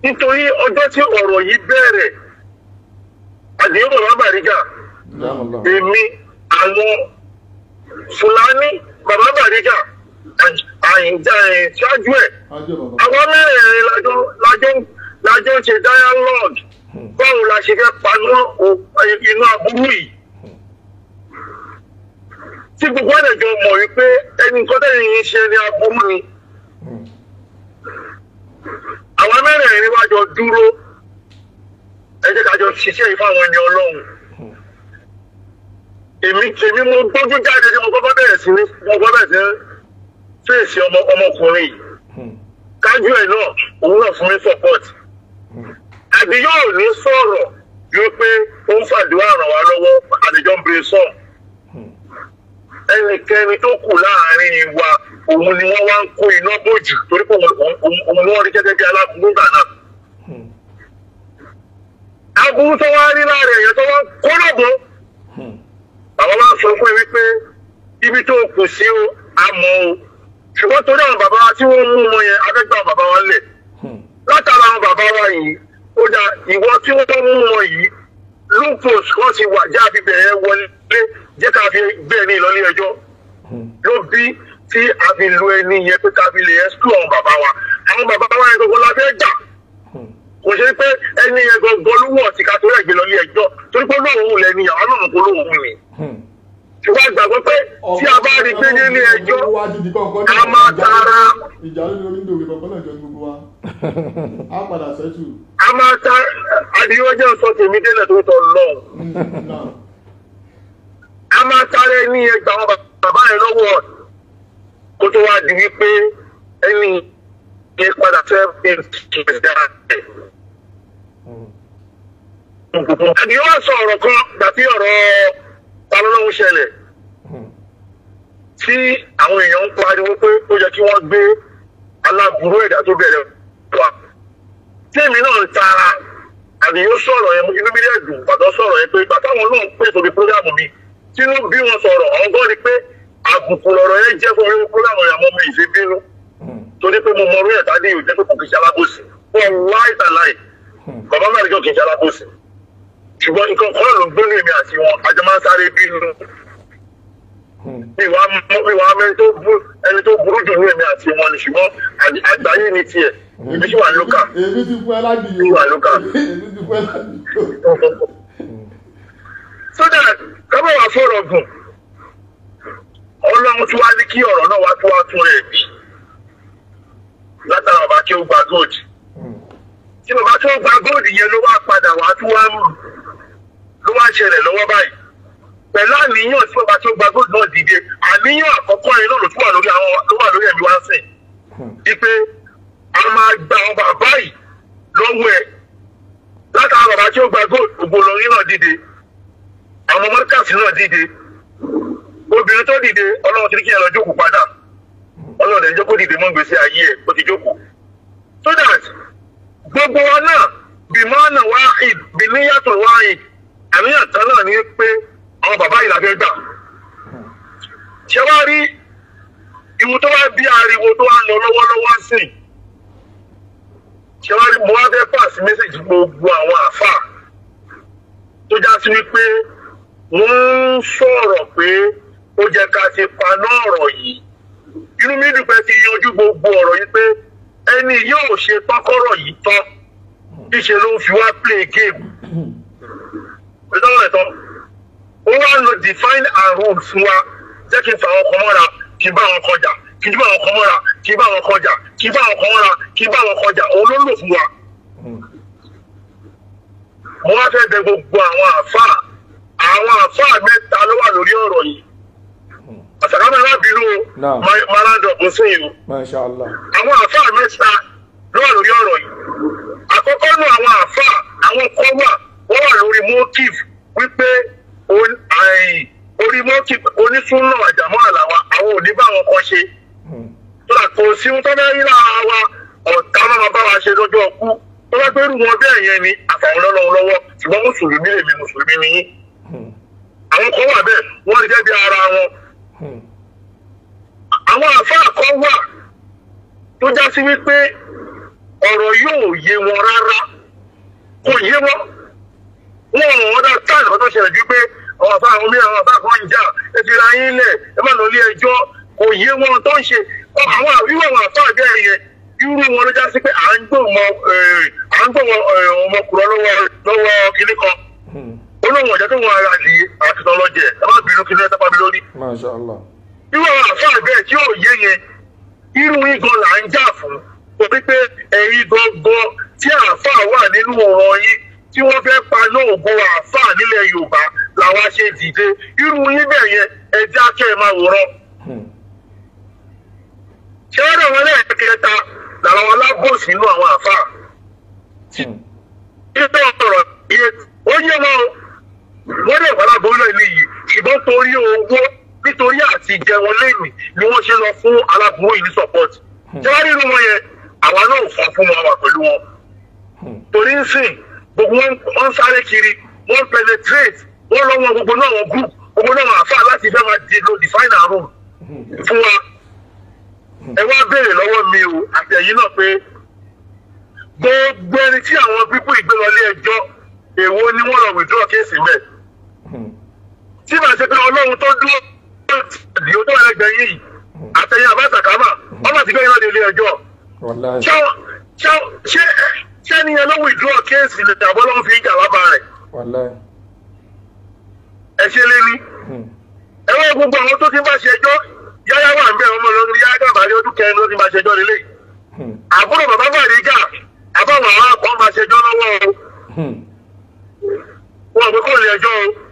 nítorí ọjọ́ tí ọ̀rọ̀ yìí bẹ̀rẹ̀ àdéhùn bàbá bàríjà èmi àwọn fúlàní bàbá bàríjà àyìnjẹ́ ṣáájú ẹ̀ àwọn mẹ́rẹ̀ẹ̀rin lájọ́ ń ṣe dialogue báwo la ṣe fẹ́ paná iná aburú yìí tí gbogbo ẹ̀dẹ̀jọ mọ̀ wípé ẹni kọ́tẹ́ yìí ṣe ni aburú ni àwọn mẹ́rẹ̀ẹ̀rin wá dúró ẹ jẹ́ ṣiṣẹ́ yìí ẹni ọlọ́run èmi tèmi mo gbójú jáde ni mo gbọ́ bẹ̀rẹ̀ sí mo gbọ́ bẹ̀rẹ̀ sí fèsì ọmọ ọmọkùnrin yìí hmm. kájú ẹ̀ náà òun náà fún mi support hmm. àdìyọ ò ní sọ̀rọ̀ yóò pé ó ń fàdúrà ràn wá lọ́wọ́ àdìjọ ń bèrè sọ hmm. ẹnikẹ́ni tó kù láàrin wa òun ni wọ́n wá ń kó iná bòjì torí pé òun ni wọ́n rí gẹ́gẹ́ bí alákùnrin náà aburú tó wá rí láàrin èèyàn tó wá kó lóògùn àwọn máa ń sọ fún ẹ wípé ibi tó kù sí o àmọ́ o ṣùgbọ́n torí àwọn bàbá wa tí wọ́n mú wọn yẹn abẹ́gbà bàbá wa lẹ̀ hmm. látara àwọn bàbá wa yìí ó dà ìwọ tí wọ́n mú wọn yìí lupus kan ti wà já fi bẹ̀rẹ̀ wọlé jẹ́ ká fi bẹ́ẹ̀ ní ìlọlé ẹjọ́ hmm. ló bí tí a fi lu ẹni yẹn pé ká fi lè ẹ́sùkú àwọn bàbá wa àwọn bàbá wa yẹn gbogbo la fẹ́ jà hmm. kò ṣe pé ẹni yẹn gbogbo ló wọ̀ ká torí ẹ̀gbẹ́ lọlé ẹjọ́ torí pé olóòórùn lẹ́ni àwọn náà kò lóòórùn ni ṣùgbọ́n ìgbàgbọ́ pé tí a bá rí gbé nílé ẹjọ́ a máa tara. ìjà lórí orí ìdòwé kankan náà jọ gbogbo wa a padà sẹ́tù. a máa ta àdìyọ́jọ́ sọ tèmi délẹ̀ tó tọ̀ lọ. a máa tara ẹni ẹgbà wọn bàbá rẹ lọ́wọ́ kó tó wá di wípé ẹni yẹn padà fẹ́ bẹ́ẹ̀ kí ẹ dára rẹ̀ hmm. àdìyọ́ sọ ọ̀rọ̀ kan gbàtí ọ̀rọ̀ ta ló lóun ṣẹlẹ̀ hmm. tí àwọn èèyàn ń pariwo pé ó yẹ kí wọ́n gbé aláburú ẹ̀dá tó bẹ̀rẹ̀ wá tí èmi náà ń tara àdìyó sọ̀rọ̀ yẹn inú mi rẹ̀ dùn bàtọ́ sọ̀rọ̀ yẹn pé bàtà wọn náà ń pè sóbi programu mi tínú bí wọn sọ̀rọ̀ ọ̀gọ́ ni pé àbùkù lọ̀rọ̀ yẹn jẹ́ fún orí programu yẹn àmọ́ mi ìfi bínú hmm. torí pé mo mọ orí ẹ̀dá ní ìjẹ́ pé kò kì í ṣe alábòsí wọn láì tàláì hmm. bàbá náà ní ṣùgbọ́n nǹkan kan ló ń gbóná èmi àti wọn àjọ máa ń sáré bínú ìwà ẹni tó burú jù ní èmi àti wọn ni ṣùgbọ́n àgbáyé ni tiẹ̀ èmi ti wà lókà èmi ti pẹ́ láti yòó wà lókà èmi ti pẹ́ kábọ̀ náà wá tó tún bí látara ọba gba gold. Hmm. tí bàbá tó gba góòlù yẹn ló wá padà wá tó wá mú ló wá ṣẹlẹ̀ lọ́wọ́ báyìí pẹ̀lú àníyàn tí bàbá tó gba góòlù náà dìde àníyàn àkọ́kọ́ yẹn náà ló tún wà lórí àwọn ló wà lórí ẹ̀mí wá sìn wípé hmm. a máa gba àwọn bàbá yìí lọ́wọ́ ẹ̀ látara bàbá tó gba góòlù ògbólórí náà dìde àwọn mọ́ríkàsì náà dìde obìnrin tó dìde ọlọ́run ti ní kí ẹ lọ jókòó gbogbo wọn náà bìmọ́nà wáhid bìníyàtọ̀ wáhid àníyàn tán náà ni pé àwọn bàbá yìí làbẹ́ gbà. ṣé wàá rí ìwù tó wá bí ariwo tó wá lọ lọ́wọ́lọ́wọ́ sí i ṣé wàá rí mo wá fẹ́ pàṣẹ mẹ́sàgì gbogbo àwọn àfà tó já sí wípé wọ́n ń sọ̀rọ̀ pé ó jẹ́ ká ti paná ọ̀rọ̀ yìí inú mi dùn pé ti yanjú gbogbo ọ̀rọ̀ yìí pé ẹni yóò ṣe pákọ́rọ̀ yìí tán níṣẹ́ ló fi wá play game ìdánwò ẹ̀tọ́ ó wá ń lo define our rules fún wa jẹ́ kí n fa àwọn ọkọ̀ mọ́ra kí n bá àwọn ọkọ̀ jà kí n bá àwọn ọkọ̀ mọ́ra kí n bá àwọn ọkọ̀ jà kí n bá àwọn ọkọ̀ mọ́ra kí n bá àwọn ọkọ̀ jà òun ló lò fún wa. mo wá fẹ́ bẹ̀ gbogbo àwọn àfáà àwọn àfáà mẹ́ta ló wà lórí ọ̀rọ̀ yìí ọ̀sàkàmọ́ ẹ̀rọ bínú o máa rádọ̀ bó sí yìí o. àwọn àfáà mẹ́ta ló wà lórí ọ̀rọ̀ yìí àkọ́kọ́ nù àwọn àfáà àwọn kan wà wọ́n wà lórí motive wípé orí motive onísúnà àjàmọ́ àlàwà àwọn òní bá wọn kan ṣe. Hmm. tọ́lá kò sí ohun tó bá rí lára wa ọ̀tá máa bá wa ṣe lọ́jọ́ ọkú tó bá gbẹ́rù wọn bẹ́ẹ̀ yẹn ni àfàwọn lọ́lọ́run lọ́wọ́ ṣùgbọ́n mùsùlùmí lèmi mùsùlùmí ni yín. Hmm. àwọn kan wà bẹ́ẹ̀ wọ́n rí jẹ́ bí ara wọn Hmm. àwọn àfáà kan wà tó já sí wípé ọ̀rọ̀ yóò yé wọn rárá kò yé wọn wọn ò wọ́n dá táàlì kan ṣẹlẹ̀ ju pé àwọn àfáà àwọn mìíràn àwọn àfáà kan ń jà ẹ ti ra yín lẹ̀ ẹ má lọ ilé ẹjọ́ kò yé wọn tó ń ṣe àwọn irú àwọn àfáà bẹ́ẹ̀ yẹn irú wọn ló já sí pé à ń gbọ́ ọmọkùnrin eh, eh, lọ́wọ́ kìnnìkan. Hmm olóhùn ọ̀jẹ̀ tó wọn ara yìí àti tọ́lọ́jẹ̀ bínú kí ló dábàá mi lórí. irú àwọn àfáà bẹ́ẹ̀ tí yóò yé yẹn irú igan là ń jà fún torí pé ẹ̀yin gangan tí àfáà wà nínú ọ̀rọ̀ yín tí wọ́n fẹ́ pa lóògbó àfáà nílẹ̀ Yorùbá làwa ṣe dìde irú yín bẹ́ẹ̀ yẹn ẹ akẹ́ ẹ máa wòran. Hmm. ṣé wọ́n dẹ̀ lẹ́ẹ̀kẹta làwọn alábòsí nínú àwọn àfáà. ilé ọ̀rọ̀ yẹn ó yẹ wọn wọ́n lè wà lágbóńlò eléyìí ṣùgbọ́n torí owó nítorí àti jẹun lẹ́yìn ni wọ́n ṣe lọ fún aláboyún ní support jẹ́wọ́ hmm. nínú wọn yẹn àwa náà ò fọ́ fún wọn wà pẹ̀lú wọn hmm. torí ń sìn gbogbo wọn ń sáré kiri wọn ń penetrate wọn lọ́wọ́ gbogbo náà wọn group gbogbo náà wọn àfa láti fẹ́ máa di lo define our room hmm. fún wa ẹ wá béèrè lọ́wọ́ mi o àtẹ̀yìn náà pé gbogbo ẹni tí àwọn pípọ̀ ìgbé lọ ilé ẹjọ́ èwo ni wọ́n lọ withdraw kéèsì bẹ́ẹ̀ tí màá ṣe pé ọlọ́run tó dúró di o tó yẹ gbẹ̀yìn yìí àtẹ̀yìn àbátàkámà ọba ti gbẹ̀yìn láti ilé ẹjọ́ ṣé ẹni yẹn ló withdraw kéèsì lè tàbọ́ lọ́wọ́ fi ń jà bàbá rẹ̀ ẹ ṣe lé ní hmm. ẹ wọ́n gbogbo àwọn tó ti bá ṣẹjọ́ yáyá wà ń bẹ̀ ọmọ lọ́rùn yáyá dàbà ní ọdún kẹrin ló ti bá ṣẹjọ́ nílé hmm. àbúrò bàbá Bàdíjà àbáwọn àwọn akọ́ máa ṣẹjọ́ lọ́wọ́ o hmm. wọn ò gbé kó lè ẹjọ́ o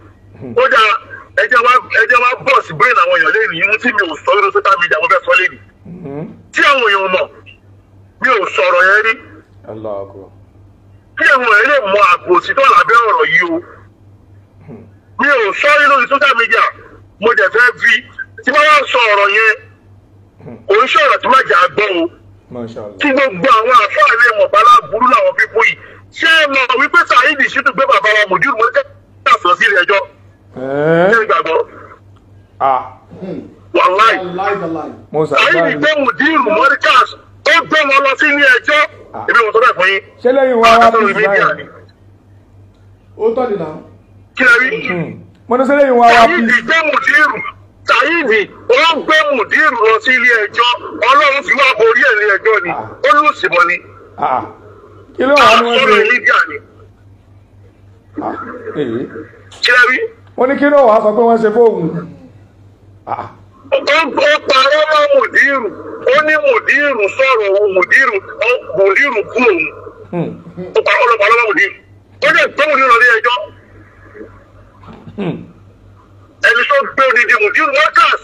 ó dáa ẹjẹ wa ẹjẹ wa bọ̀ sí brain àwọn èèyàn lẹ́nu ìhun tí mi ò sọ lórí social media mo fẹ́ sọ lẹ́nu tí àwọn èèyàn mọ̀ mi ò sọ̀rọ̀ yẹn rí kí àwọn èèyàn lè mọ àbòsí tó lábẹ́ ọ̀rọ̀ yìí o mi ò sọ lórí social media mo dẹ̀ fẹ́ fi tí wọ́n wá sọ ọ̀rọ̀ yẹn kò ń sọ̀rọ̀ tí máa jà á gbọ́ o kí gbogbo àwọn àfáà lè mọ̀ bàlá burú làwọn fífún yìí ṣé ẹ mọ̀ wípé Saheed Shittu gbé bàbá wa Mudir Morikaisi sọ sí ilé ẹjọ́. Eh? ṣé ìgbàgbọ́. wàláì ayé ni pé mùdírù mọ́ríkàs ó gbé wọn lọ sí ilé ẹjọ́ ibi wọn tó bẹ̀ fún yín. ṣé lẹ́yìn wọn wá bí ìsìláyà ni. ó tọ́ ni náà. kí lè rí. Hmm. mo ní sẹ́lẹ̀ yìí wọn wá bí. ayé ni pé mùdírù tàyíìdì ó gbé mùdírù lọ sí ilé ẹjọ́ ọlọ́run fi wá borí ẹ̀ ilé ẹjọ́ ni ó lù sí mọ́ ni. kí ló wà ní wọn ṣe wọ́n ní kí ló wàá sọ pé wọ́n ṣe fóònù. ó parọ́ mọ́ mùdírù ó ní mùdírù sọ̀rọ̀ òun mùdírù mùdírù kú òun hmm. ó parọ́ ló parọ́ mọ́ mùdírù ó lè gbé mùdírù lọ ní ẹjọ́ hmm. ẹni tó gbé odidi mùdírù workers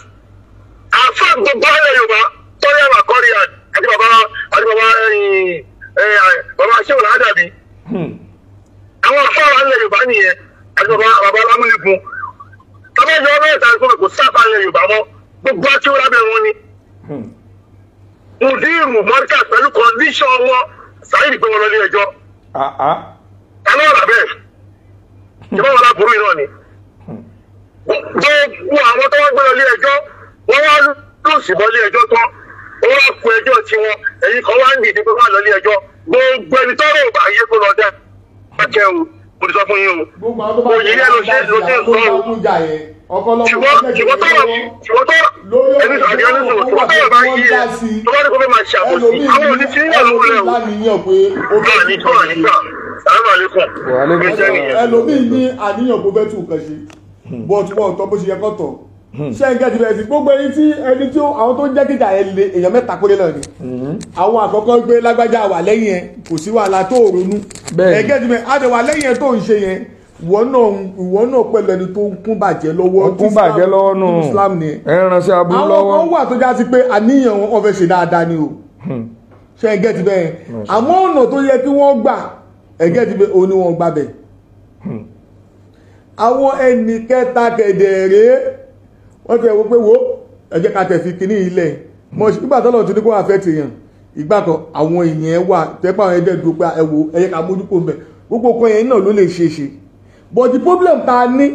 àfa gbogbo ayé yorùbá tọ́lẹ̀ àkọ́rí àti bàbá àti bàbá eh, eh, bàbá aṣẹ́wọ̀n àdàbí hmm. àwọn afárá ilẹ̀ yorùbá nìyẹn àti bàbá alámúlẹ̀kùn tọ́bẹ̀ yọ ìta ìsọ̀rọ̀ kò sáfà ilẹ̀ yorùbá mọ́ gbogbo akéwìrà bẹ̀ wọ́n ni. Hmm. mùdírù mọ́ríkà pẹ̀lú kọ́ndíṣọ̀n wọn sáyìn ìgbé wọn lọ ní ẹjọ́. alọ́ọ̀rà ah, ah. bẹ́ẹ̀ ìjọba hmm. wọn láburú iná ni. Hmm. gbogbo àwọn tó gbé lọ ní ẹjọ́ wọ́n wá lùsì bọ́ ní ẹjọ́ tán wọ́n wá kó ẹjọ́ tiwọn èyí kan wá ń dìde pé wọ́n lọ ní ẹjọ́ gbogbo ẹni tọ́rọ̀ mo ti sọ fún yín o òyìn ló ṣe ló ṣe sọ o ṣùgbọ́n tọ́rọ̀ ṣùgbọ́n tọ́rọ̀ ẹni sọ̀rọ̀ ní ọdún sọ̀rọ̀ ṣùgbọ́n tọ́rọ̀ bá yí ẹ tó bá ní kó fẹ́ máa ṣe àwọn òní ti ń yàn lówó o bẹ́ẹ̀ ni tọ́rọ̀ ní sà sàlámà lẹ́kọ̀ọ́ ẹlòmíì ní àníyàn kó fẹ́ tún nǹkan ṣe hmm. bọ́ọ̀tù wọn bó ṣe yẹ kọ́ tọ̀ Hmm. ṣẹ́ńgẹ́ ti bẹ̀rẹ̀ sí gbogbo ẹni tí ẹni tí àwọn tó ń jẹ́ kíjà ẹ lè èèyàn mẹ́ta kólé náà ni hmm. àwọn àkọ́kọ́ gbé lágbájá wà lẹ́yìn ẹ kò sí wàhálà tó ronú ẹ̀gẹ́ ti bẹ̀rẹ̀ àti wà lẹ́yìn ẹ tó ń ṣe yẹn ìwọ náà ìwọ náà pẹ̀lú ẹni tó ń kún bàjẹ́ lọ́wọ́ kún bàjẹ́ lọ́wọ́ nù Islam ni ẹran sí aburú lọ́wọ́ àwọn kan wà tó já sí pé àníyàn wọn fẹ́ ṣe dáadáa ni o hmm. ṣẹ́ńgẹ́ ti bẹ̀rẹ̀ àmọ́ ọ̀nà tó yẹ kí wọ́n gbà ẹ̀gẹ́ ti bẹ̀rẹ̀ òní wọn gbàbẹ̀ àwọn ẹnì kẹta kẹ̀dẹ̀ rèé wọ́n tẹ̀ wo pé wo ẹ̀jẹ̀ ká tẹ̀ fi kíní ilẹ̀ mọ̀ nígbà tọ́lọ̀ tó ní kó affect èèyàn ìgbà kan àwọn èèyàn wà tẹ́pọ̀ àwọn ẹ̀dẹ̀ dùn pé ẹ̀wò ẹ̀yẹ ká mójú kó mbẹ̀ gbogbo kan yẹn náà ló lè ṣe ṣe but the problem ta ní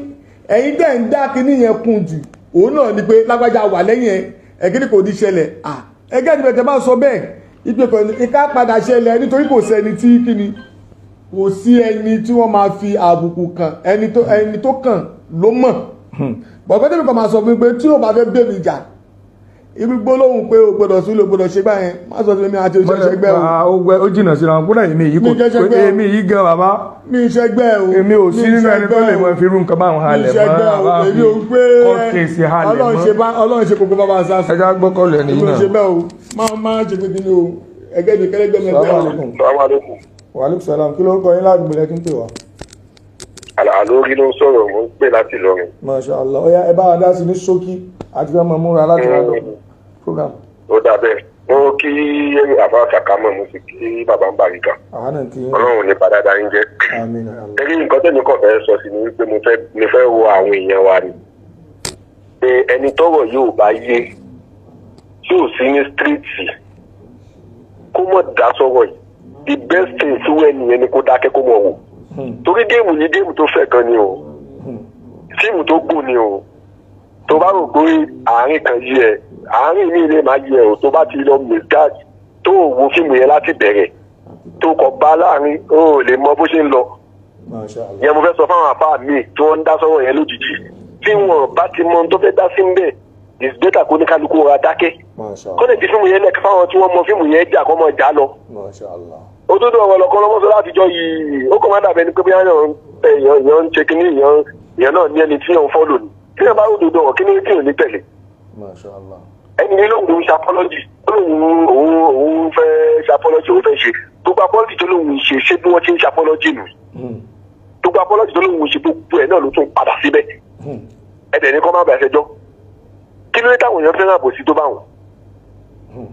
ẹ̀yin dẹ̀ ń dá kíní yẹn kùn jù òun náà ni pé lágbájá wà lẹ́yìn ẹ̀ ẹ̀kíní kò ní ṣẹlẹ̀ à ẹgẹ́ níbẹ̀ tẹ́ bá sọ bẹ́ẹ̀ ìpè kan ìka padà ṣẹlẹ̀ nítorí kò sẹ́ni tí kíni kò sí ẹni tí wọ́n máa fi àbùkù kàn ẹni tó kàn ló mọ̀ bọ̀dọ̀ tẹ́lẹ̀ kan máa sọ fún mi pé tí o bá fẹ́ bẹ́ mi jà ibi gbólóhùn pé o gbọ́dọ̀ sí ló gbọ́dọ̀ ṣe báyẹn má sọ fún mi àti oṣù ṣẹgbẹ́ o. ọgbẹ ah, o jìnnà síra kúrò èmi yìí kò pé èmi yìí gan bàbá. mi ṣẹgbẹ́ o èmi ò sí nínú ẹni tó lè mọ fi irú nǹkan báwọn halẹ̀ mọ́ àwọn àfi kọ́kèsì halẹ̀ mọ́. ọlọ́run ṣe gbogbo bàbá sars. o ẹgbẹ́ àlórí ló ń sọ̀rọ̀ mò ń pè láti lọ́rin. Masha Allah ọ̀ya ẹ bá wa dá sí ní ṣókí àti fẹ́ mọ̀ múra láti wá lọ mm. program. ó dà bẹ́ẹ̀ mo kí àbá sàkámọ̀ mo sì kí bàbá ń bàrí kan ọlọ́run ní padàdà ń jẹ́. ẹ̀rí nǹkan tẹ̀mí kan fẹ́ sọ sí ni wípé mo fẹ́ wo àwọn èèyàn wa ni pé ẹni tọ́rọ̀ yóò bá yé yóò sí ní stíríìtì kó mọ̀ dá sọ̀rọ̀ yìí the best thing sí wẹ́ẹ̀nì yẹn ni kó dákẹ́ kó mọ̀ wò. Hmm. torí géèmù yìí géèmù tó fẹ̀ kan ni o tíìmù hmm. tó gùn ni o tó bá rò pé àárín kan yí ẹ àárín mi lè má yí ẹ o tó bá ti lọ mẹgáàdì tó o wo fíìmù yẹn láti bẹ̀rẹ̀ tó kọ bá láàrin o ò lè mọ bó ṣe ń lọ yẹn mo fẹ́ sọ fáwọn àpá mi tí wọ́n ń dá sọ́wọ́ yẹn lójijì tí hmm. wọn bá ti mọ ohun tó fẹ́ dá sí ń bẹ̀ is better kó ní kálukú ọ̀rá dákẹ́ kọ́lẹ̀ tí fíìmù yẹn lẹ̀ fáwọn tí wọ́n mọ fíìmù yẹn jà kọ́ mọ jà lọ òdodo ọ̀rọ̀ lọ́kọ́ lọ́mọ́sọ látijọ́ yìí ó kọ́ máa dàbẹ́ ni pé bí èèyàn ń ṣe kínní èèyàn náà ní ẹni tí èèyàn ń fọ́lò ní tí èèyàn bá òdodo ọ̀rọ̀ kínní tí èèyàn ní tẹ̀lé. ẹni ní lóun ṣe apọ́lọ́jì lóun òun fẹ́ ṣe òun fẹ́ ṣe gbogbo apọ́lọ́jì tó lóun ṣe ṣé bí wọ́n ti ń ṣe nù hmm. gbogbo apọ́lọ́jì tó lóun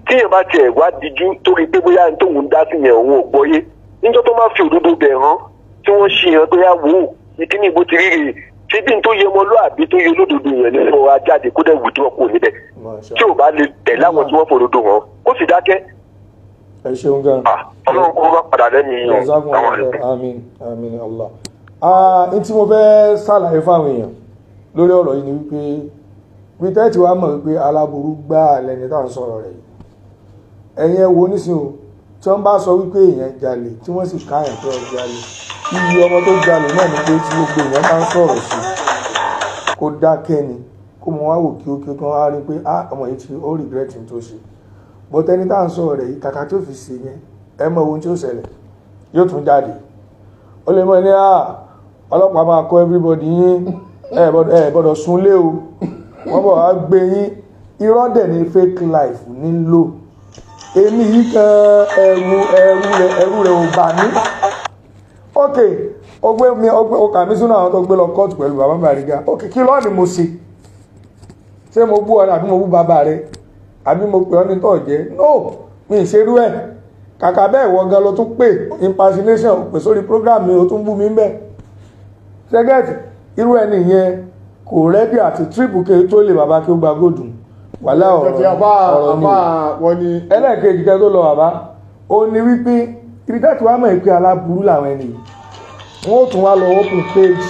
kéèyàn bá tiẹ̀ wá díjú torí pé bóyá ní tóun dá sí yẹn òun ò gbọ́yé níjọ́ tó máa fi òdodo bẹ̀ hàn tí wọ́n ṣe hàn pé wò ó ìkíní ìbò ti rírì síbi tó yẹ ọmọlúàbí tó yẹ olódodo yẹn ní fún wa jáde kó dẹ̀ wùdú ọkọ níbẹ̀ tí ò bá lè tẹ̀ láwọn tí wọ́n fòdodo hàn kó sì dákẹ́. ẹ ṣeun gan. Ah, ọlọ́run kó bá padà lẹ́nu yìí. Ah, lórí ọ̀rọ̀ yìí ni wípé wípé tẹ́tí wa mọ̀ wípé aláburú gbáà lẹni tá à ń sọ̀rọ̀ rẹ̀ yìí ẹ̀yin ẹ wo nísìn o tí wọ́n bá sọ wípé èèyàn jalè tí wọ́n sì ká èèyàn tó ń jalè iye ọmọ tó jalè náà ni pé tí gbogbo èèyàn bá ń sọ̀rọ̀ sí kó dákẹ́ ni kó mọ wá wò kí ó kí ó kí wọ́n á rí pé á ah, ọmọ yìí ti ó regret tó ṣe bọ́tẹ́ni tá à ń sọ̀rọ̀ rẹ̀ yìí kàkà tó fi ṣe yẹn ẹ mọ ohun tí ó ṣẹlẹ̀ yóò tún jáde ó lè mọ ní à ah, ọlọ́pàá máa kọ́ everybody yín ẹ gbọ́dọ̀ súnlé o wọ́n bọ̀ wá gbé yín irọ́ dẹ̀ ni fake life ní lò emi yìí kan ẹ̀rù ẹ̀rù rẹ̀ ẹ̀rù rẹ̀ ok mi ọgbẹ́ ọkà mi sínú àwọn tó gbé lọ Bariga ok kí lọ́ọ̀nì mo mo bú ọ mo bú bàbá àbí mo pè ọ́ ní tọ̀jẹ́ no mi ì ṣerú ẹ̀ kàkà bẹ́ẹ̀ program mi ó tún bú mi ń bẹ̀ ṣẹ́gẹ́tì gba wàhálà ọ̀rọ̀ ni ẹlẹ́ẹ̀kejì kan tó lọ bàbá ó ní wípé ibi táàtì wa mọ̀ pé aláburú làwọn ẹni wọn ó tún wá lọ open page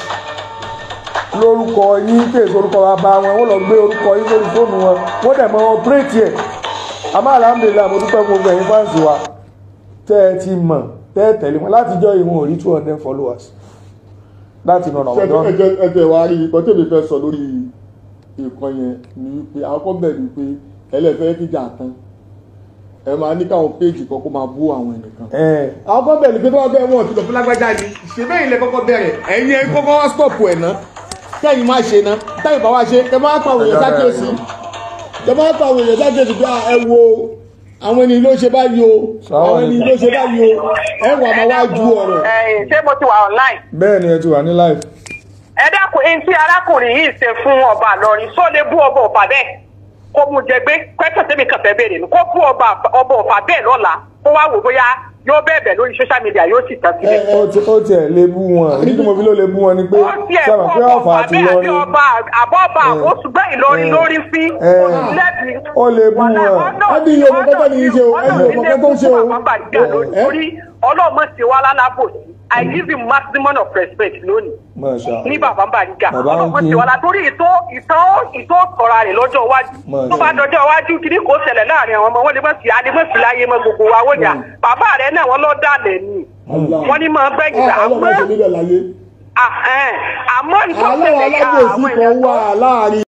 lórúkọ yín kéèso orúkọ bàbá wọn wọn lọ gbé orúkọ yín lórí fóònù wọn wọn dẹ̀ mọ wọn pírètì ẹ̀ àmọ́ alhamdulilayi mo dúpẹ́ gbogbo ẹ̀yin fáǹsì wa tẹ́ ẹ ti mọ̀ tẹ́ ẹ tẹ̀lé wọn látijọ́ ìwọ̀n ò rí two hundred followers láti nọ̀nà ọ̀dọ́. ṣé ẹjẹ wa rí ipò tèmi fẹ́ sọ lórí nǹkan yẹn ni wípé àkọ́kọ́ bẹ̀rù wípé ẹlẹ́fẹ́ kíjà tán ẹ máa ní káwọn péjì kọ́kọ́ máa bú àwọn ẹnìkan. àkọ́kọ́ bẹ̀rù pé tọ́wọ́ bẹ́ẹ̀ wọ́n ti lọ fún lágbájá ni ṣèbẹ́ ilẹ̀ kọ́kọ́ bẹ̀rẹ̀ ẹ̀yin ẹ̀ kọ́kọ́ wá stọ̀pù ẹ̀ náà tẹ́yìn máa ṣe náà tẹ́yìn bá wá ṣe ẹ máa pa àwọn èèyàn sákèsì ẹ máa pa àwọn èèyàn sákèsì pé ẹ wo àwọn ẹni ló ṣe báyìí o àwọn ẹni ló ṣe báyìí o ẹ wà máa wá ju ọ̀rọ̀. ṣé mo ti wà online. bẹ́ẹ̀ ni ẹ ti wà ní live. ẹ dákun ẹni tí arákùnrin yìí ṣe fún ọba lọrin sọ lè bú ọba ọba bẹ́ẹ̀ kó mú jẹgbé kwẹsàn tẹmí kan fẹ́ kó bú ọba ọba ọba bẹ́ẹ̀ lọ́la kó wá wò bóyá yóò bẹ̀bẹ̀ lórí social media yóò lè bú wọn lè bú wọn ni pé sábà pé ọ̀fà àti ìlọrin lórí ó lè bú wọn ẹbí ni yìí ṣe o ẹbí ṣe I give him maximum of respect lónìí. ní bàbá Bariga ọlọ́run ti wàlá torí ìtó ìtó ìtó sọ̀rọ̀ rẹ̀ lọ́jọ́ iwájú tó bá dọjọ́ iwájú kí ni kò ṣẹlẹ̀ láàrin àwọn ọmọ wọn lè mọ̀ sí alimọ̀sí láyé mọ gbogbo wa wọ́n yà mm. bàbá rẹ̀ náà wọ́n lọ́ọ́ dàlẹ̀ ni wọ́n ní máa gbẹ̀yìn eh, àmọ́ ah, eh, àmọ́ ìtọ́sẹ̀lẹ̀ àwọn èèyàn.